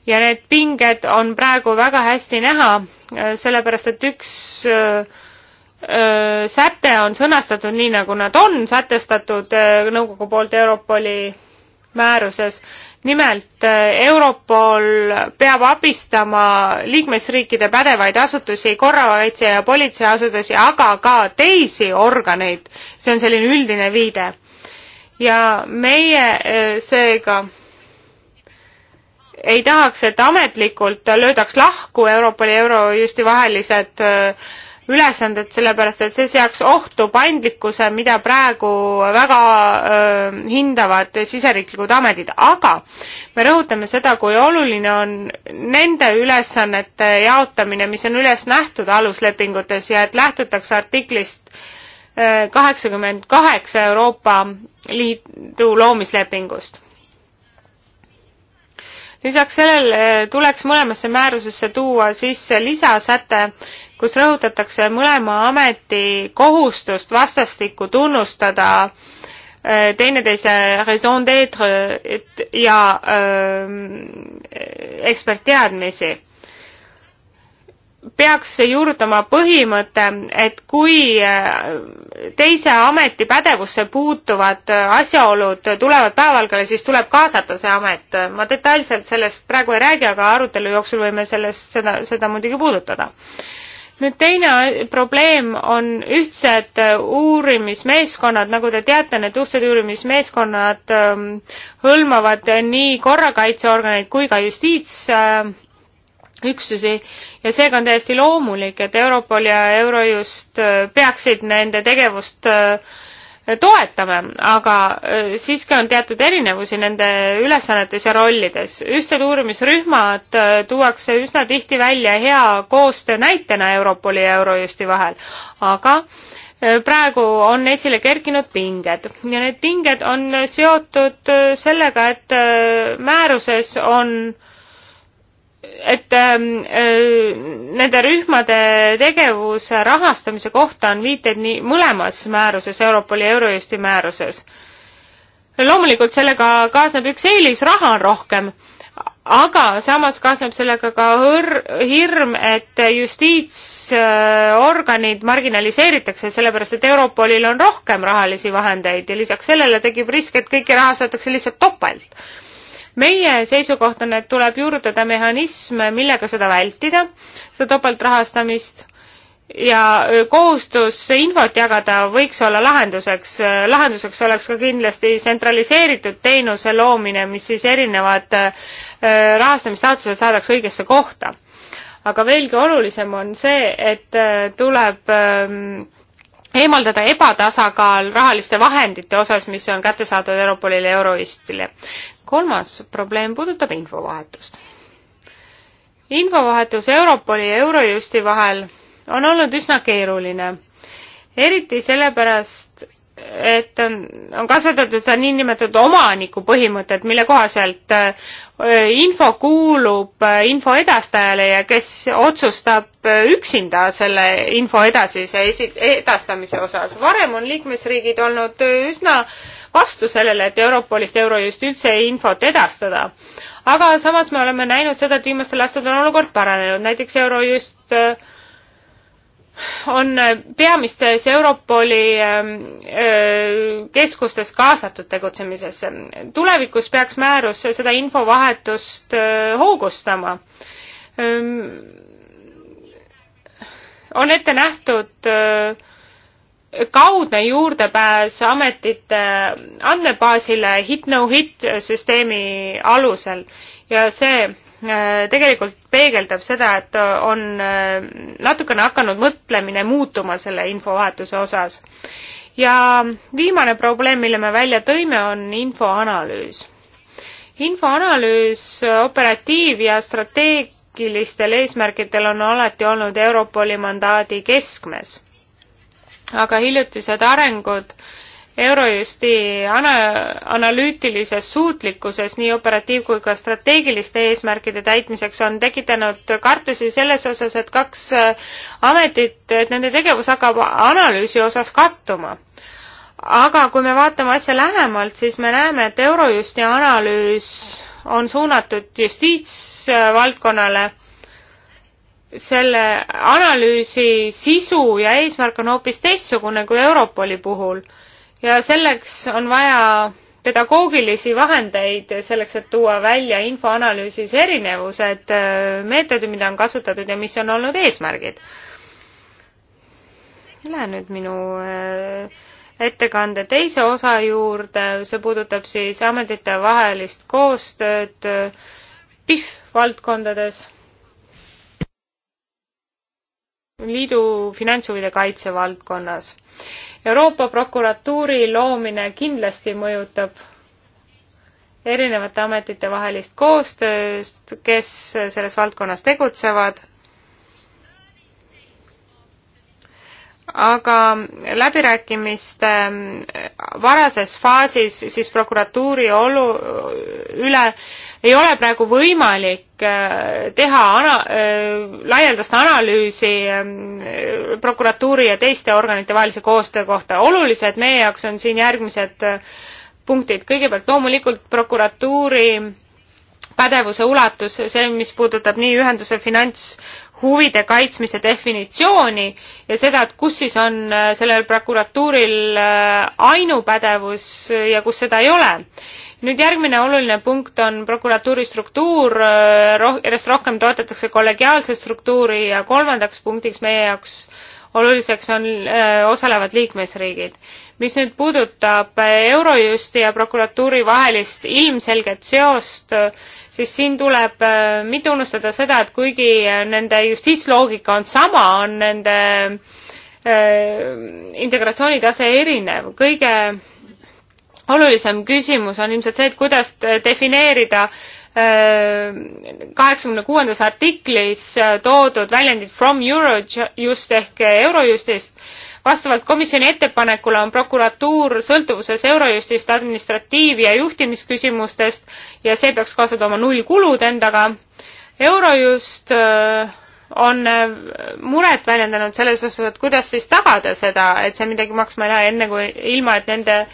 ja need pinged on praegu väga hästi näha, sellepärast et üks äh, säte on sõnastatud nii, nagu nad on sätestatud nõukogu poolt Europoli määruses. nimelt Europol peab abistama liikmesriikide pädevaid asutusi, korrakaitse- ja politseiasutusi, aga ka teisi organeid. see on selline üldine viide. ja meie seega ei tahaks, et ametlikult löödaks lahku Europoli ja Eurojusti vahelised äh, ülesanded, sellepärast et see seaks ohtu paindlikkuse, mida praegu väga öö, hindavad siseriiklikud ametid, aga me rõhutame seda, kui oluline on nende ülesannete jaotamine, mis on üles nähtud aluslepingutes ja et lähtutakse artiklist kaheksakümmend kaheksa Euroopa Liidu loomislepingust lisaks sellele äh, tuleks mõlemasse määrusesse tuua sisse lisasäte, kus rõhutatakse mõlema ameti kohustust vastastikku tunnustada äh, teineteise raison d'etre ja äh, ekspertteadmisi peaks juurutama põhimõte, et kui äh, teise ameti pädevusse puutuvad asjaolud tulevad päevavalgele, siis tuleb kaasata see amet. ma detailselt sellest praegu ei räägi, aga arutelu jooksul võime sellest, seda, seda muidugi puudutada nüüd teine probleem on ühtsed äh, uurimismeeskonnad, nagu te teate, need ühtsed uurimismeeskonnad ähm, hõlmavad nii korrakaitseorganeid kui ka justiitsüksusi ja seega on täiesti loomulik, et Europol ja Eurojust äh, peaksid nende tegevust äh, toetame, aga äh, siiski on teatud erinevusi nende ülesannetes ja rollides. ühtsed uurimisrühmad äh, tuuakse üsna tihti välja hea koostöö näitena Europoli ja Eurojusti vahel, aga äh, praegu on esile kerkinud pinged ja need pinged on seotud sellega, et määruses on äh, et öö, ähm, äh, nende rühmade tegevuse rahastamise kohta on viited nii mõlemas määruses, Europoli ja Eurojusti määruses. loomulikult sellega kaasneb üks eelis, raha on rohkem, aga samas kaasneb sellega ka hõr-, hirm, et justiitsorganid marginaliseeritakse, sellepärast et Europolil on rohkem rahalisi vahendeid ja lisaks sellele tekib risk, et kõiki rahastatakse lihtsalt topelt meie seisukoht on, et tuleb juurutada mehhanism, millega seda vältida, seda topeltrahastamist ja kohustus infot jagada võiks olla lahenduseks. lahenduseks oleks ka kindlasti tsentraliseeritud teenuse loomine, mis siis erinevad rahastamistaotlused saadaks õigesse kohta. aga veelgi olulisem on see, et tuleb eemaldada ebatasakaal rahaliste vahendite osas, mis on kättesaadavad Europolile ja Euroistile kolmas probleem puudutab infovahetust. infovahetus Europoli ja Eurojusti vahel on olnud üsna keeruline, eriti sellepärast, et on, on kasvatatud seda niinimetatud omaniku põhimõtet, mille kohaselt äh, info kuulub äh, info edastajale ja kes otsustab äh, üksinda selle info edasise esi-, edastamise osas. varem on liikmesriigid olnud üsna vastu sellele, et Europolist Eurojust üldse infot edastada. aga samas me oleme näinud seda, et viimastel aastatel on olukord paranenud, näiteks Eurojust äh, on peamistes Europoli ähm, äh, keskustes kaasatud tegutsemisesse. tulevikus peaks määrus seda infovahetust äh, hoogustama. Ähm, on ette nähtud äh, kaudne juurdepääs ametite andmebaasile hit-no-hit -no -hit süsteemi alusel ja see Äh, tegelikult peegeldab seda, et on äh, natukene hakanud mõtlemine muutuma selle infovahetuse osas. ja viimane probleem, mille me välja tõime, on infoanalüüs. infoanalüüs operatiiv- ja strateegilistel eesmärkidel on alati olnud Europoli mandaadi keskmes. aga hiljutised arengud äh, Eurojusti ana-, analüütilises suutlikkuses nii operatiiv- kui ka strateegiliste eesmärkide täitmiseks on tekitanud kartusi selles osas, et kaks äh, ametit, et nende tegevus hakkab analüüsi osas kattuma. aga kui me vaatame asja lähemalt, siis me näeme, et Eurojusti analüüs on suunatud justiitsvaldkonnale selle analüüsi sisu ja eesmärk on hoopis teistsugune kui Europoli puhul ja selleks on vaja pedagoogilisi vahendeid selleks, et tuua välja infoanalüüsis erinevused, äh, meetodid, mida on kasutatud ja mis on olnud eesmärgid. Lähen nüüd minu äh, ettekande teise osa juurde, see puudutab siis ametitevahelist koostööd äh, PIF valdkondades, liidu finantshuvide kaitse valdkonnas Euroopa prokuratuuri loomine kindlasti mõjutab erinevate ametite vahelist koostööst, kes selles valdkonnas tegutsevad. aga läbirääkimiste ähm, varases faasis siis prokuratuuri olu üle ei ole praegu võimalik äh, teha ana-, äh, laialdast analüüsi ähm, prokuratuuri ja teiste organite vahelise koostöö kohta. olulised meie jaoks on siin järgmised äh, punktid. kõigepealt loomulikult prokuratuuri pädevuse ulatus, see, mis puudutab nii ühenduse finantshuvide kaitsmise definitsiooni ja seda, et kus siis on sellel prokuratuuril ainupädevus ja kus seda ei ole nüüd järgmine oluline punkt on prokuratuuri struktuur, äh, järjest rohkem toetatakse kollegiaalset struktuuri ja kolmandaks punktiks meie jaoks oluliseks on äh, osalevad liikmesriigid. mis nüüd puudutab äh, Eurojusti ja prokuratuuri vahelist ilmselget seost, siis siin tuleb mitte unustada seda, et kuigi nende justiitsloogika on sama, on nende integratsioonitase erinev. kõige olulisem küsimus on ilmselt see, et kuidas defineerida äh, kaheksakümne kuuendas artiklis äh, toodud väljendid from Eurojust ehk Eurojustist. vastavalt komisjoni ettepanekule on prokuratuur sõltuvuses Eurojustist administratiiv- ja juhtimisküsimustest ja see peaks kaasa tooma nullkulud endaga. Eurojust äh, on muret väljendanud selles osas, et kuidas siis tagada seda, et see midagi maksma ei lähe, enne kui, ilma et nende äh,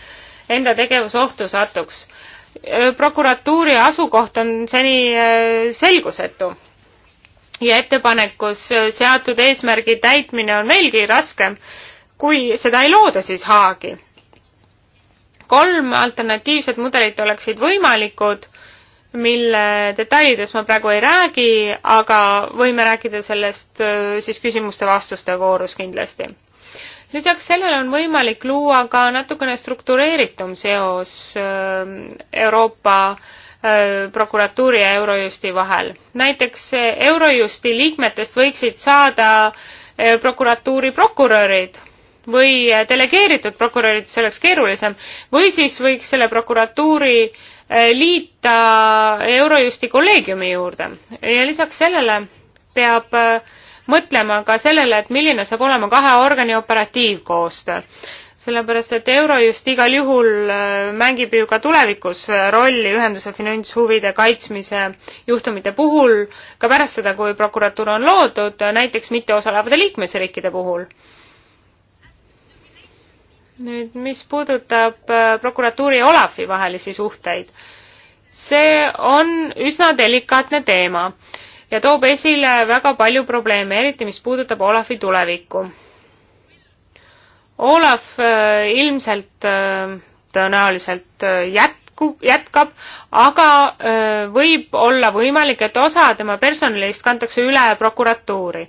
enda tegevus ohtu satuks. prokuratuuri asukoht on seni selgusetu ja ettepanekus seatud eesmärgi täitmine on veelgi raskem, kui seda ei looda siis Haagi. kolm alternatiivset mudelit oleksid võimalikud mille detailides ma praegu ei räägi, aga võime rääkida sellest siis küsimuste-vastuste voorus kindlasti lisaks sellele on võimalik luua ka natukene struktureeritum seos ähm, Euroopa äh, prokuratuuri ja Eurojusti vahel. näiteks äh, Eurojusti liikmetest võiksid saada äh, prokuratuuri prokurörid või delegeeritud prokurörid, see oleks keerulisem, või siis võiks selle prokuratuuri liita Eurojusti kolleegiumi juurde ja lisaks sellele peab äh, mõtlema ka sellele, et milline saab olema kahe organi operatiivkoostöö. sellepärast, et Eurojust igal juhul äh, mängib ju ka tulevikus äh, rolli ühenduse finantshuvide kaitsmise juhtumite puhul, ka pärast seda, kui prokuratuur on loodud, äh, näiteks mitteosalevate liikmesriikide puhul nüüd, mis puudutab prokuratuuri ja Olafi vahelisi suhteid, see on üsna delikaatne teema ja toob esile väga palju probleeme, eriti mis puudutab Olafi tulevikku. Olav äh, ilmselt äh, tõenäoliselt äh, jätkub, jätkab, aga võib olla võimalik, et osa tema personalist kantakse üle prokuratuuri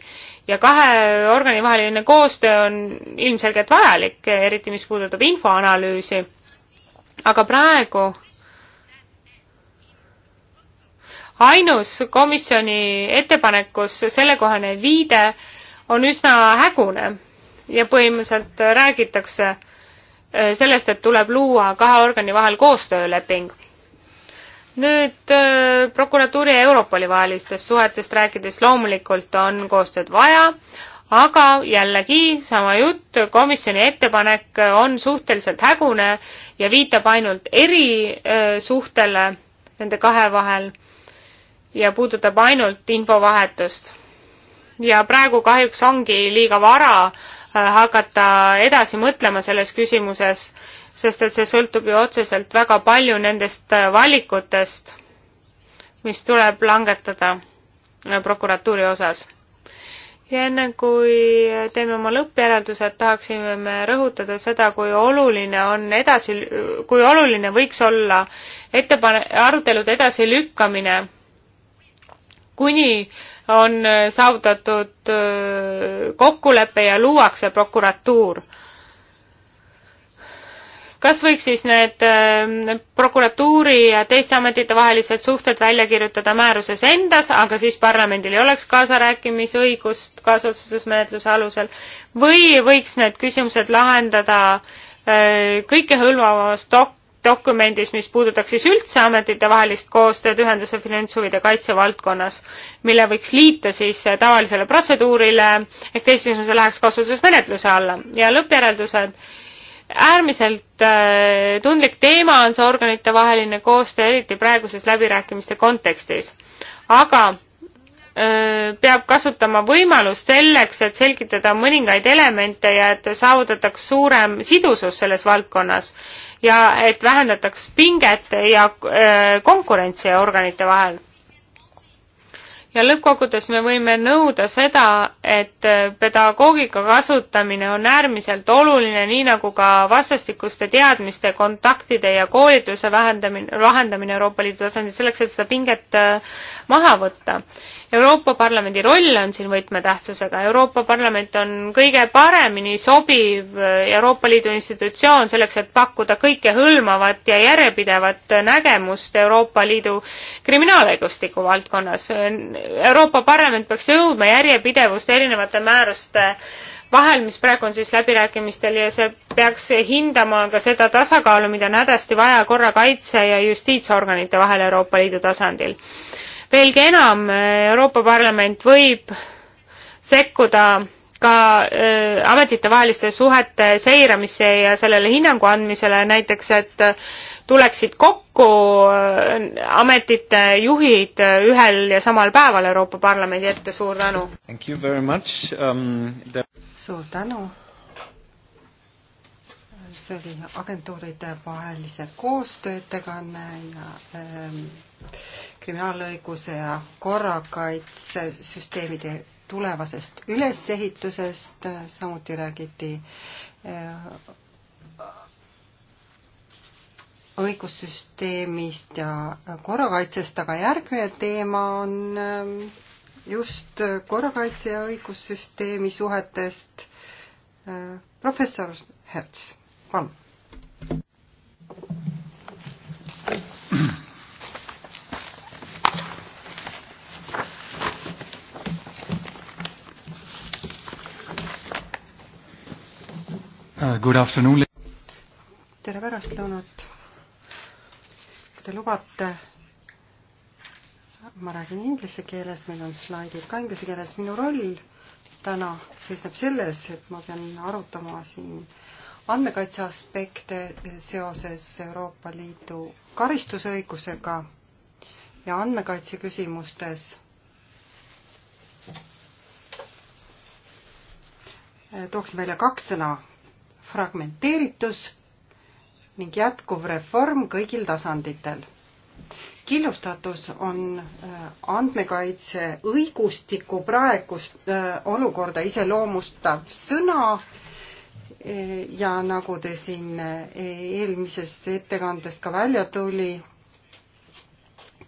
ja kahe organi vaheline koostöö on ilmselgelt vajalik, eriti mis puudutab infoanalüüsi. aga praegu ainus komisjoni ettepanekus sellekohane viide on üsna hägune ja põhimõtteliselt räägitakse äh, sellest, et tuleb luua kahe organi vahel koostööleping. nüüd äh, prokuratuuri ja Europoli vahelistest suhetest rääkides loomulikult on koostööd vaja, aga jällegi sama jutt, komisjoni ettepanek on suhteliselt hägune ja viitab ainult erisuhtele äh, nende kahe vahel ja puudutab ainult infovahetust. ja praegu kahjuks ongi liiga vara äh, hakata edasi mõtlema selles küsimuses, sest et see sõltub ju otseselt väga palju nendest äh, valikutest, mis tuleb langetada äh, prokuratuuri osas. ja enne kui teeme oma lõppjäreldused, tahaksime me rõhutada seda, kui oluline on edasi, kui oluline võiks olla ettepane-, arutelude edasilükkamine kuni on äh, saavutatud äh, kokkulepe ja luuakse prokuratuur. kas võiks siis need äh, prokuratuuri ja teiste ametite vahelised suhted välja kirjutada määruses endas, aga siis parlamendil ei oleks kaasarääkimisõigust kaasotsustusmenetluse alusel või võiks need küsimused lahendada kõikehõlmavas dok-, dokumendis, mis puudutaks siis üldse ametitevahelist koostööd ühenduse finantshuvide kaitse valdkonnas, mille võiks liita siis tavalisele protseduurile ehk teisisõnu see läheks kasutusmenetluse alla ja lõppjäreldused. äärmiselt äh, tundlik teema on see organitevaheline koostöö, eriti praeguses läbirääkimiste kontekstis. aga äh, peab kasutama võimalust selleks, et selgitada mõningaid elemente ja et saavutataks suurem sidusus selles valdkonnas ja et vähendataks pinget ja äh, konkurentsi organite vahel. ja lõppkokkuvõttes me võime nõuda seda, et äh, pedagoogika kasutamine on äärmiselt oluline, nii nagu ka vastastikuste teadmiste, kontaktide ja koolituse vähendamine, lahendamine Euroopa Liidu tasandil, selleks et seda pinget äh, maha võtta Euroopa Parlamendi roll on siin võtmetähtsusega, Euroopa Parlament on kõige paremini sobiv Euroopa Liidu institutsioon selleks, et pakkuda kõikehõlmavat ja järjepidevat nägemust Euroopa Liidu kriminaalõigustiku valdkonnas. Euroopa Parlament peaks jõudma järjepidevust erinevate määruste vahel, mis praegu on siis läbirääkimistel ja see peaks hindama ka seda tasakaalu, mida on hädasti vaja korrakaitse ja justiitsorganite vahel Euroopa Liidu tasandil veelgi enam, Euroopa Parlament võib sekkuda ka äh, ametitevaheliste suhete seiramisse ja sellele hinnangu andmisele, näiteks et tuleksid kokku äh, ametite juhid äh, ühel ja samal päeval Euroopa Parlamendi ette, suur tänu! Um, the... suur tänu! see oli agentuuride vahelise koostöö ettekanne ja ähm, kriminaalõiguse ja korrakaitsesüsteemide tulevasest ülesehitusest, samuti räägiti äh, õigussüsteemist ja korrakaitsest, aga järgmine teema on ähm, just korrakaitse ja õigussüsteemi suhetest. Äh, professor Herts, palun Good afternoon. tere pärastlõunat. kui te lubate, ma räägin inglise keeles, meil on slaidid ka inglise keeles. minu roll täna seisneb selles, et ma pean arutama siin andmekaitse aspekte seoses Euroopa Liidu karistusõigusega ja andmekaitse küsimustes tooksin välja kaks sõna, fragmenteeritus ning jätkuv reform kõigil tasanditel. killustatus on äh, andmekaitse õigustiku praegust äh, olukorda iseloomustav sõna äh, ja nagu te siin eelmisest ettekandest ka välja tuli,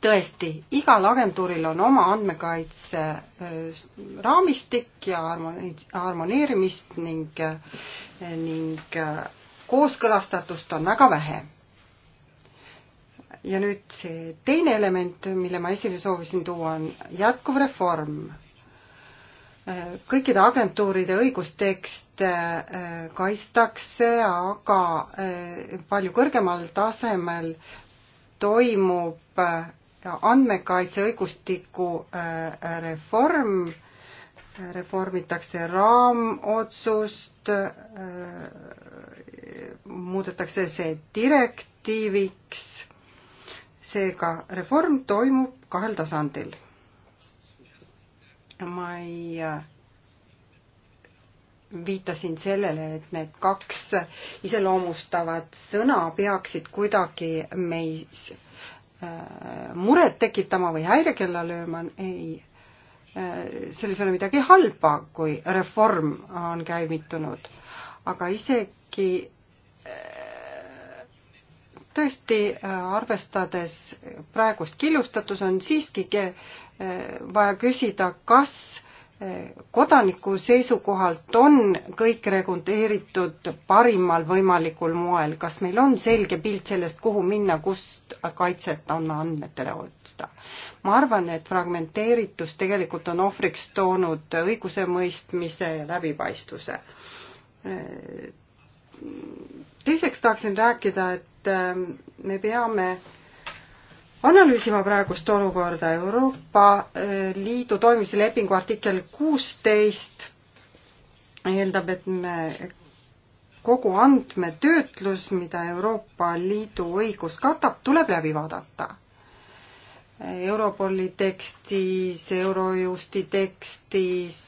tõesti, igal agentuuril on oma andmekaitse äh, raamistik ja harmoneerimist ning, äh, ning äh, kooskõlastatust on väga vähe. ja nüüd see teine element, mille ma esile soovisin tuua, on jätkuv reform kõikide agentuuride õigustekste kaitstakse, aga palju kõrgemal tasemel toimub andmekaitseõigustiku äh, reform, äh, reformitakse raamotsust, äh, muudetakse see direktiiviks, seega reform toimub kahel tasandil. ma ei viitasin sellele, et need kaks iseloomustavat sõna peaksid kuidagi meis Äh, muret tekitama või häirekella lööma, ei. Äh, selles ei ole midagi halba, kui reform on käivitunud. aga isegi äh, tõesti, arvestades praegust killustatus, on siiski vaja küsida, kas kodaniku seisukohalt on kõik reguleeritud parimal võimalikul moel, kas meil on selge pilt sellest, kuhu minna, kust kaitset on andmetele otsida? ma arvan, et fragmenteeritus tegelikult on ohvriks toonud õigusemõistmise ja läbipaistvuse. teiseks tahaksin rääkida, et me peame analüüsima praegust olukorda. Euroopa eh, Liidu toimimise lepingu artikkel kuusteist eeldab, et me kogu andmetöötlus, mida Euroopa Liidu õigus katab, tuleb läbi vaadata. Europoli tekstis, Eurojusti tekstis,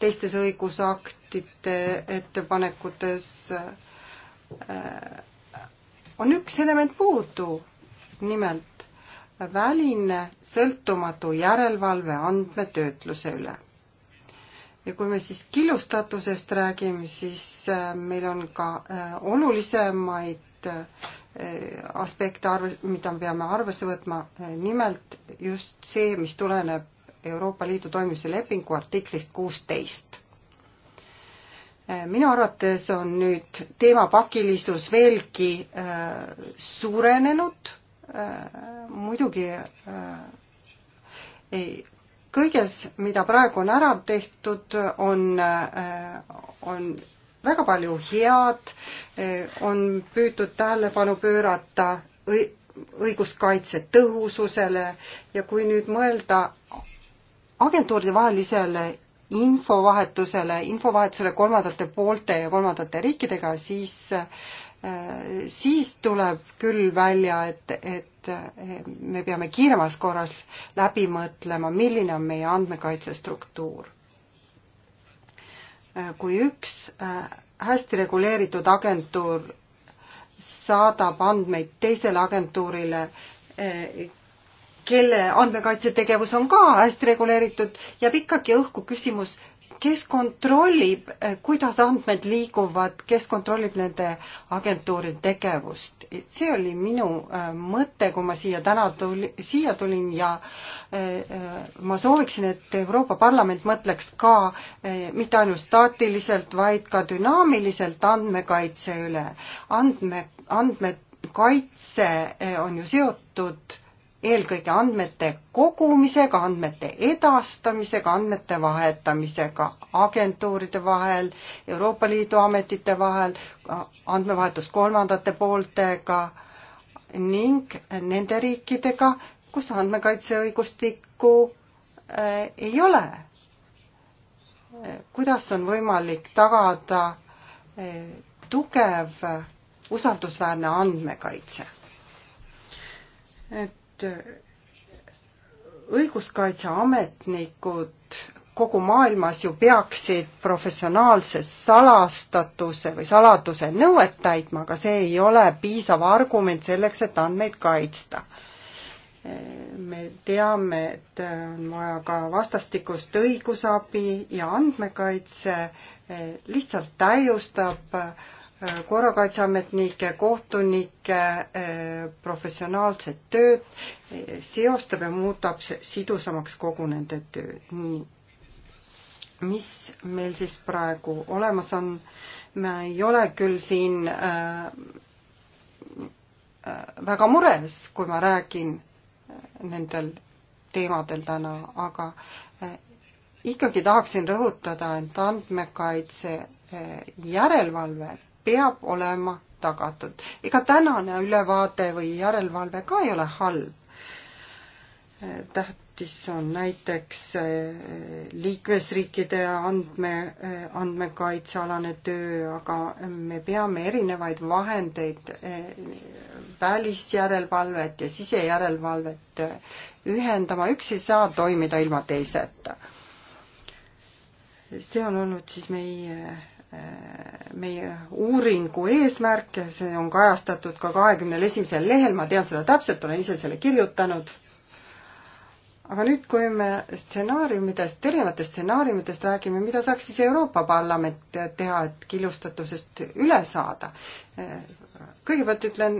teistes õigusaktide ettepanekutes eh, on üks element puudu. nimelt väline sõltumatu järelevalve andmetöötluse üle. ja kui me siis killustatusest räägime, siis äh, meil on ka äh, olulisemaid äh, aspekte arve, mida me peame arvesse võtma, nimelt just see, mis tuleneb Euroopa Liidu toimimise lepingu artiklist kuusteist. minu arvates on nüüd teema pakilisus veelgi suurenenud Äh, muidugi äh, ei, kõiges, mida praegu on ära tehtud, on, äh, on väga palju head, on püütud tähelepanu pöörata õiguskaitse tõhususele ja kui nüüd mõelda agentuuride vahelisele infovahetusele, infovahetusele kolmandate poolte ja kolmandate riikidega, siis Äh, siis tuleb küll välja, et, et äh, me peame kiiremas korras läbi mõtlema, milline on meie andmekaitse struktuur. Äh, kui üks hästi reguleeritud agentuur saadab andmeid teisele agentuurile, kelle andmekaitsetegevus on ka hästi reguleeritud, jääb ikkagi õhku küsimus, kes kontrollib, eh, kuidas andmed liiguvad, kes kontrollib nende agentuuri tegevust? see oli minu eh, mõte, kui ma siia täna tuli, siia tulin ja eh, ma sooviksin, et Euroopa Parlament mõtleks ka mitte ainult staatiliselt, vaid ka dünaamiliselt andmekaitse üle. andme, andmekaitse on ju seotud eelkõige andmete kogumisega, andmete edastamisega, andmete vahetamisega agentuuride vahel, Euroopa Liidu ametite vahel, andmevahetus kolmandate pooltega ning nende riikidega, kus andmekaitseõigustikku äh, ei ole. kuidas on võimalik tagada äh, tugev usaldusväärne andmekaitse? Äh, et õiguskaitseametnikud kogu maailmas ju peaksid professionaalse salastatuse või saladuse nõuet täitma, aga see ei ole piisav argument selleks, et andmeid kaitsta. me teame, et on vaja ka vastastikust õigusabi ja andmekaitse lihtsalt täiustab äh, korrakaitseametnike, kohtunike eh, professionaalset tööd, eh, seostab ja muudab sidusamaks kogu nende töö. nii, mis meil siis praegu olemas on? me ei ole küll siin äh, äh, väga mures, kui ma räägin äh, nendel teemadel täna, aga ikkagi tahaksin rõhutada, et andmekaitse järelevalve peab olema tagatud. ega tänane ülevaade või järelevalve ka ei ole halb. tähtis on näiteks eh, liikmesriikide andme, eh, andmekaitsealane töö, aga me peame erinevaid vahendeid, eh, välisjärelevalvet ja sisejärelevalvet ühendama, üks ei saa toimida ilma teiseta see on olnud siis meie meie uuringu eesmärk, see on kajastatud ka kahekümnel esimesel lehel, ma tean seda täpselt, olen ise selle kirjutanud. aga nüüd, kui me stsenaariumidest, erinevatest stsenaariumidest räägime, mida saaks siis Euroopa Parlament teha, et killustatusest üle saada? kõigepealt ütlen,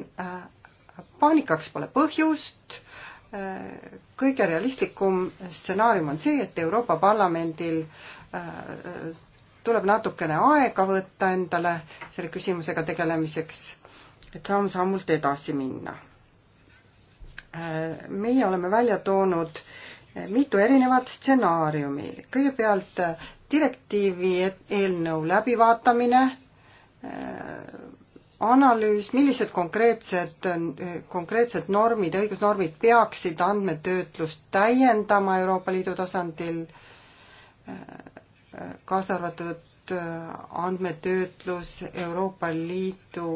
paanikaks pole põhjust, kõige realistlikum stsenaarium on see, et Euroopa Parlamendil tuleb natukene aega võtta endale selle küsimusega tegelemiseks, et samm-sammult edasi minna. meie oleme välja toonud mitu erinevat stsenaariumi. kõigepealt direktiivi eelnõu läbivaatamine, analüüs, millised konkreetsed, konkreetsed normid, õigusnormid peaksid andmetöötlust täiendama Euroopa Liidu tasandil, kaasa arvatud äh, andmetöötlus Euroopa Liidu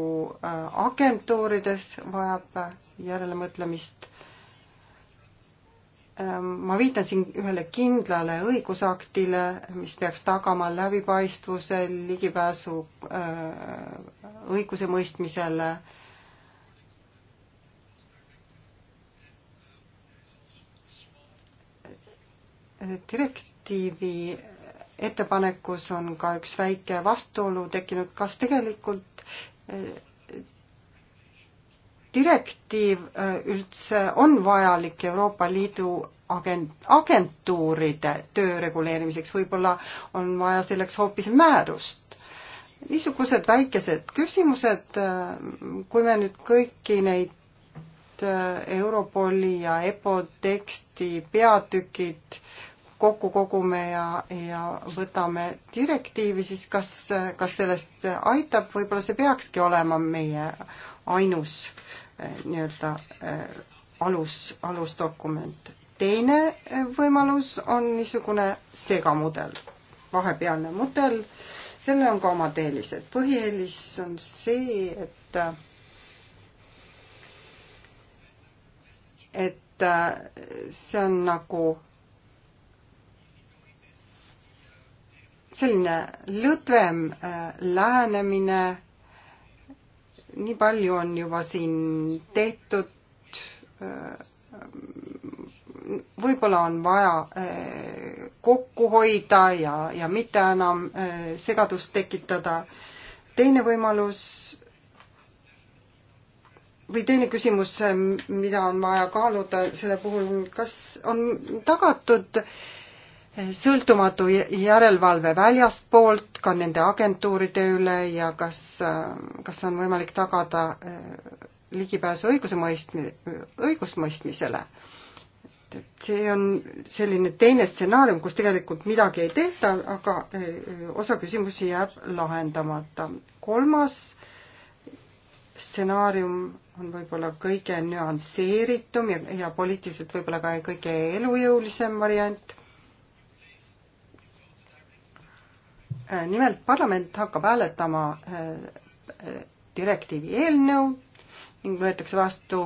äh, agentuurides vajab äh, järelemõtlemist. Ähm, ma viitan siin ühele kindlale õigusaktile, mis peaks tagama läbipaistvuse, ligipääsu õigusemõistmisele direktiivi ettepanekus on ka üks väike vastuolu tekkinud, kas tegelikult eh, direktiiv eh, üldse on vajalik Euroopa Liidu agent, agentuuride töö reguleerimiseks, võib-olla on vaja selleks hoopis määrust. niisugused väikesed küsimused, eh, kui me nüüd kõiki neid Europoli ja EPO teksti peatükid kokku kogume ja, ja võtame direktiivi, siis kas, kas sellest aitab, võib-olla see peakski olema meie ainus eh, nii-öelda eh, alus, alusdokument. teine eh, võimalus on niisugune segamudel, vahepealne mudel, sellel on ka omad eelised. põhieelis on see, et et see on nagu selline lõdvem äh, lähenemine, nii palju on juba siin tehtud, äh, võib-olla on vaja äh, kokku hoida ja, ja mitte enam segadust tekitada. teine võimalus või teine küsimus, mida on vaja kaaluda selle puhul, kas on tagatud äh, sõltumatu järelevalve väljaspoolt ka nende agentuuride üle ja kas, kas on võimalik tagada äh, ligipääsu õigusemõistmi-, õigusmõistmisele. see on selline teine stsenaarium, kus tegelikult midagi ei tehta, aga äh, osa küsimusi jääb lahendamata. kolmas stsenaarium on võib-olla kõige nüansseeritum ja, ja poliitiliselt võib-olla ka kõige elujõulisem variant Äh, nimelt parlament hakkab hääletama äh, äh, direktiivi eelnõu ning võetakse vastu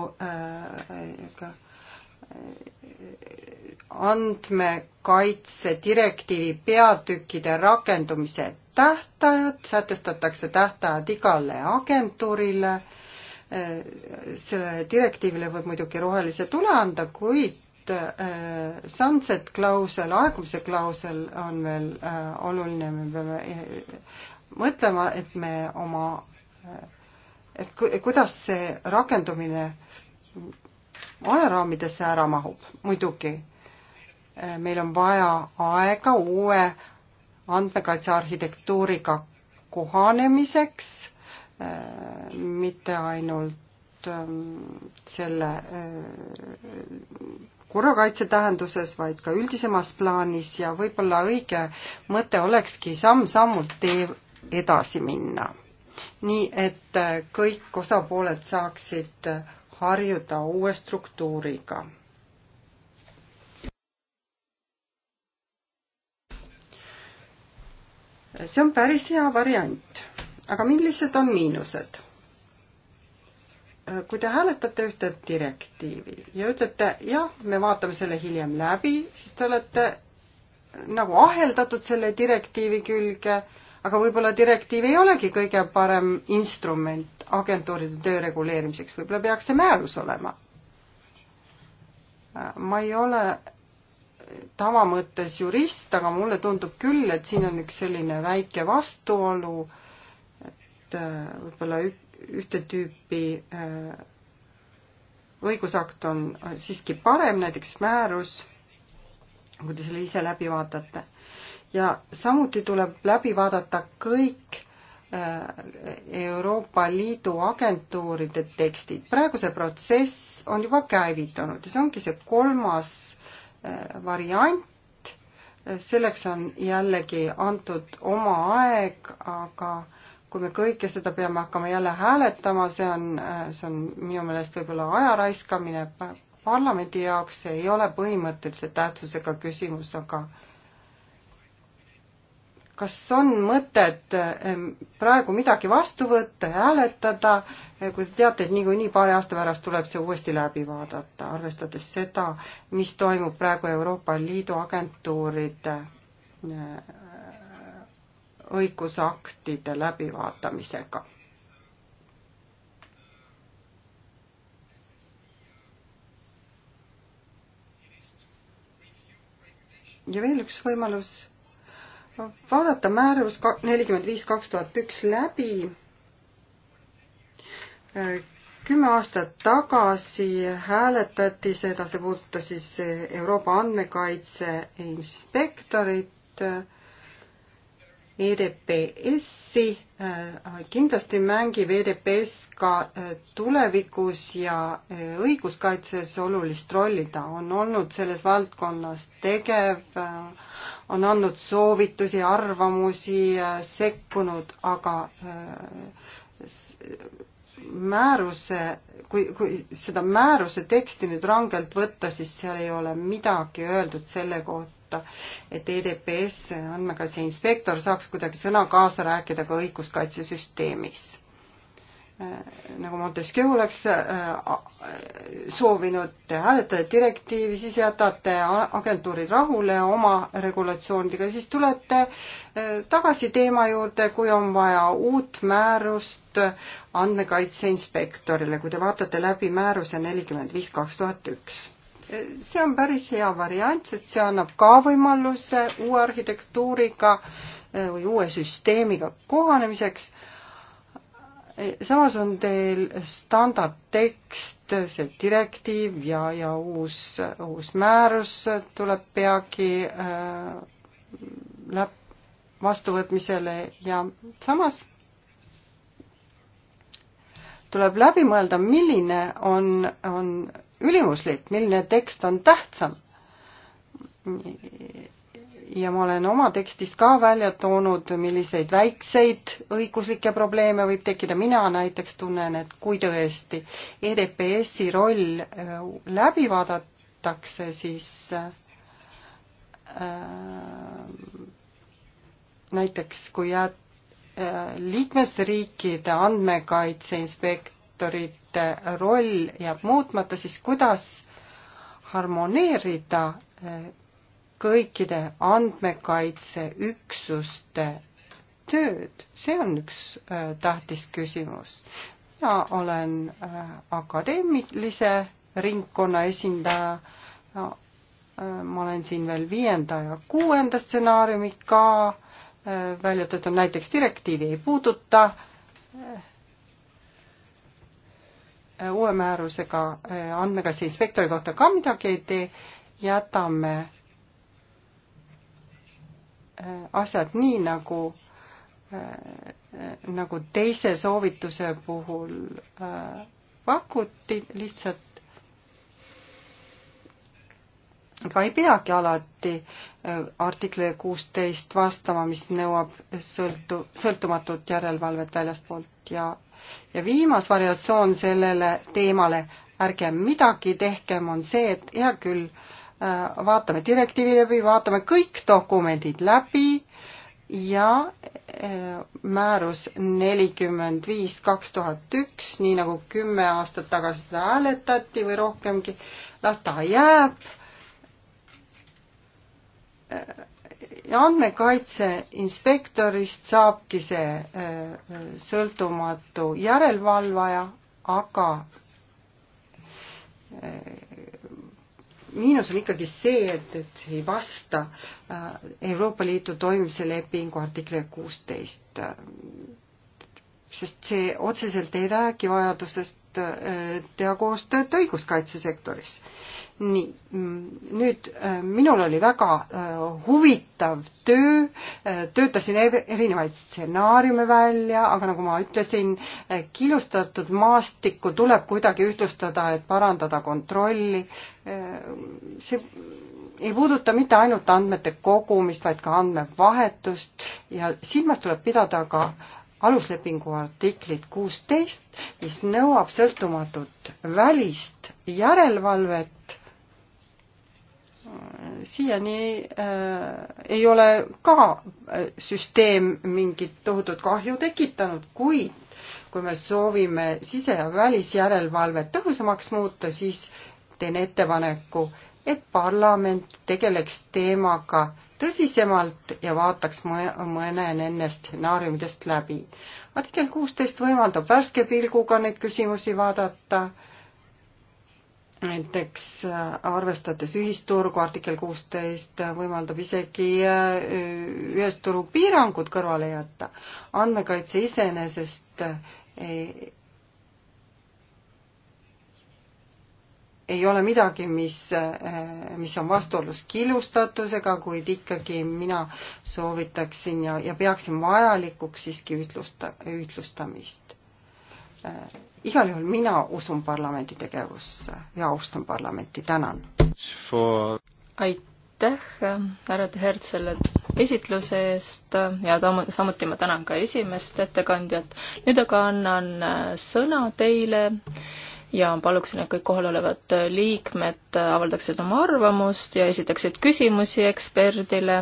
andmekaitse direktiivi peatükkide rakendumise tähtajad, sätestatakse tähtajad igale agentuurile, sellele direktiivile võib muidugi rohelise tule anda, kuid et äh, sunset klausel, aegumise klausel on veel äh, oluline, me peame äh, mõtlema, et me oma, et kuidas see rakendumine ajaraamidesse ära mahub, muidugi meil on vaja aega uue andmekaitse arhitektuuriga kohanemiseks, mitte ainult ähm, selle korrakaitse tähenduses, vaid ka üldisemas plaanis ja võib-olla õige mõte olekski samm-sammult tee edasi minna. nii et äh, kõik osapooled saaksid harjuda uue struktuuriga. see on päris hea variant, aga millised on miinused? kui te hääletate ühte direktiivi ja ütlete, jah, me vaatame selle hiljem läbi, siis te olete nagu aheldatud selle direktiivi külge, aga võib-olla direktiiv ei olegi kõige parem instrument agentuuride töö reguleerimiseks, võib-olla peaks see määrus olema. ma ei ole tavamõttes jurist, aga mulle tundub küll, et siin on üks selline väike vastuolu, et äh, võib-olla ük-, ühte tüüpi äh, õigusakt on siiski parem, näiteks määrus, kui te selle ise läbi vaatate. ja samuti tuleb läbi vaadata kõik äh, Euroopa Liidu agentuuride tekstid. praegu see protsess on juba käivitunud ja see ongi see kolmas äh, variant. selleks on jällegi antud oma aeg, aga kui me kõike seda peame hakkama jälle hääletama, see on, see on minu meelest võib-olla aja raiskamine parlamendi jaoks, see ei ole põhimõttelise tähtsusega küsimus, aga kas on mõtet praegu midagi vastu võtta, hääletada, kui te teate, et niikuinii paari aasta pärast tuleb see uuesti läbi vaadata, arvestades seda, mis toimub praegu Euroopa Liidu agentuuride õigusaktide läbivaatamisega. ja veel üks võimalus vaadata määrus nelikümmend viis kaks tuhat üks läbi. kümme aastat tagasi hääletati seda, see puudutas siis Euroopa andmekaitse inspektorit EDPS-i, äh, kindlasti mängib EDPS ka äh, tulevikus ja äh, õiguskaitses olulist rolli, ta on olnud selles valdkonnas tegev, on andnud soovitusi, arvamusi, sekkunud, aga määruse, kui, kui seda määruse teksti nüüd rangelt võtta, siis seal ei ole midagi öeldud selle kohta, et EDPS, andmekaitse inspektor, saaks kuidagi sõna kaasa rääkida ka õiguskaitsesüsteemis nagu Montesquieu oleks äh, äh, soovinud, te hääletate direktiivi, siis jätate agentuurid rahule oma regulatsioonidega, siis tulete äh, tagasi teema juurde, kui on vaja uut määrust andmekaitse inspektorile, kui te vaatate läbi määruse nelikümmend viis kaks tuhat üks see on päris hea variant, sest see annab ka võimaluse uue arhitektuuriga või uue süsteemiga kohanemiseks samas on teil standardtekst, see direktiiv ja, ja uus, uus määrus tuleb peagi äh, läb-, vastuvõtmisele ja samas tuleb läbi mõelda, milline on, on ülimuslik, milline tekst on tähtsam ja ma olen oma tekstist ka välja toonud, milliseid väikseid õiguslikke probleeme võib tekkida, mina näiteks tunnen, et kui tõesti EDPS-i roll äh, läbi vaadatakse, siis äh, näiteks kui jääd äh, liikmesriikide andmekaitseinspektorite roll jääb muutmata, siis kuidas harmoneerida äh, kõikide andmekaitseüksuste tööd, see on üks äh, tähtis küsimus. mina olen äh, akadeemilise ringkonna esindaja, äh, ma olen siin veel viienda ja kuuenda stsenaariumi ka välja töötanud, näiteks direktiivi ei puuduta, uue määrusega andmekaitse inspektori kohta ka midagi ei tee, jätame Äh, asjad nii, nagu äh, nagu teise soovituse puhul äh, pakuti, lihtsalt ka ei peagi alati artikli kuusteist vastama, mis nõuab sõltu, sõltumatut järelevalvet väljaspoolt ja ja viimas variatsioon sellele teemale, ärgem midagi tehkem, on see, et hea küll äh,, Äh, vaatame direktiivi läbi, vaatame kõik dokumendid läbi ja äh, määrus nelikümmend viis kaks tuhat üks, nii nagu kümme aastat tagasi seda hääletati või rohkemgi, las ta jääb. Äh, andmekaitse inspektorist saabki see sõltumatu järelevalvaja, aga miinus on ikkagi see, et, et see ei vasta äh, Euroopa Liidu toimimise lepingu artikli kuusteist. Äh, sest see otseselt ei räägi vajadusest äh, teha koostööd õiguskaitsesektoris. nii, mm, nüüd äh, minul oli väga äh, huvitav töö, töötasin erinevaid stsenaariume välja, aga nagu ma ütlesin, killustatud maastikku tuleb kuidagi ühtlustada, et parandada kontrolli. see ei puuduta mitte ainult andmete kogumist, vaid ka andmevahetust ja silmas tuleb pidada ka aluslepingu artiklit kuusteist, mis nõuab sõltumatut välist järelevalvet. siiani äh, ei ole ka äh, süsteem mingit tohutut kahju tekitanud, kuid kui me soovime sise- ja välisjärelevalvet tõhusamaks muuta, siis teen ettepaneku, et parlament tegeleks teemaga äh, tõsisemalt ja vaataks mõne nendest stsenaariumidest läbi. artikkel kuusteist võimaldab värske pilguga neid küsimusi vaadata, näiteks äh, arvestades ühisturgu, artikkel kuusteist võimaldab isegi äh, ühesturu piirangud kõrvale jätta. andmekaitse iseenesest ei, äh, ei ole midagi, mis, eh, mis on vastuolus killustatusega, kuid ikkagi mina soovitaksin ja, ja peaksin vajalikuks siiski ühtlusta, ühtlustamist. Eh, igal juhul mina usun parlamendi tegevusse ja austan parlamenti, tänan For.... aitäh, härra Tehert, selle esitluse eest ja samuti ma tänan ka esimest ettekandjat. nüüd aga annan eh, sõna teile äh, ja paluksin, et kõik kohalolevad liikmed avaldaksid oma arvamust ja esitaksid küsimusi eksperdile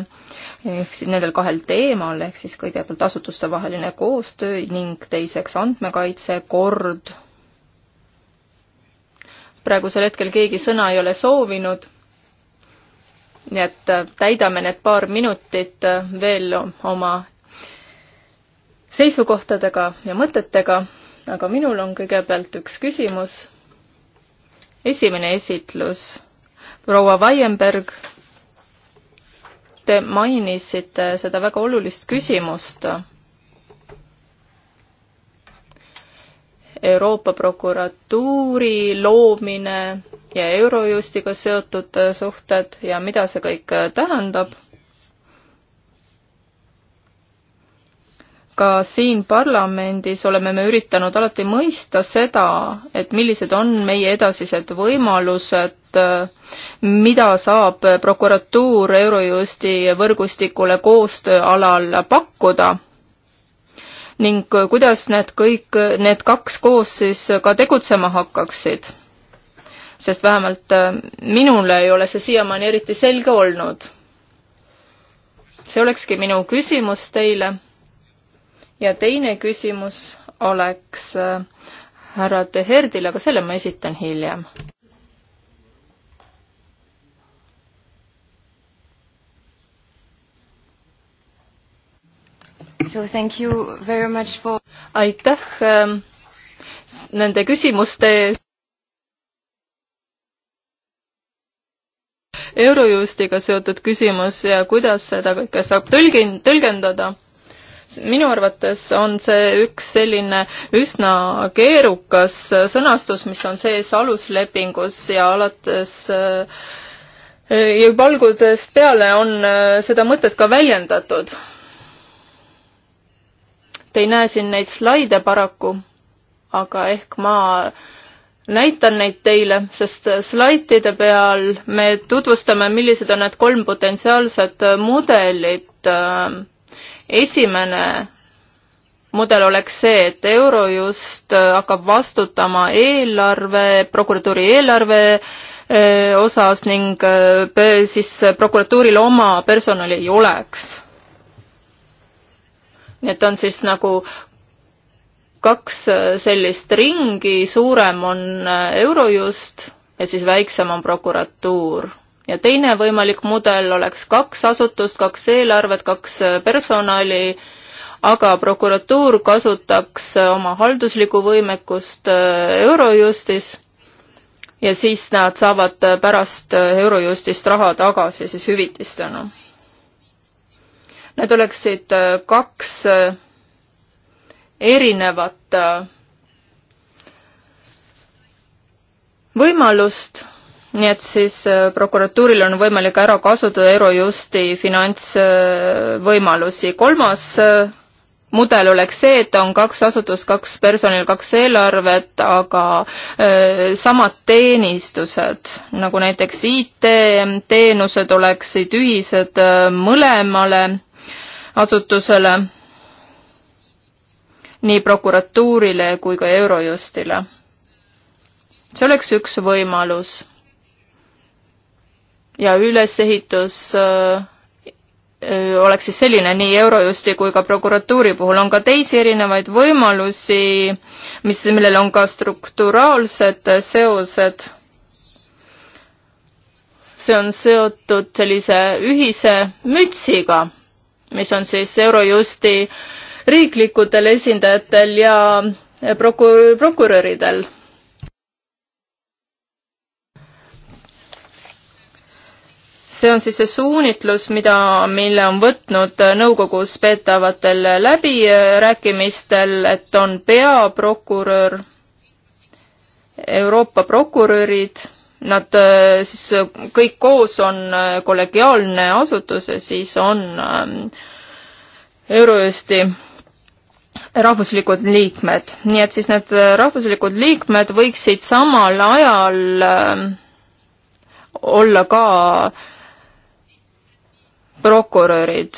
ehk siis nendel kahel teemal, ehk siis kõigepealt asutustevaheline koostöö ning teiseks andmekaitse kord. praegusel hetkel keegi sõna ei ole soovinud nii et täidame need paar minutit veel oma seisukohtadega ja mõtetega aga minul on kõigepealt üks küsimus. esimene esitlus. proua Vaienberg, te mainisite seda väga olulist küsimust Euroopa prokuratuuri loomine ja Eurojustiga seotud suhted ja mida see kõik tähendab. ka siin parlamendis oleme me üritanud alati mõista seda, et millised on meie edasised võimalused, mida saab prokuratuur Eurojusti võrgustikule koostööalal pakkuda ning kuidas need kõik, need kaks koos siis ka tegutsema hakkaksid. sest vähemalt äh, minule ei ole see siiamaani eriti selge olnud. see olekski minu küsimus teile ja teine küsimus oleks äh, härra Teherdile, aga selle ma esitan hiljem. So thank you very much for aitäh ähm, nende küsimuste eest. Eurojustiga seotud küsimus ja kuidas seda kõike saab tõlgin-, tõlgendada minu arvates on see üks selline üsna keerukas sõnastus, mis on sees aluslepingus ja alates äh, juba algusest peale on äh, seda mõtet ka väljendatud. Te ei näe siin neid slaide paraku, aga ehk ma näitan neid teile, sest slaidide peal me tutvustame, millised on need kolm potentsiaalset mudelit äh, esimene mudel oleks see, et Eurojust hakkab vastutama eelarve, prokuratuuri eelarve osas ning siis prokuratuuril oma personali ei oleks. nii et on siis nagu kaks sellist ringi, suurem on Eurojust ja siis väiksem on prokuratuur ja teine võimalik mudel oleks kaks asutust, kaks eelarvet, kaks äh, personali, aga prokuratuur kasutaks äh, oma halduslikku võimekust äh, Eurojustis ja siis nad saavad pärast Eurojustist raha tagasi siis hüvitistena. Need oleksid kaks erinevat võimalust nii et siis äh, prokuratuuril on võimalik ära kasutada Eurojusti finantsvõimalusi. Äh, kolmas äh, mudel oleks see, et on kaks asutust, kaks personali, kaks eelarvet, aga öö, samad teenistused, nagu näiteks IT-teenused oleksid ühised mõlemale asutusele, nii prokuratuurile kui ka Eurojustile. see oleks üks võimalus ja ülesehitus äh, äh, oleks siis selline nii Eurojusti kui ka prokuratuuri puhul, on ka teisi erinevaid võimalusi, mis, millel on ka strukturaalsed seosed. see on seotud sellise ühise mütsiga, mis on siis Eurojusti riiklikutel esindajatel ja proku-, prokuröridel see on siis see suunitlus, mida, mille on võtnud nõukogus peetavatel läbirääkimistel, et on peaprokurör, Euroopa prokurörid, nad äh, siis äh, kõik koos on äh, kollegiaalne asutus ja siis on ähm, Eurojusti rahvuslikud liikmed, nii et siis need rahvuslikud liikmed võiksid samal ajal ähm, olla ka äh, prokurörid.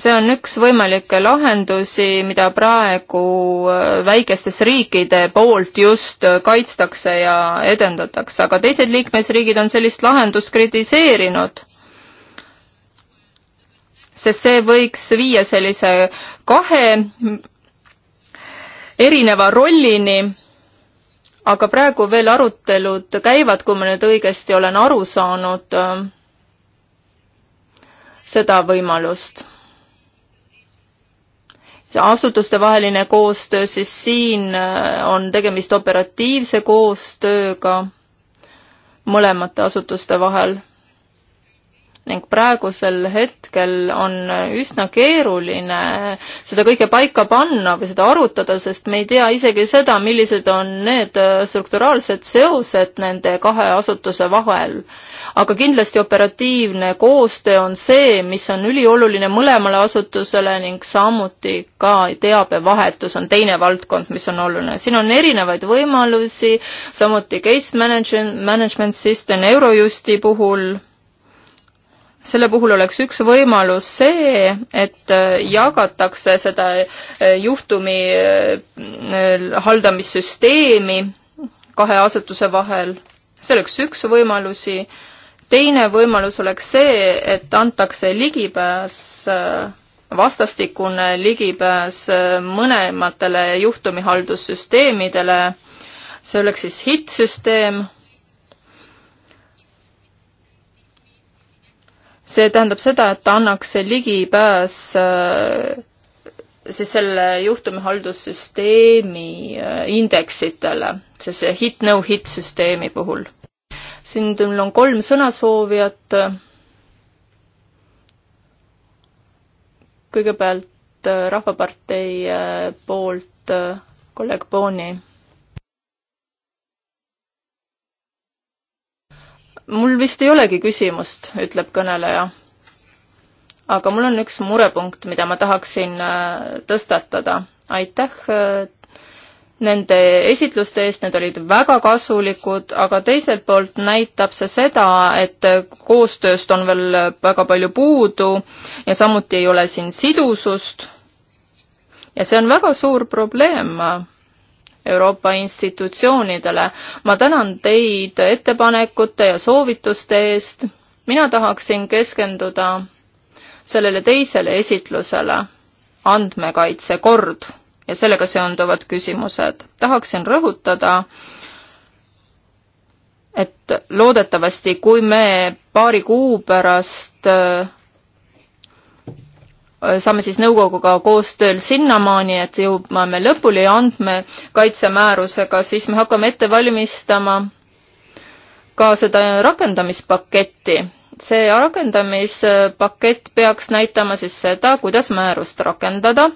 see on üks võimalikke lahendusi, mida praegu äh, väikestes riikide poolt just äh, kaitstakse ja edendatakse, aga teised liikmesriigid on sellist lahendust kritiseerinud sest see võiks viia sellise kahe erineva rollini, aga praegu veel arutelud käivad, kui ma nüüd õigesti olen aru saanud seda võimalust. see asutustevaheline koostöö, siis siin äh, on tegemist operatiivse koostööga mõlemate asutuste vahel ning praegusel hetkel on üsna keeruline seda kõike paika panna või seda arutada, sest me ei tea isegi seda, millised on need strukturaalsed seosed nende kahe asutuse vahel. aga kindlasti operatiivne koostöö on see, mis on ülioluline mõlemale asutusele ning samuti ka teabevahetus on teine valdkond, mis on oluline. siin on erinevaid võimalusi, samuti case management, management system Eurojusti puhul selle puhul oleks üks võimalus see, et äh, jagatakse seda äh, juhtumi äh, haldamissüsteemi kahe asetuse vahel. see oleks üks võimalusi. teine võimalus oleks see, et antakse ligipääs, vastastikune ligipääs mõlematele juhtumihaldussüsteemidele. see oleks siis HIT-süsteem see tähendab seda, et annaks ligipääs äh, siis selle juhtumihaldussüsteemi äh, indeksitele, siis hit, no hit süsteemi puhul. siin meil on kolm sõnasoovijat. kõigepealt äh, Rahvapartei poolt kolleeg Booni mul vist ei olegi küsimust, ütleb kõneleja. aga mul on üks murepunkt, mida ma tahaksin äh, tõstatada. aitäh äh, nende esitluste eest, need olid väga kasulikud, aga teiselt poolt näitab see seda, et koostööst on veel väga palju puudu ja samuti ei ole siin sidusust. ja see on väga suur probleem Euroopa institutsioonidele. ma tänan teid ettepanekute ja soovituste eest. mina tahaksin keskenduda sellele teisele esitlusele, andmekaitse kord ja sellega seonduvad küsimused. tahaksin rõhutada, et loodetavasti, kui me paari kuu pärast äh, saame siis nõukoguga koostööl sinnamaani, et jõuame lõpule andmekaitsemäärusega, siis me hakkame ette valmistama ka seda rakendamispaketti. see rakendamispakett peaks näitama siis seda, kuidas määrust rakendada,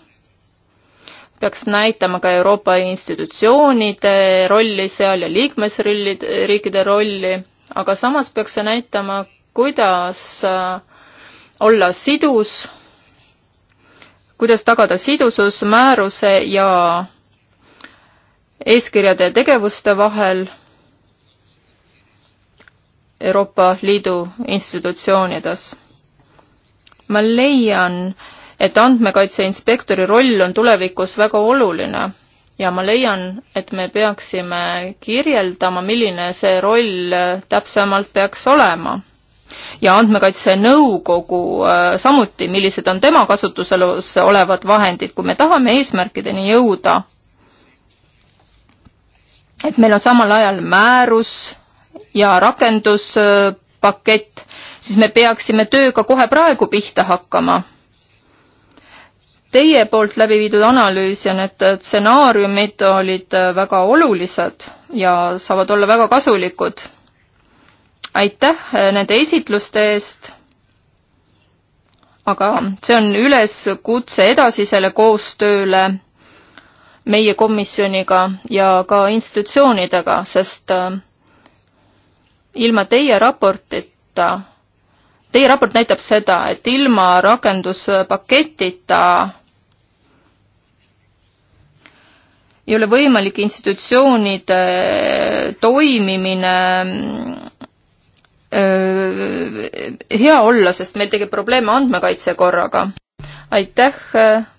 peaks näitama ka Euroopa institutsioonide rolli seal ja liikmesriikide rolli, aga samas peaks see näitama, kuidas olla sidus kuidas tagada sidusus määruse ja eeskirjade ja tegevuste vahel Euroopa Liidu institutsioonides. ma leian, et andmekaitse inspektori roll on tulevikus väga oluline ja ma leian, et me peaksime kirjeldama, milline see roll täpsemalt peaks olema ja Andmekaitse Nõukogu äh, samuti, millised on tema kasutuselus olevad vahendid, kui me tahame eesmärkideni jõuda, et meil on samal ajal määrus ja rakenduspakett, siis me peaksime tööga kohe praegu pihta hakkama. Teie poolt läbi viidud analüüs ja need stsenaariumid olid väga olulised ja saavad olla väga kasulikud aitäh äh, nende esitluste eest, aga see on üleskutse edasisele koostööle meie komisjoniga ja ka institutsioonidega, sest äh, ilma teie raportita, teie raport näitab seda, et ilma rakenduspaketita ei ole võimalik institutsioonide toimimine hea olla, sest meil tekib probleeme andmekaitse korraga. aitäh,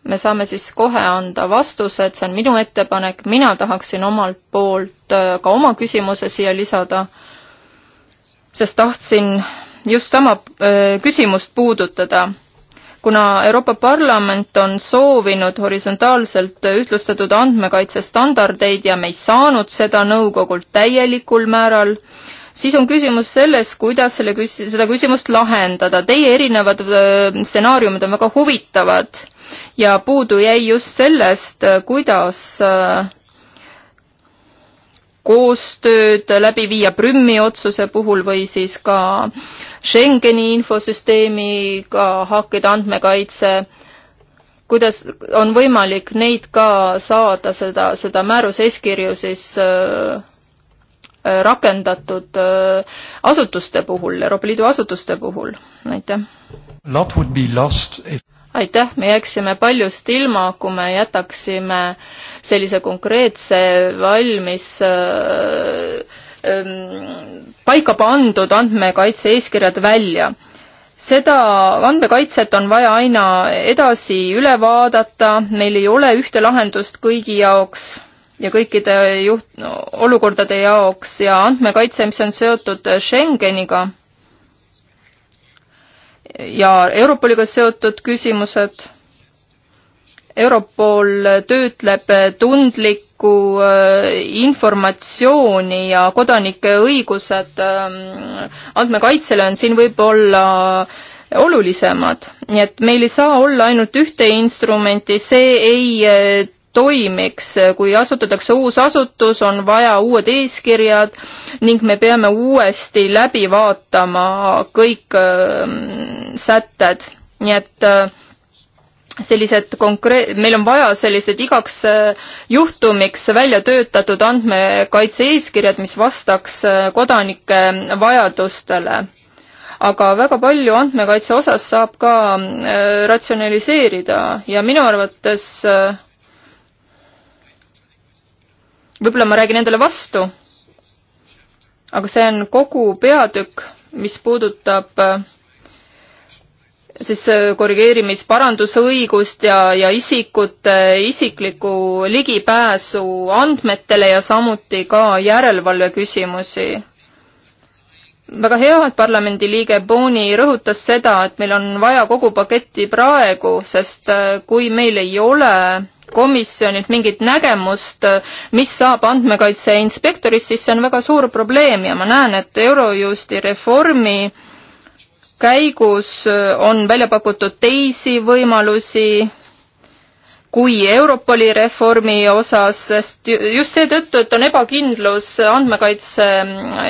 me saame siis kohe anda vastused, see on minu ettepanek, mina tahaksin omalt poolt äh, ka oma küsimuse siia lisada, sest tahtsin just sama äh, küsimust puudutada kuna Euroopa Parlament on soovinud horisontaalselt ühtlustatud andmekaitsestandardeid ja me ei saanud seda nõukogult täielikul määral, siis on küsimus selles, kuidas selle küs-, seda küsimust lahendada. Teie erinevad stsenaariumid on väga huvitavad ja puudu jäi just sellest, kuidas koostööd läbi viia Prümmi otsuse puhul või siis ka Schengeni infosüsteemiga hakkida andmekaitse, kuidas on võimalik neid ka saada, seda, seda määruse eeskirju siis äh, Äh, rakendatud äh, asutuste puhul, Euroopa Liidu asutuste puhul, aitäh. aitäh, me jääksime paljust ilma, kui me jätaksime sellise konkreetse valmis äh, ähm, paika pandud andmekaitse eeskirjad välja seda andmekaitset on vaja aina edasi üle vaadata, meil ei ole ühte lahendust kõigi jaoks ja kõikide juht-, olukordade jaoks ja andmekaitse, mis on seotud Schengeniga ja Europoliga seotud küsimused. Europol töötleb tundlikku äh, informatsiooni ja kodanike õigused ähm, andmekaitsele on siin võib-olla olulisemad, nii et meil ei saa olla ainult ühte instrumenti, see ei äh, toimiks. kui asutatakse uus asutus, on vaja uued eeskirjad ning me peame uuesti läbi vaatama kõik ähm, sätted, nii et äh, sellised konkreet-, meil on vaja sellised igaks äh, juhtumiks välja töötatud andmekaitse eeskirjad, mis vastaks äh, kodanike vajadustele. aga väga palju andmekaitse osas saab ka ratsionaliseerida ja minu arvates äh, võib-olla ma räägin endale vastu, aga see on kogu peatükk, mis puudutab äh, siis äh, korrigeerimisparandusõigust ja, ja isikute isiklikku ligipääsu andmetele ja samuti ka järelevalve küsimusi. väga hea, et parlamendiliige Boni rõhutas seda, et meil on vaja kogu paketti praegu, sest äh, kui meil ei ole komisjonilt mingit nägemust, mis saab andmekaitse inspektorist, siis see on väga suur probleem ja ma näen, et Eurojusti reformi käigus on välja pakutud teisi võimalusi kui Europoli reformi osas, sest just seetõttu, et on ebakindlus andmekaitse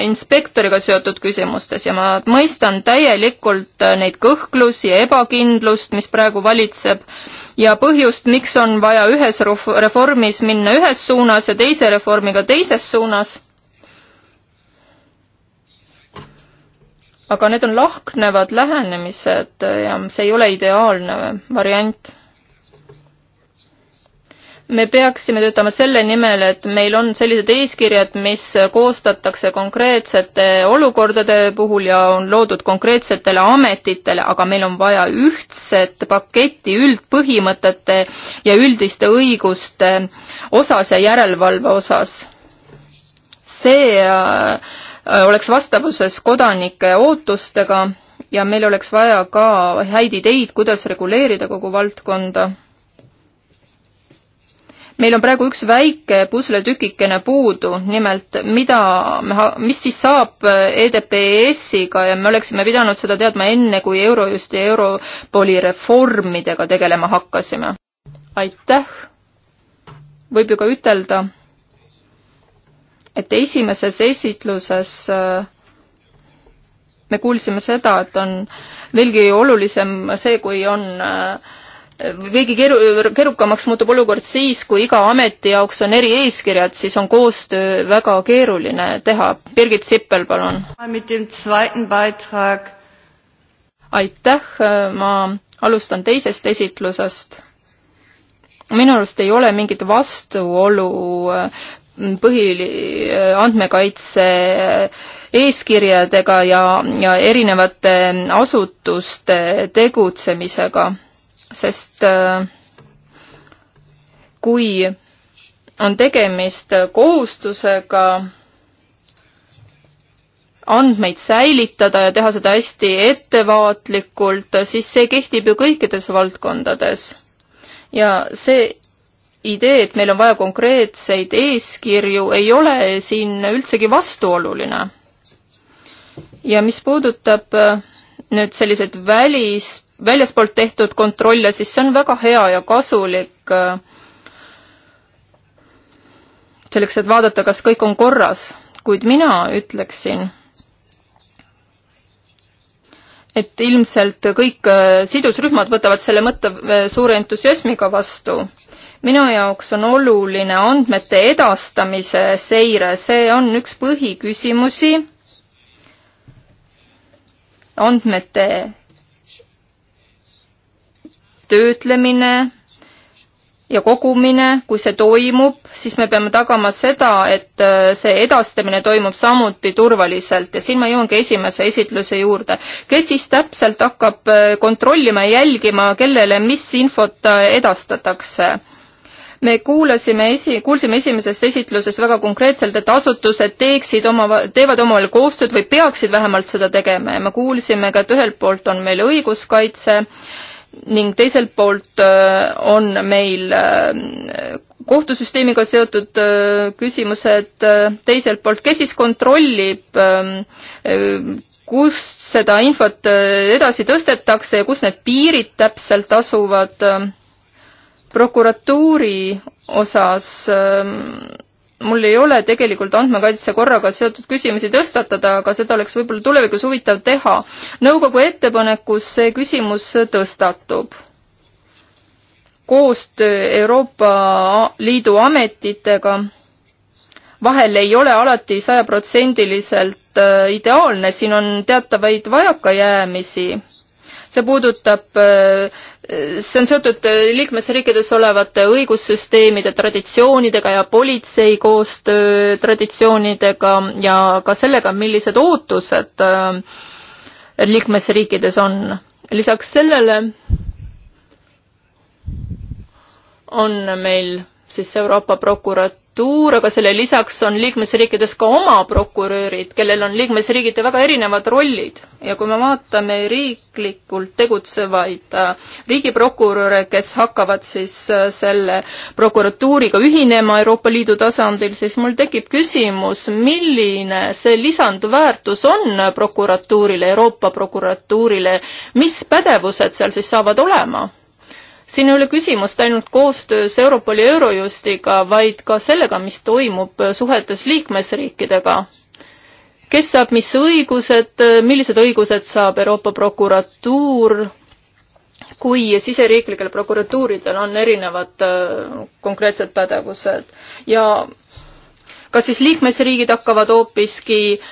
inspektoriga seotud küsimustes ja ma mõistan täielikult neid kõhklusi ja ebakindlust, mis praegu valitseb äh, ja põhjust, miks on vaja ühes reformis minna ühes suunas ja teise reformiga teises suunas. aga need on lahknevad lähenemised ja see ei ole ideaalne variant me peaksime töötama selle nimel, et meil on sellised eeskirjad, mis koostatakse konkreetsete olukordade puhul ja on loodud konkreetsetele ametitele, aga meil on vaja ühtset paketti üldpõhimõtete ja üldiste õiguste osas ja järelevalve osas. see äh, oleks vastavuses kodanike ootustega ja meil oleks vaja ka häid ideid, kuidas reguleerida kogu valdkonda meil on praegu üks väike pusletükikene puudu, nimelt mida, mis siis saab EDPS-iga ja me oleksime pidanud seda teadma enne, kui Eurojust ja Europoli reformidega tegelema hakkasime. aitäh! võib ju ka ütelda, et esimeses esitluses äh, me kuulsime seda, et on veelgi olulisem see, kui on äh, veelgi keeru-, keerukamaks muutub olukord siis, kui iga ameti jaoks on eri eeskirjad, siis on koostöö väga keeruline teha. Birgit Sippel, palun. aitäh, ma alustan teisest esitlusest. minu arust ei ole mingit vastuolu äh, põhi-, äh, andmekaitse äh, eeskirjadega ja, ja erinevate asutuste tegutsemisega sest äh, kui on tegemist kohustusega andmeid säilitada ja teha seda hästi ettevaatlikult, siis see kehtib ju kõikides valdkondades. ja see idee, et meil on vaja konkreetseid eeskirju, ei ole siin üldsegi vastuoluline. ja mis puudutab äh, nüüd selliseid välis väljaspoolt tehtud kontrolle, siis see on väga hea ja kasulik äh, selleks, et vaadata, kas kõik on korras, kuid mina ütleksin, et ilmselt kõik äh, sidusrühmad võtavad selle mõtte äh, suure entusiasmiga vastu. minu jaoks on oluline andmete edastamise seire, see on üks põhiküsimusi andmete töötlemine ja kogumine, kui see toimub, siis me peame tagama seda, et äh, see edastamine toimub samuti turvaliselt ja siin ma jõuangi esimese esitluse juurde. kes siis täpselt hakkab äh, kontrollima ja jälgima, kellele mis infot äh, edastatakse? me kuulasime esi, kuulsime esimeses esitluses väga konkreetselt, et asutused teeksid oma, teevad omavahel koostööd või peaksid vähemalt seda tegema ja me kuulsime ka, et ühelt poolt on meil õiguskaitse, ning teiselt poolt äh, on meil äh, kohtusüsteemiga seotud äh, küsimused, teiselt poolt, kes siis kontrollib, ähm, kust seda infot edasi tõstetakse ja kus need piirid täpselt asuvad prokuratuuri osas ähm, mul ei ole tegelikult andmekaitse korraga seotud küsimusi tõstatada, aga seda oleks võib-olla tulevikus huvitav teha. nõukogu ettepanekus see küsimus tõstatub. koostöö Euroopa Liidu ametitega vahel ei ole alati sajaprotsendiliselt äh, ideaalne, siin on teatavaid vajakajäämisi see puudutab, äh, see on seotud äh, liikmesriikides olevate õigussüsteemide traditsioonidega ja politsei koostöö traditsioonidega ja ka sellega, millised ootused äh, liikmesriikides on. lisaks sellele on meil siis Euroopa prokurat-, prokuratuur, aga selle lisaks on liikmesriikides ka oma prokurörid, kellel on liikmesriigiti väga erinevad rollid. ja kui me vaatame riiklikult tegutsevaid äh, riigiprokuröre, kes hakkavad siis äh, selle prokuratuuriga ühinema Euroopa Liidu tasandil, siis mul tekib küsimus, milline see lisandväärtus on prokuratuurile, Euroopa prokuratuurile, mis pädevused seal siis saavad olema? siin ei ole küsimust ainult koostöös Europoli ja Eurojustiga, vaid ka sellega, mis toimub suhetes liikmesriikidega. kes saab mis õigused, millised õigused saab Euroopa prokuratuur, kui siseriiklikel prokuratuuridel on erinevad äh, konkreetsed pädevused ja kas siis liikmesriigid hakkavad hoopiski äh,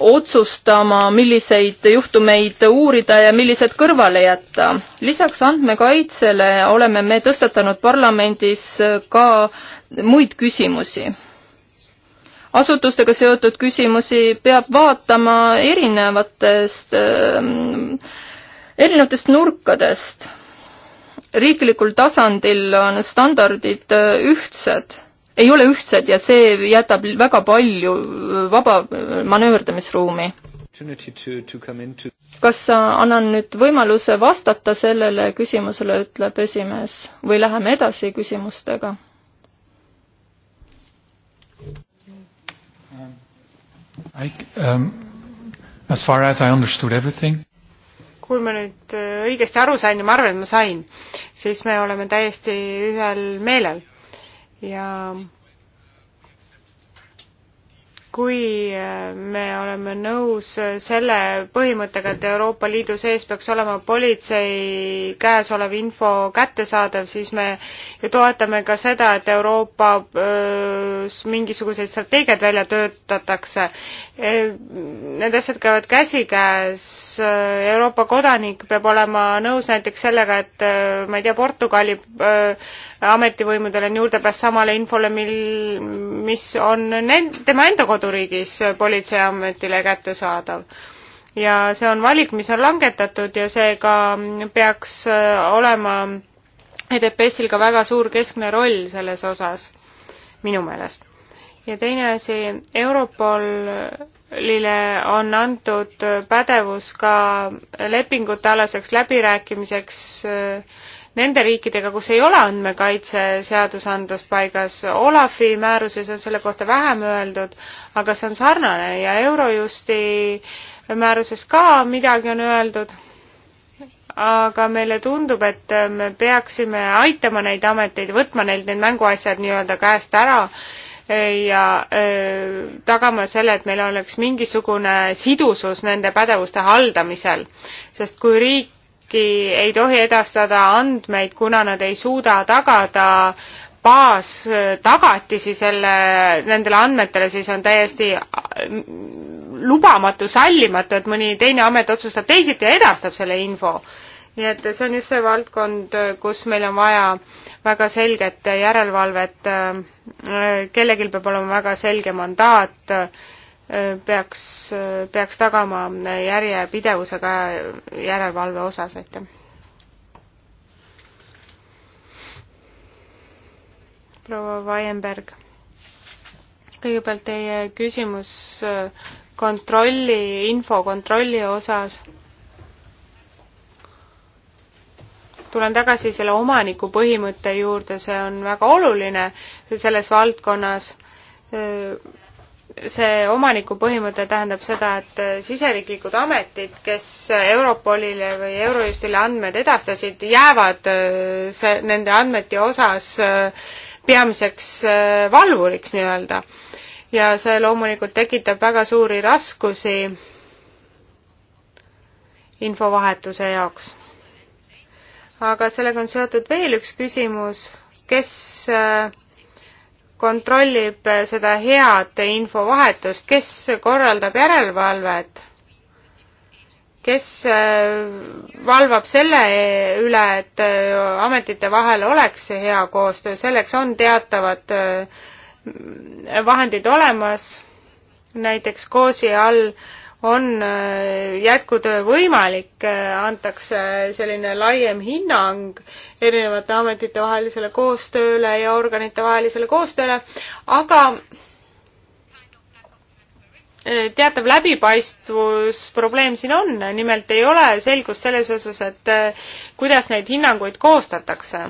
otsustama, milliseid juhtumeid uurida ja millised kõrvale jätta. lisaks andmekaitsele oleme me tõstatanud parlamendis ka muid küsimusi. asutustega seotud küsimusi peab vaatama erinevatest, ähm, erinevatest nurkadest. riiklikul tasandil on standardid äh, ühtsed ei ole ühtsed ja see jätab väga palju vaba manööverdamisruumi. kas annan nüüd võimaluse vastata sellele küsimusele, ütleb esimees, või läheme edasi küsimustega? I, um, as far as I understood everything. kui ma nüüd äh, õigesti aru sain ja ma arvan, et ma sain, siis me oleme täiesti ühel meelel ja kui me oleme nõus selle põhimõttega, et Euroopa Liidu sees peaks olema politsei käes olev info kättesaadav, siis me ju toetame ka seda, et Euroopas mingisuguseid strateegiaid välja töötatakse. E, need asjad käivad käsikäes, e, Euroopa kodanik peab olema nõus näiteks sellega, et e, ma ei tea, Portugali öö, ametivõimudel on juurdepääs samale infole, mil, mis on nend-, tema enda koduriigis politseiametile kättesaadav. ja see on valik, mis on langetatud ja seega peaks äh, olema EDPS-il ka väga suur keskne roll selles osas, minu meelest. ja teine asi, Europolile on antud pädevus ka lepingute alaseks läbirääkimiseks äh, nende riikidega, kus ei ole andmekaitse seadusandlus paigas. Olafi määruses on selle kohta vähem öeldud, aga see on sarnane ja Eurojusti määruses ka midagi on öeldud. aga meile tundub, et me peaksime aitama neid ameteid, võtma neilt need mänguasjad nii-öelda käest ära ja öö, tagama selle, et meil oleks mingisugune sidusus nende pädevuste haldamisel. sest kui riik samuti ei tohi edastada andmeid, kuna nad ei suuda tagada baastagatisi selle, nendele andmetele, siis on täiesti mm, lubamatu, sallimatu, et mõni teine amet otsustab teisiti ja edastab selle info. nii et see on just see valdkond, kus meil on vaja väga selget järelevalvet, äh, äh, kellelgi peab olema väga selge mandaat peaks, peaks tagama järjepidevuse ka järelevalve osas, aitäh. proua Vaienberg, kõigepealt teie küsimus äh, kontrolli, infokontrolli osas tulen tagasi selle omaniku põhimõtte juurde, see on väga oluline selles valdkonnas. Äh, see omaniku põhimõte tähendab seda, et äh, siseriiklikud ametid, kes Europolile või Eurojustile andmed edastasid, jäävad äh, see, nende andmete osas äh, peamiseks valvuriks nii-öelda. ja see loomulikult tekitab väga suuri raskusi infovahetuse jaoks. aga sellega on seotud veel üks küsimus, kes äh, kontrollib seda head infovahetust, kes korraldab järelevalvet, kes äh, valvab selle üle, et äh, ametite vahel oleks hea koostöö, selleks on teatavad äh, vahendid olemas, näiteks COSI all on äh, jätkutöö võimalik, äh, antakse selline laiem hinnang erinevate ametite vahelisele koostööle ja organite vahelisele koostööle, aga äh, teatav läbipaistvusprobleem siin on, nimelt ei ole selgust selles osas, et kuidas neid hinnanguid koostatakse.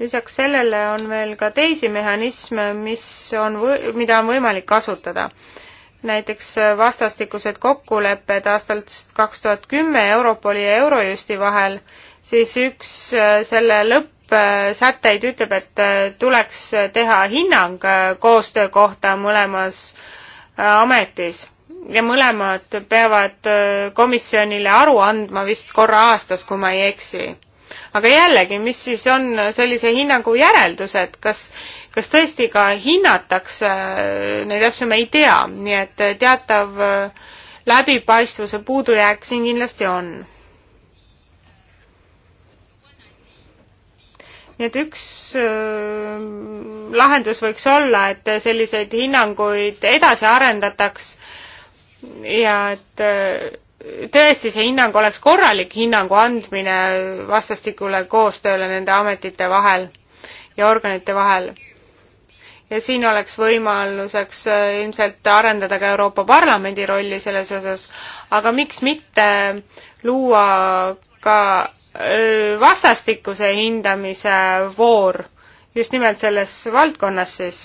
lisaks sellele on veel ka teisi mehhanisme, mis on, mida on võimalik kasutada näiteks äh, vastastikused kokkulepped aastalt kaks tuhat kümme Europoli ja Eurojusti vahel, siis üks äh, selle lõppsätteid äh, ütleb, et tuleks teha hinnang koostöö kohta mõlemas ametis ja mõlemad peavad komisjonile aru andma vist korra aastas, kui ma ei eksi. aga jällegi, mis siis on sellise hinnangu järeldused, kas kas tõesti ka hinnatakse äh, neid asju, me ei tea, nii et äh, teatav äh, läbipaistvuse puudujääk siin kindlasti on. nii et üks lahendus võiks olla, et selliseid hinnanguid edasi arendataks ja et tõesti see hinnang oleks korralik hinnangu andmine vastastikule koostööle nende ametite vahel ja organite vahel ja siin oleks võimaluseks äh, ilmselt arendada ka Euroopa Parlamendi rolli selles osas, aga miks mitte luua ka äh, vastastikuse hindamise voor just nimelt selles valdkonnas siis,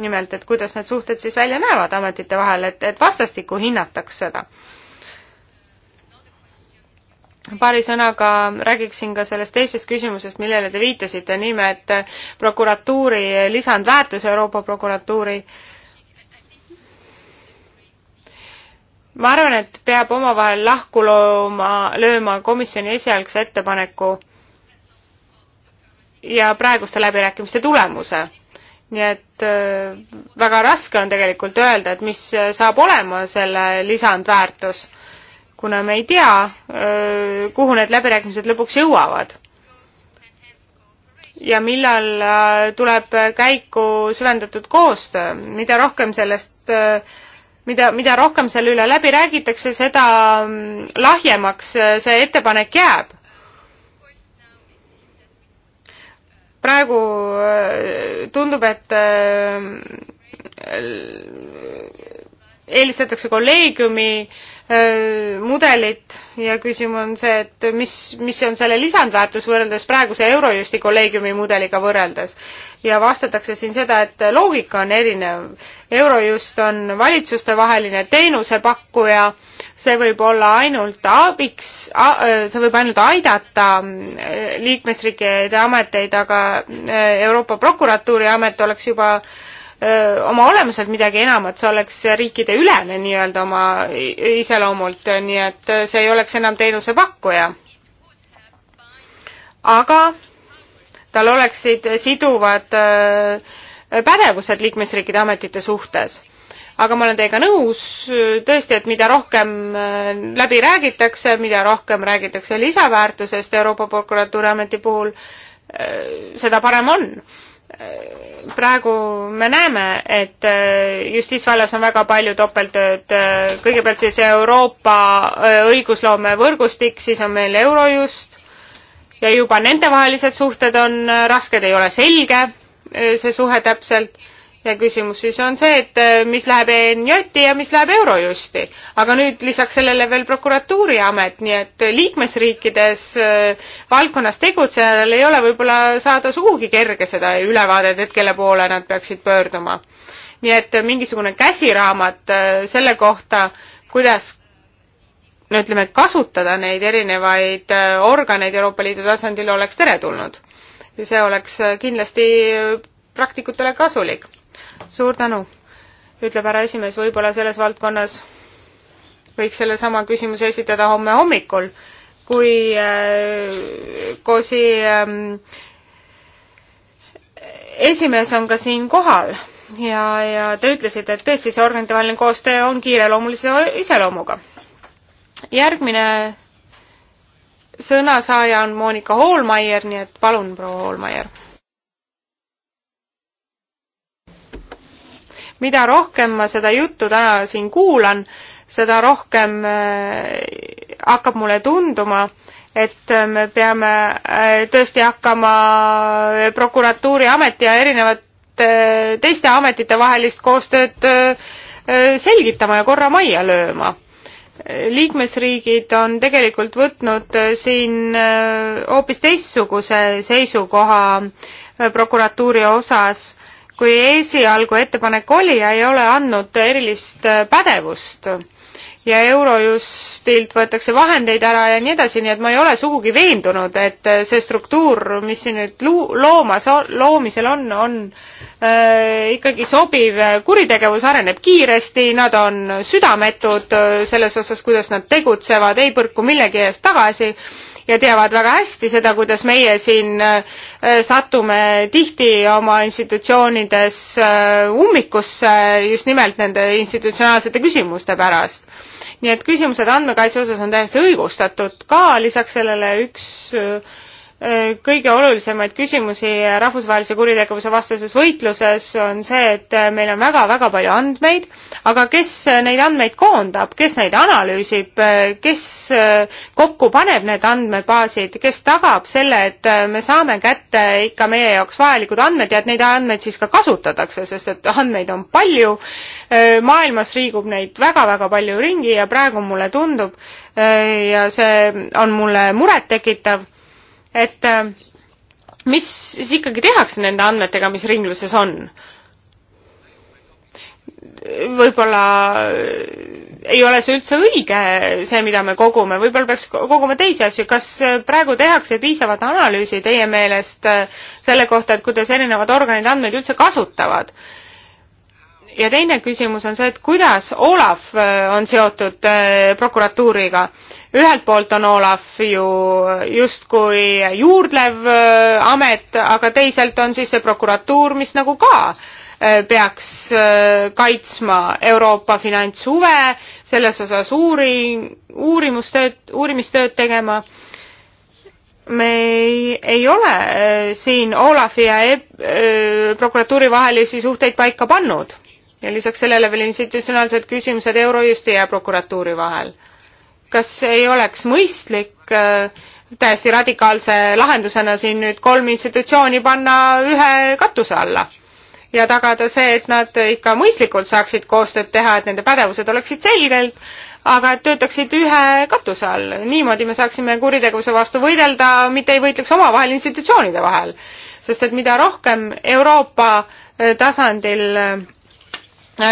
nimelt et kuidas need suhted siis välja näevad ametite vahel, et, et vastastikku hinnataks seda paari sõnaga räägiksin ka sellest teisest küsimusest, millele te viitasite, nimelt prokuratuuri lisandväärtus, Euroopa prokuratuuri. ma arvan, et peab omavahel lahku looma, lööma komisjoni esialgse ettepaneku ja praeguste läbirääkimiste tulemuse. nii et äh, väga raske on tegelikult öelda, et mis saab olema selle lisandväärtus kuna me ei tea, kuhu need läbirääkimised lõpuks jõuavad. ja millal äh, tuleb käiku süvendatud koostöö, mida rohkem sellest, mida, mida rohkem selle üle läbi räägitakse, seda mm, lahjemaks äh, see ettepanek jääb. praegu äh, tundub, et eelistatakse kolleegiumi äh, mudelit ja küsimus on see, et mis, mis on selle lisandväärtus võrreldes praeguse Eurojusti kolleegiumi mudeliga võrreldes. ja vastatakse siin seda, et loogika on erinev. Eurojust on valitsustevaheline teenusepakkuja, see võib olla ainult abiks, äh, see võib ainult aidata äh, liikmesriikide ameteid, aga Euroopa Prokuratuuri amet oleks juba äh, oma olemuselt midagi enamat, see oleks riikideülene nii-öelda oma iseloomult, nii et see ei oleks enam teenusepakkuja. aga tal oleksid siduvad pädevused liikmesriikide ametite suhtes. aga ma olen teiega nõus tõesti, et mida rohkem läbi räägitakse, mida rohkem räägitakse lisaväärtusest Euroopa Prokuratuuri ameti puhul, seda parem on praegu me näeme, et äh, justiitsvallas on väga palju topelttööd, äh, kõigepealt siis Euroopa äh, õigusloome võrgustik, siis on meil Eurojust ja juba nendevahelised suhted on rasked, ei ole selge see suhe täpselt ja küsimus siis on see, et äh, mis läheb ENJ-i ja mis läheb Eurojusti. aga nüüd lisaks sellele veel prokuratuuriamet, nii et liikmesriikides äh, valdkonnas tegutsejal ei ole võib-olla saada sugugi kerge seda ülevaadet, et kelle poole nad peaksid pöörduma. nii et äh, mingisugune käsiraamat selle kohta, kuidas no ütleme, kasutada neid erinevaid organeid Euroopa Liidu tasandil oleks teretulnud. see oleks kindlasti praktikutele kasulik suur tänu, ütleb härra esimees, võib-olla selles valdkonnas võiks sellesama küsimuse esitada homme hommikul, kui äh, COSI äh, esimees on ka siin kohal ja, ja te ütlesite, et tõesti, see organitevaheline koostöö on kiireloomulise iseloomuga. järgmine sõnasaaja on Monika Hoolmeier, nii et palun, proua Hoolmeier mida rohkem ma seda juttu täna siin kuulan, seda rohkem äh, hakkab mulle tunduma, et äh, me peame äh, tõesti hakkama prokuratuuri ameti ja erinevate teiste ametite vahelist koostööd selgitama ja korra majja lööma. liikmesriigid on tegelikult võtnud siin hoopis teistsuguse seisukoha prokuratuuri osas kui esialgu ettepanek oli ja ei ole andnud erilist äh, pädevust ja Eurojustilt võetakse vahendeid ära ja nii edasi, nii et ma ei ole sugugi veendunud, et äh, see struktuur, mis siin nüüd loomas, loomisel on, on äh, ikkagi sobiv. kuritegevus areneb kiiresti, nad on südametud äh, selles osas, kuidas nad tegutsevad, ei põrku millegi eest tagasi äh, ja teavad väga hästi seda, kuidas meie siin äh, satume tihti oma institutsioonides äh, ummikusse just nimelt nende institutsionaalsete küsimuste pärast nii et küsimused andmekaitse osas on täiesti õigustatud ka lisaks sellele üks äh, kõige olulisemaid küsimusi rahvusvahelise kuritegevuse vastases võitluses on see, et meil on väga-väga palju andmeid, aga kes neid andmeid koondab, kes neid analüüsib, kes kokku paneb need andmebaasid, kes tagab selle, et me saame kätte ikka meie jaoks vajalikud andmed ja et neid andmeid siis ka kasutatakse, sest et andmeid on palju, maailmas liigub neid väga-väga palju ringi ja praegu mulle tundub ja see on mulle murettekitav et äh, mis siis ikkagi tehakse nende andmetega, mis ringluses on? võib-olla äh, ei ole see üldse õige, see, mida me kogume, võib-olla peaks koguma teisi asju, kas äh, praegu tehakse piisavat analüüsi teie meelest selle kohta, et kuidas erinevad organid andmeid üldse kasutavad? ja teine küsimus on see, et kuidas Olav on seotud prokuratuuriga ühelt poolt on Olav ju justkui juurdlev äh, amet, aga teisalt on siis see prokuratuur, mis nagu ka äh, peaks äh, kaitsma Euroopa finantshuve, selles osas uuri-, uurimustööd, uurimistööd tegema. me ei, ei ole siin Olafi ja e prokuratuuri vahelisi suhteid paika pannud ja lisaks sellele veel institutsionaalsed küsimused Eurojusti ja prokuratuuri vahel kas ei oleks mõistlik äh, täiesti radikaalse lahendusena siin nüüd kolm institutsiooni panna ühe katuse alla ja tagada see, et nad ikka mõistlikult saaksid koostööd teha, et nende pädevused oleksid selgelt, aga et töötaksid ühe katuse all. niimoodi me saaksime kuritegevuse vastu võidelda, mitte ei võitleks omavahel institutsioonide vahel. sest et mida rohkem Euroopa äh, tasandil äh,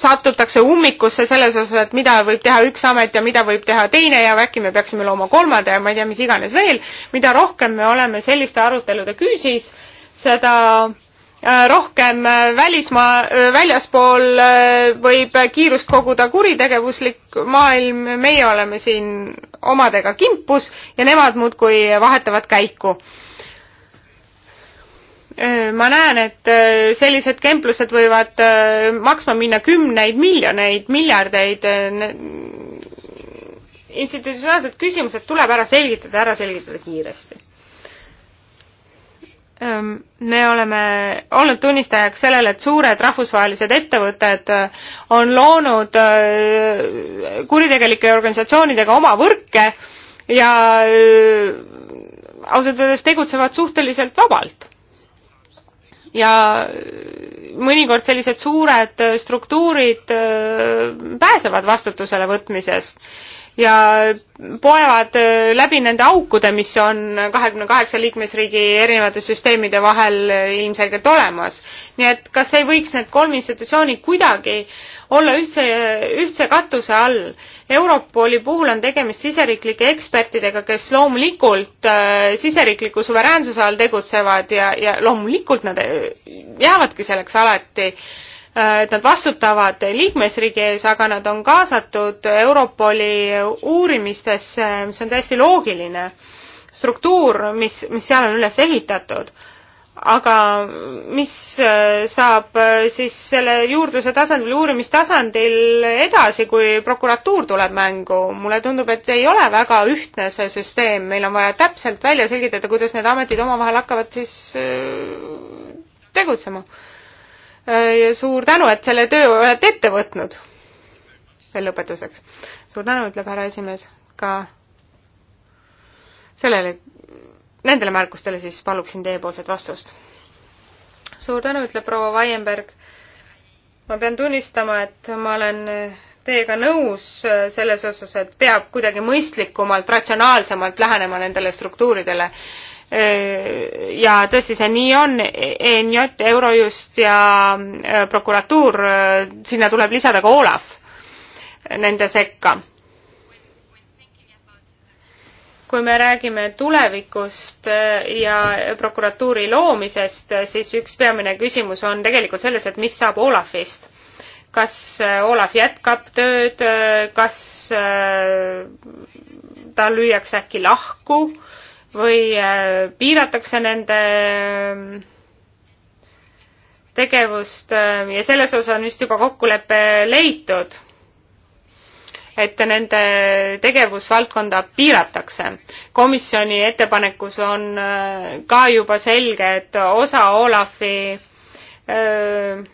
satutakse ummikusse selles osas, et mida võib teha üks amet ja mida võib teha teine ja äkki me peaksime looma kolmanda ja ma ei tea, mis iganes veel. mida rohkem me oleme selliste arutelude küüsis, seda äh, rohkem äh, välismaa, äh, väljaspool võib kiirust koguda kuritegevuslik maailm, meie oleme siin omadega kimpus ja nemad muudkui vahetavad käiku Äh, ma näen, et äh, sellised kemplused võivad äh, maksma minna kümneid miljoneid, miljardeid. institutsionaalsed küsimused tuleb ära selgitada, ära selgitada kiiresti. Ähm, me oleme olnud tunnistajaks sellele, et suured rahvusvahelised ettevõtted on loonud kuritegelike organisatsioonidega oma võrke ja ausalt öeldes tegutsevad suhteliselt vabalt ja mõnikord sellised suured äh, struktuurid äh, pääsevad vastutusele võtmisest ja poevad äh, läbi nende aukude, mis on kahekümne kaheksa liikmesriigi erinevate süsteemide vahel ilmselgelt olemas. nii et kas ei võiks need kolm institutsiooni kuidagi olla ühtse, ühtse katuse all Europoli puhul on tegemist siseriiklike ekspertidega, kes loomulikult äh, siseriikliku suveräänsuse all tegutsevad ja, ja loomulikult nad äh, jäävadki selleks alati äh,, et nad vastutavad liikmesriigi ees, aga nad on kaasatud Europoli uurimistesse, mis on täiesti loogiline struktuur, mis, mis seal on üles ehitatud aga mis äh, saab äh, siis selle juurdluse tasandil, uurimistasandil edasi, kui prokuratuur tuleb mängu? mulle tundub, et see ei ole väga ühtne, see süsteem, meil on vaja täpselt välja selgitada, kuidas need ametid omavahel hakkavad siis äh, tegutsema. ja suur tänu, et selle töö olete ette võtnud. veel lõpetuseks. suur tänu, ütleb härra esimees, ka sellele nendele märkustele siis paluksin teiepoolset vastust. suur tänu, ütleb proua Vaienberg. ma pean tunnistama, et ma olen teiega nõus selles osas, et peab kuidagi mõistlikumalt, ratsionaalsemalt lähenema nendele struktuuridele. ja tõesti, see nii on, ENJ, Eurojust ja äh, prokuratuur, äh, sinna tuleb lisada ka Olav nende sekka kui me räägime tulevikust eh, ja prokuratuuri loomisest, eh, siis üks peamine küsimus on tegelikult selles, et mis saab Olafist. kas eh, Olaf jätkab tööd, kas ta lüüakse äkki lahku või piiratakse nende tegevust ja selles osas on vist juba kokkulepe leitud et nende tegevusvaldkonda piiratakse. komisjoni ettepanekus on äh, ka juba selge, et osa Olafi öö, äh,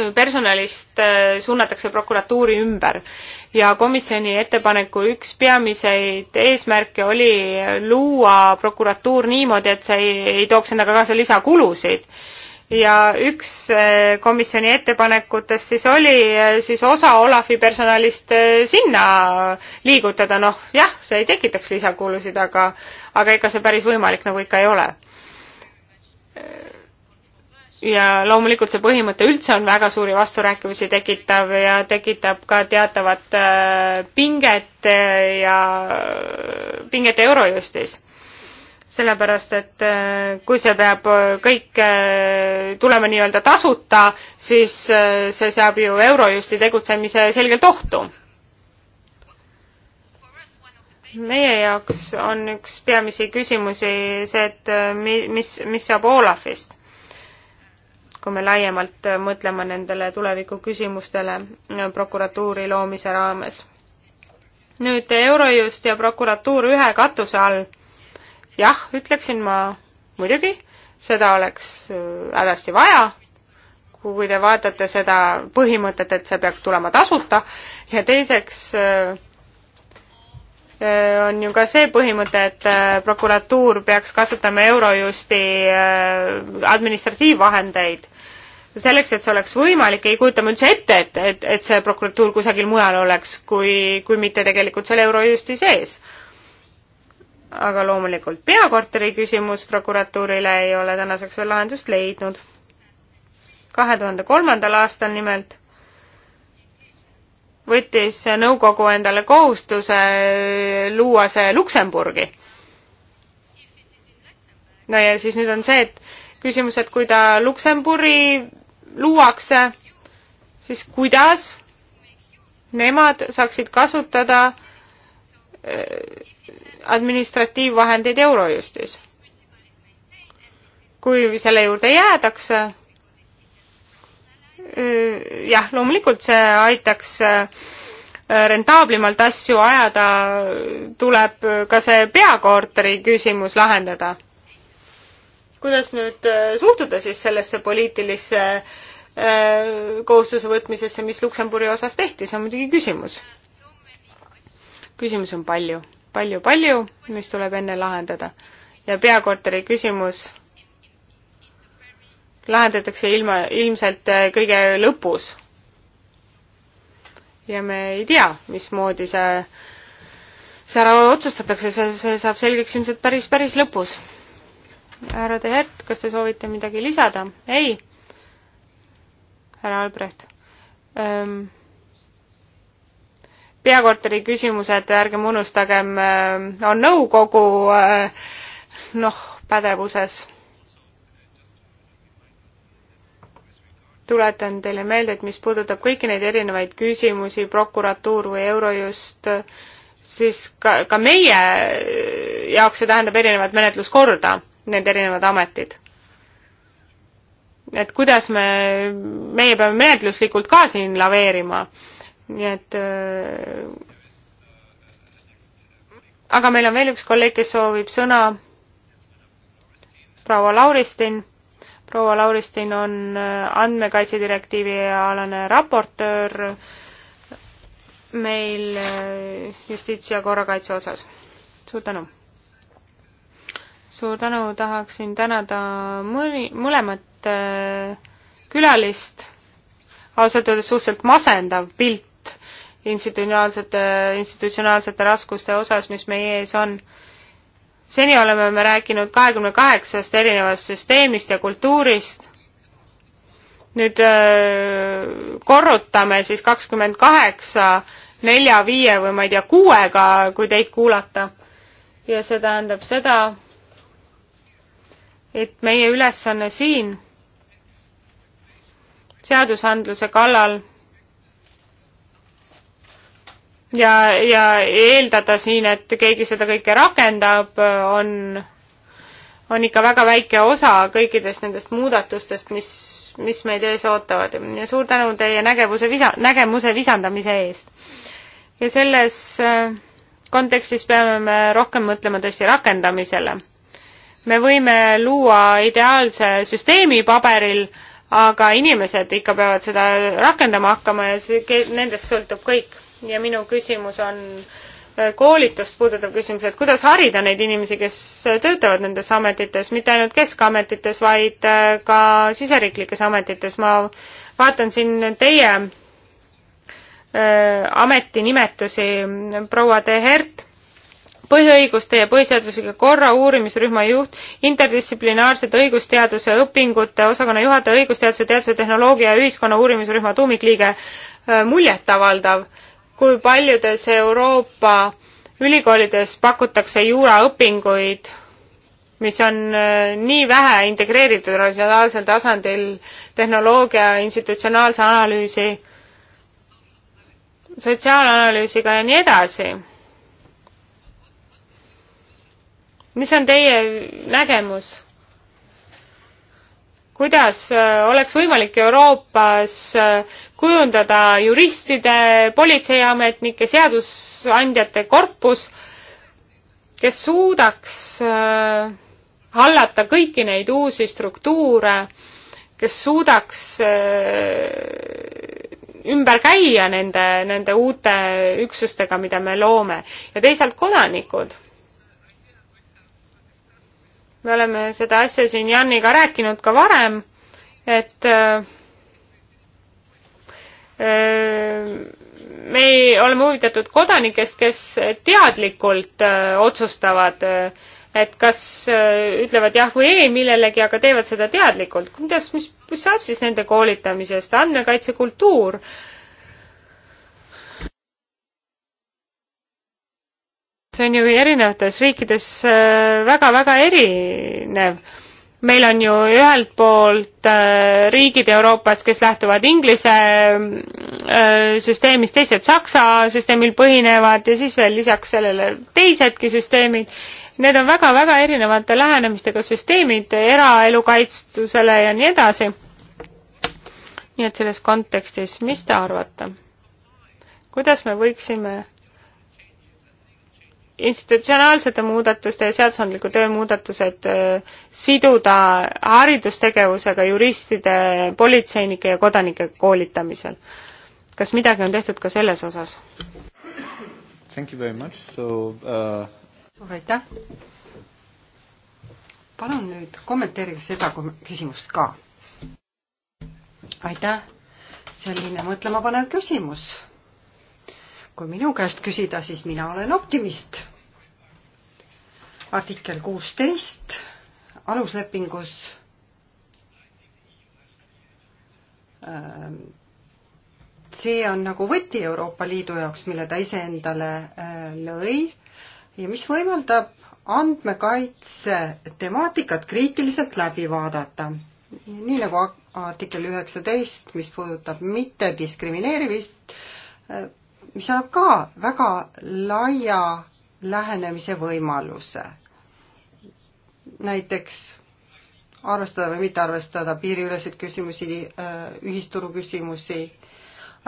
äh, personalist suunatakse prokuratuuri ümber ja komisjoni ettepaneku üks peamiseid eesmärke oli luua prokuratuur niimoodi, et see ei, ei tooks endaga kaasa lisakulusid ja üks eh, komisjoni ettepanekutest siis oli eh, siis osa Olafi personalist eh, sinna liigutada, noh jah, see ei tekitaks lisakulusid, aga aga ega see päris võimalik nagu ikka ei ole. ja loomulikult see põhimõte üldse on väga suuri vasturääkivusi tekitav ja tekitab ka teatavat pinget ja pinget Eurojustis sellepärast et äh, kui see peab äh, kõik äh, tulema nii-öelda tasuta, siis see seab ju Eurojusti tegutsemise selgelt ohtu. meie jaoks on üks peamisi küsimusi see, et mis, mis saab Olafist, kui me laiemalt mõtleme nendele tulevikuküsimustele prokuratuuri loomise raames. nüüd Eurojust ja prokuratuur ühe katuse all jah, ütleksin ma muidugi, seda oleks äh, hädasti vaja, kui te vaatate seda põhimõtet, et see peaks tulema tasuta ja teiseks äh, äh, on ju ka see põhimõte, et prokuratuur peaks kasutama Eurojusti administratiivvahendeid. selleks, et see oleks võimalik, ei kujuta ma üldse ette, et, et, et see prokuratuur kusagil mujal oleks, kui, kui mitte tegelikult seal Eurojusti sees aga loomulikult peakorteri küsimus prokuratuurile ei ole tänaseks veel lahendust leidnud. kahe tuhande kolmandal aastal nimelt võttis nõukogu endale kohustuse luua see Luksemburgi. no ja siis nüüd on see, et küsimus, et kui ta Luksemburi luuakse, siis kuidas nemad saaksid kasutada administratiivvahendeid Eurojustis. kui selle juurde jäädakse, äh, jah, loomulikult see aitaks äh, rentaablimalt asju ajada, tuleb ka see peakorteri küsimus lahendada. kuidas nüüd äh, suhtuda siis sellesse poliitilisse kohustuse võtmisesse, mis Luksemburi osas tehti, see on muidugi küsimus. küsimusi on palju palju-palju, mis tuleb enne lahendada. ja peakorteri küsimus lahendatakse ilma, ilmselt äh, kõige lõpus. ja me ei tea, mismoodi see, see ära otsustatakse, see, see saab selgeks ilmselt päris, päris lõpus. härra De Hert, kas te soovite midagi lisada? ei? härra Albrecht? peakorteri küsimused, ärgem unustagem, äh, on nõukogu äh, noh, pädevuses. tuletan teile meelde, et mis puudutab kõiki neid erinevaid küsimusi, prokuratuur või Eurojust, siis ka, ka meie jaoks see tähendab erinevat menetluskorda, need erinevad ametid et kuidas me, meie peame menetluslikult ka siin laveerima nii et äh, aga meil on veel üks kolleeg, kes soovib sõna. proua Lauristin. proua Lauristin on äh, andmekaitse direktiivi alane raportöör meil äh, justiits- ja korrakaitse osas. suur tänu! suur tänu, tahaksin tänada mõni, mõlemat külalist. ausalt öeldes suhteliselt masendav pilt institutsionaalsete, institutsionaalsete raskuste osas, mis meie ees on. seni oleme me rääkinud kahekümne kaheksast erinevast süsteemist ja kultuurist, nüüd öö, korrutame siis kakskümmend kaheksa nelja, viie või ma ei tea, kuuega, kui teid kuulata. ja see tähendab seda, et meie ülesanne siin seadusandluse kallal ja, ja eeldada siin, et keegi seda kõike rakendab, on, on ikka väga väike osa kõikidest nendest muudatustest, mis, mis meid ees ootavad. ja suur tänu teie nägevuse visa, nägemuse visandamise eest. ja selles äh, kontekstis peame me rohkem mõtlema tõesti rakendamisele. me võime luua ideaalse süsteemi paberil, aga inimesed ikka peavad seda rakendama hakkama ja see, nendest sõltub kõik ja minu küsimus on äh, koolitust puudutav küsimus, et kuidas harida neid inimesi, kes äh, töötavad nendes ametites, mitte ainult keskametites, vaid äh, ka siseriiklikes ametites. ma vaatan siin teie äh, ametinimetusi, proua De Hert, põhiõiguste ja põhiseadusliku korra uurimisrühma juht, interdistsiplinaarsete õigusteaduse õpingute osakonna juhataja, õigusteaduse, teaduse, tehnoloogia ja ühiskonna uurimisrühma tuumikliige äh,, muljetavaldav kui paljudes Euroopa ülikoolides pakutakse juuraõpinguid, mis on äh, nii vähe integreeritud horisontaalsel tasandil tehnoloogia institutsionaalse analüüsi, sotsiaalanalüüsiga ja nii edasi. mis on teie nägemus? kuidas äh, oleks võimalik Euroopas äh, kujundada juristide, politseiametnike, seadusandjate korpus, kes suudaks äh, hallata kõiki neid uusi struktuure, kes suudaks äh, ümber käia nende, nende uute üksustega, mida me loome. ja teisalt kodanikud. me oleme seda asja siin Janiga rääkinud ka varem, et äh, me oleme huvitatud kodanikest, kes teadlikult äh, otsustavad, äh, et kas äh, ütlevad jah või ei millelegi, aga teevad seda teadlikult. kuidas, mis saab siis nende koolitamisest, andmekaitsekultuur? see on ju erinevates riikides väga-väga erinev meil on ju ühelt poolt äh, riigid Euroopas, kes lähtuvad Inglise äh, süsteemist, teised Saksa süsteemil põhinevad ja siis veel lisaks sellele teisedki süsteemid. Need on väga-väga erinevate lähenemistega süsteemid eraelu kaitstusele ja nii edasi nii et selles kontekstis, mis te arvate? kuidas me võiksime institutsionaalsete muudatuste ja seadusandliku töö muudatused äh, siduda haridustegevusega juristide, politseinike ja kodanike koolitamisel. kas midagi on tehtud ka selles osas? Uh, suur aitäh! palun nüüd kommenteerige seda küsimust ka. aitäh! selline mõtlemapanev küsimus kui minu käest küsida, siis mina olen optimist. artikkel kuusteist aluslepingus ähm, see on nagu võti Euroopa Liidu jaoks, mille ta iseendale äh, lõi ja mis võimaldab andmekaitse temaatikat kriitiliselt läbi vaadata. nii nagu artikkel üheksateist, mis puudutab mittediskrimineerimist, äh, mis annab ka väga laia lähenemise võimaluse. näiteks arvestada või mitte arvestada piiriüleseid küsimusi, äh, ühisturu küsimusi.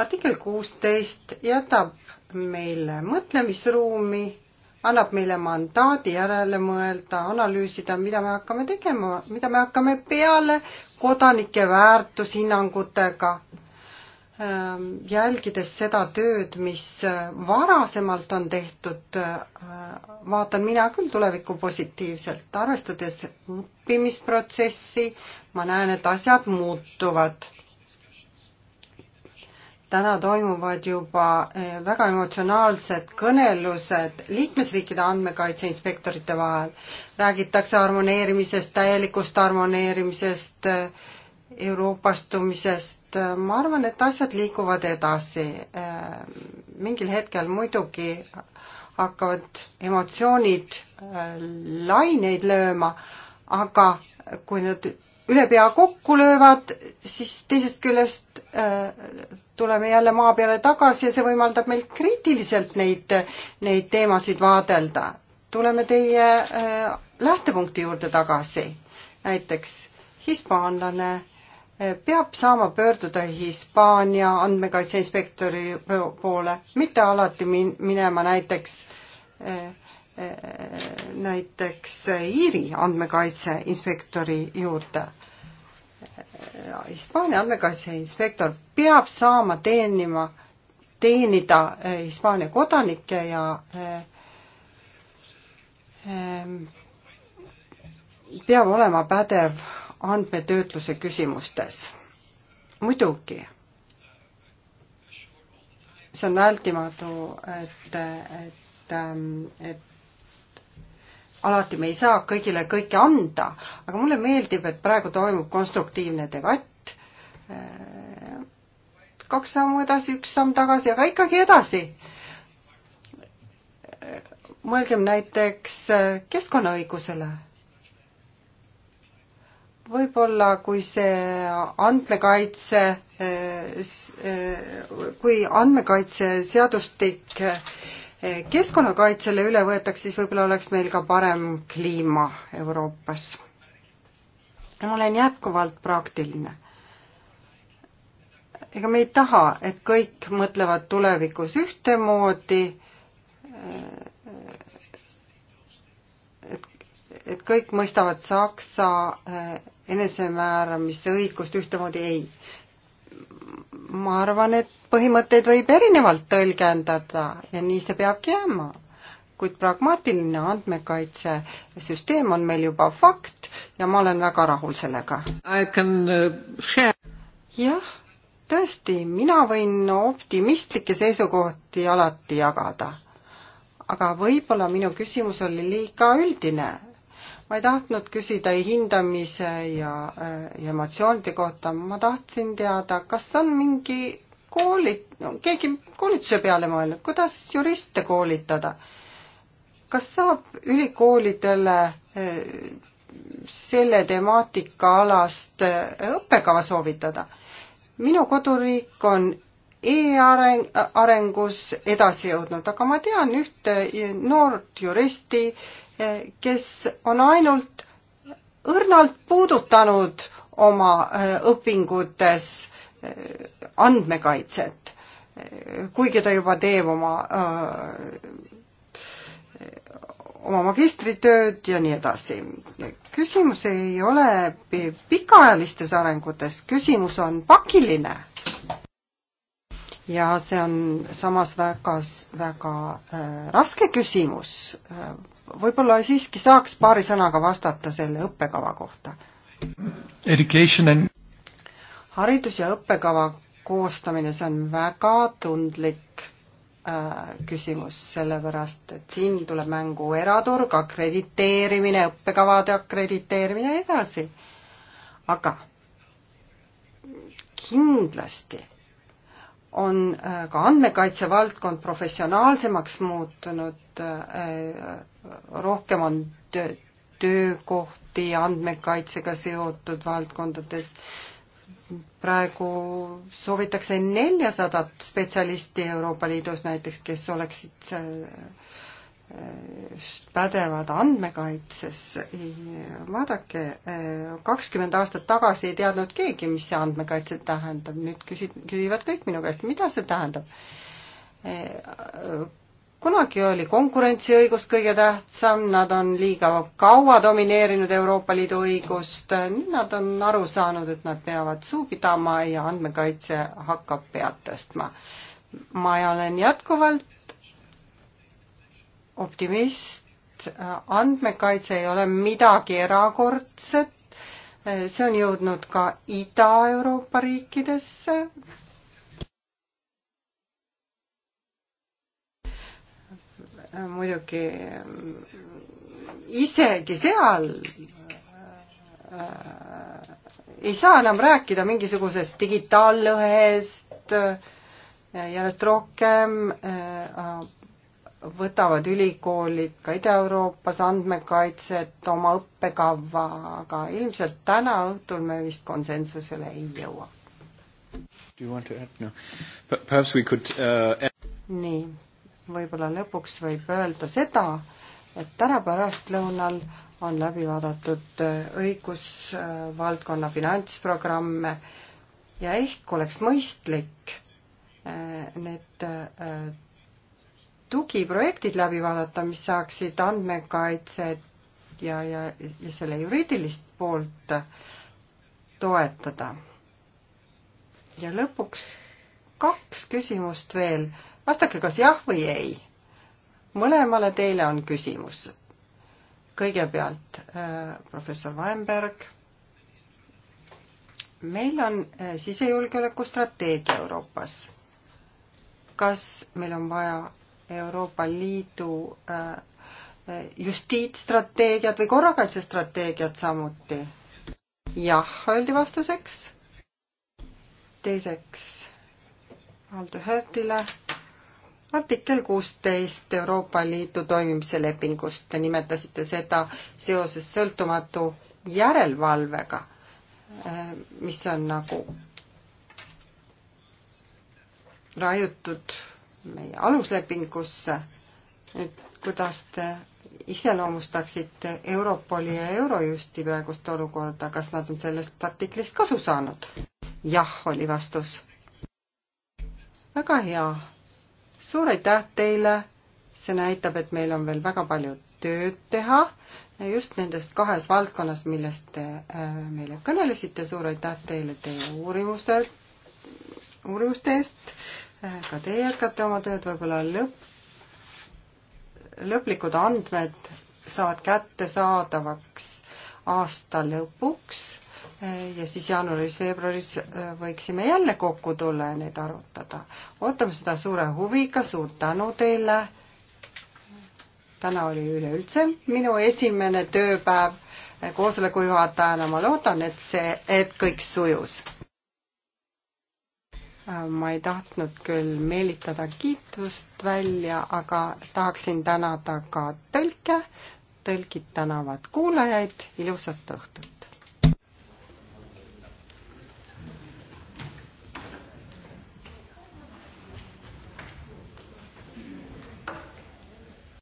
artikkel kuusteist jätab meile mõtlemisruumi, annab meile mandaadi järele mõelda, analüüsida, mida me hakkame tegema, mida me hakkame peale kodanike väärtushinnangutega Ähm, jälgides seda tööd, mis äh, varasemalt on tehtud, äh, vaatan mina küll tulevikku positiivselt, arvestades õppimisprotsessi, ma näen, et asjad muutuvad. täna toimuvad juba äh, väga emotsionaalsed kõnelused liikmesriikide andmekaitse inspektorite vahel. räägitakse harmoneerimisest, täielikust harmoneerimisest äh,, euroopastumisest, ma arvan, et asjad liiguvad edasi. Äh, mingil hetkel muidugi hakkavad emotsioonid äh, laineid lööma, aga kui nad üle pea kokku löövad, siis teisest küljest äh, tuleme jälle maa peale tagasi ja see võimaldab meil kriitiliselt neid, neid teemasid vaadelda. tuleme teie lähtepunkti juurde tagasi. näiteks hispaanlane peab saama pöörduda Hispaania andmekaitse inspektori poole, mitte alati min-, minema näiteks näiteks Iiri andmekaitse inspektori juurde. Hispaania andmekaitse inspektor peab saama teenima, teenida Hispaania kodanikke ja ehm, peab olema pädev andmetöötluse küsimustes. muidugi, see on vältimatu, et, et, ähm, et alati me ei saa kõigile kõike anda, aga mulle meeldib, et praegu toimub konstruktiivne debatt, äh, kaks sammu edasi, üks samm tagasi, aga ikkagi edasi mõelgem näiteks äh, keskkonnaõigusele võib-olla kui see andmekaitse, kui andmekaitseseadustik keskkonnakaitsele üle võetaks, siis võib-olla oleks meil ka parem kliima Euroopas. ma olen jätkuvalt praktiline. ega me ei taha, et kõik mõtlevad tulevikus ühtemoodi, et, et kõik mõistavad saksa enesemääramisõigust ühtemoodi ei. ma arvan, et põhimõtteid võib erinevalt tõlgendada ja nii see peabki jääma. kuid pragmaatiline andmekaitsesüsteem on meil juba fakt ja ma olen väga rahul sellega. Uh, jah, tõesti, mina võin optimistlikke seisukohti alati jagada aga võib-olla minu küsimus oli liiga üldine ma ei tahtnud küsida ei hindamise ja, äh, ja emotsioonide kohta, ma tahtsin teada, kas on mingi kooli, no keegi koolituse peale mõelnud, kuidas juriste koolitada? kas saab ülikoolidele äh, selle temaatika alast äh, õppekava soovitada? minu koduriik on e-areng, arengus edasi jõudnud, aga ma tean ühte noort juristi, kes on ainult õrnalt puudutanud oma äh, õpingutes äh, andmekaitset, äh, kuigi ta juba teeb oma, oma magistritööd ja nii edasi. küsimus ei ole pikaajalistes arengutes, küsimus on pakiline. ja see on samas väga, väga raske küsimus võib-olla siiski saaks paari sõnaga vastata selle õppekava kohta. And... haridus ja õppekava koostamine, see on väga tundlik äh, küsimus, sellepärast et siin tuleb mängu eraturg, akrediteerimine, õppekavade akrediteerimine ja nii edasi. aga kindlasti on äh, ka andmekaitse valdkond professionaalsemaks muutunud et äh, rohkem on töökohti andmekaitsega seotud valdkondades. praegu soovitakse neljasadat spetsialisti Euroopa Liidus näiteks, kes oleksid äh, pädevad andmekaitses. vaadake, äh, kakskümmend aastat tagasi ei teadnud keegi, mis see andmekaitse tähendab, nüüd küsid, küsivad kõik minu käest, mida see tähendab kunagi oli konkurentsiõigus kõige tähtsam, nad on liiga kaua domineerinud Euroopa Liidu õigust, nüüd nad on aru saanud, et nad peavad suu pidama ja andmekaitse hakkab pead tõstma. ma olen jätkuvalt optimist, andmekaitse ei ole midagi erakordset, see on jõudnud ka Ida-Euroopa riikidesse, muidugi isegi seal äh, ei saa enam rääkida mingisugusest digitaallõhest, äh, järjest rohkem äh, võtavad ülikoolid ka Ida-Euroopas andmekaitset oma õppekava, aga ilmselt täna õhtul me vist konsensusele ei jõua. No. Could, uh... nii, võib-olla lõpuks võib öelda seda, et täna pärastlõunal on läbi vaadatud äh, õigusvaldkonna finantsprogramme ja ehk oleks mõistlik äh, need äh, tugiprojektid läbi vaadata, mis saaksid andmekaitset ja, ja, ja selle juriidilist poolt toetada. ja lõpuks kaks küsimust veel vastake kas jah või ei. mõlemale teile on küsimus. kõigepealt äh, professor Vaenberg. meil on äh, sisejulgeoleku strateegia Euroopas. kas meil on vaja Euroopa Liidu äh, justiitsstrateegiat või korrakaitsestrateegiat samuti? jah, öeldi vastuseks. teiseks Aldo Hertile artikkel kuusteist Euroopa Liidu toimimise lepingust, te nimetasite seda seoses sõltumatu järelevalvega, äh, mis on nagu raiutud meie aluslepingusse, et kuidas te iseloomustaksite Europoli ja Eurojusti praegust olukorda, kas nad on sellest artiklist kasu saanud? jah, oli vastus. väga hea suur aitäh teile, see näitab, et meil on veel väga palju tööd teha just nendest kahes valdkonnas, millest te äh, meile kõnelesite, suur aitäh teile teie uurimuse, uurimuste eest, äh, ka teie jätkate oma tööd, võib-olla lõpp, lõplikud andmed saavad kättesaadavaks aasta lõpuks ja siis jaanuaris-veebruaris äh, võiksime jälle kokku tulla ja neid arutada. ootame seda suure huviga, suur tänu teile. täna oli üleüldse minu esimene tööpäev koosoleku juhatajana, ma loodan, et see, et kõik sujus. Äh, ma ei tahtnud küll meelitada kiitust välja, aga tahaksin tänada ka tõlke, tõlgid tänavad kuulajaid, ilusat õhtut!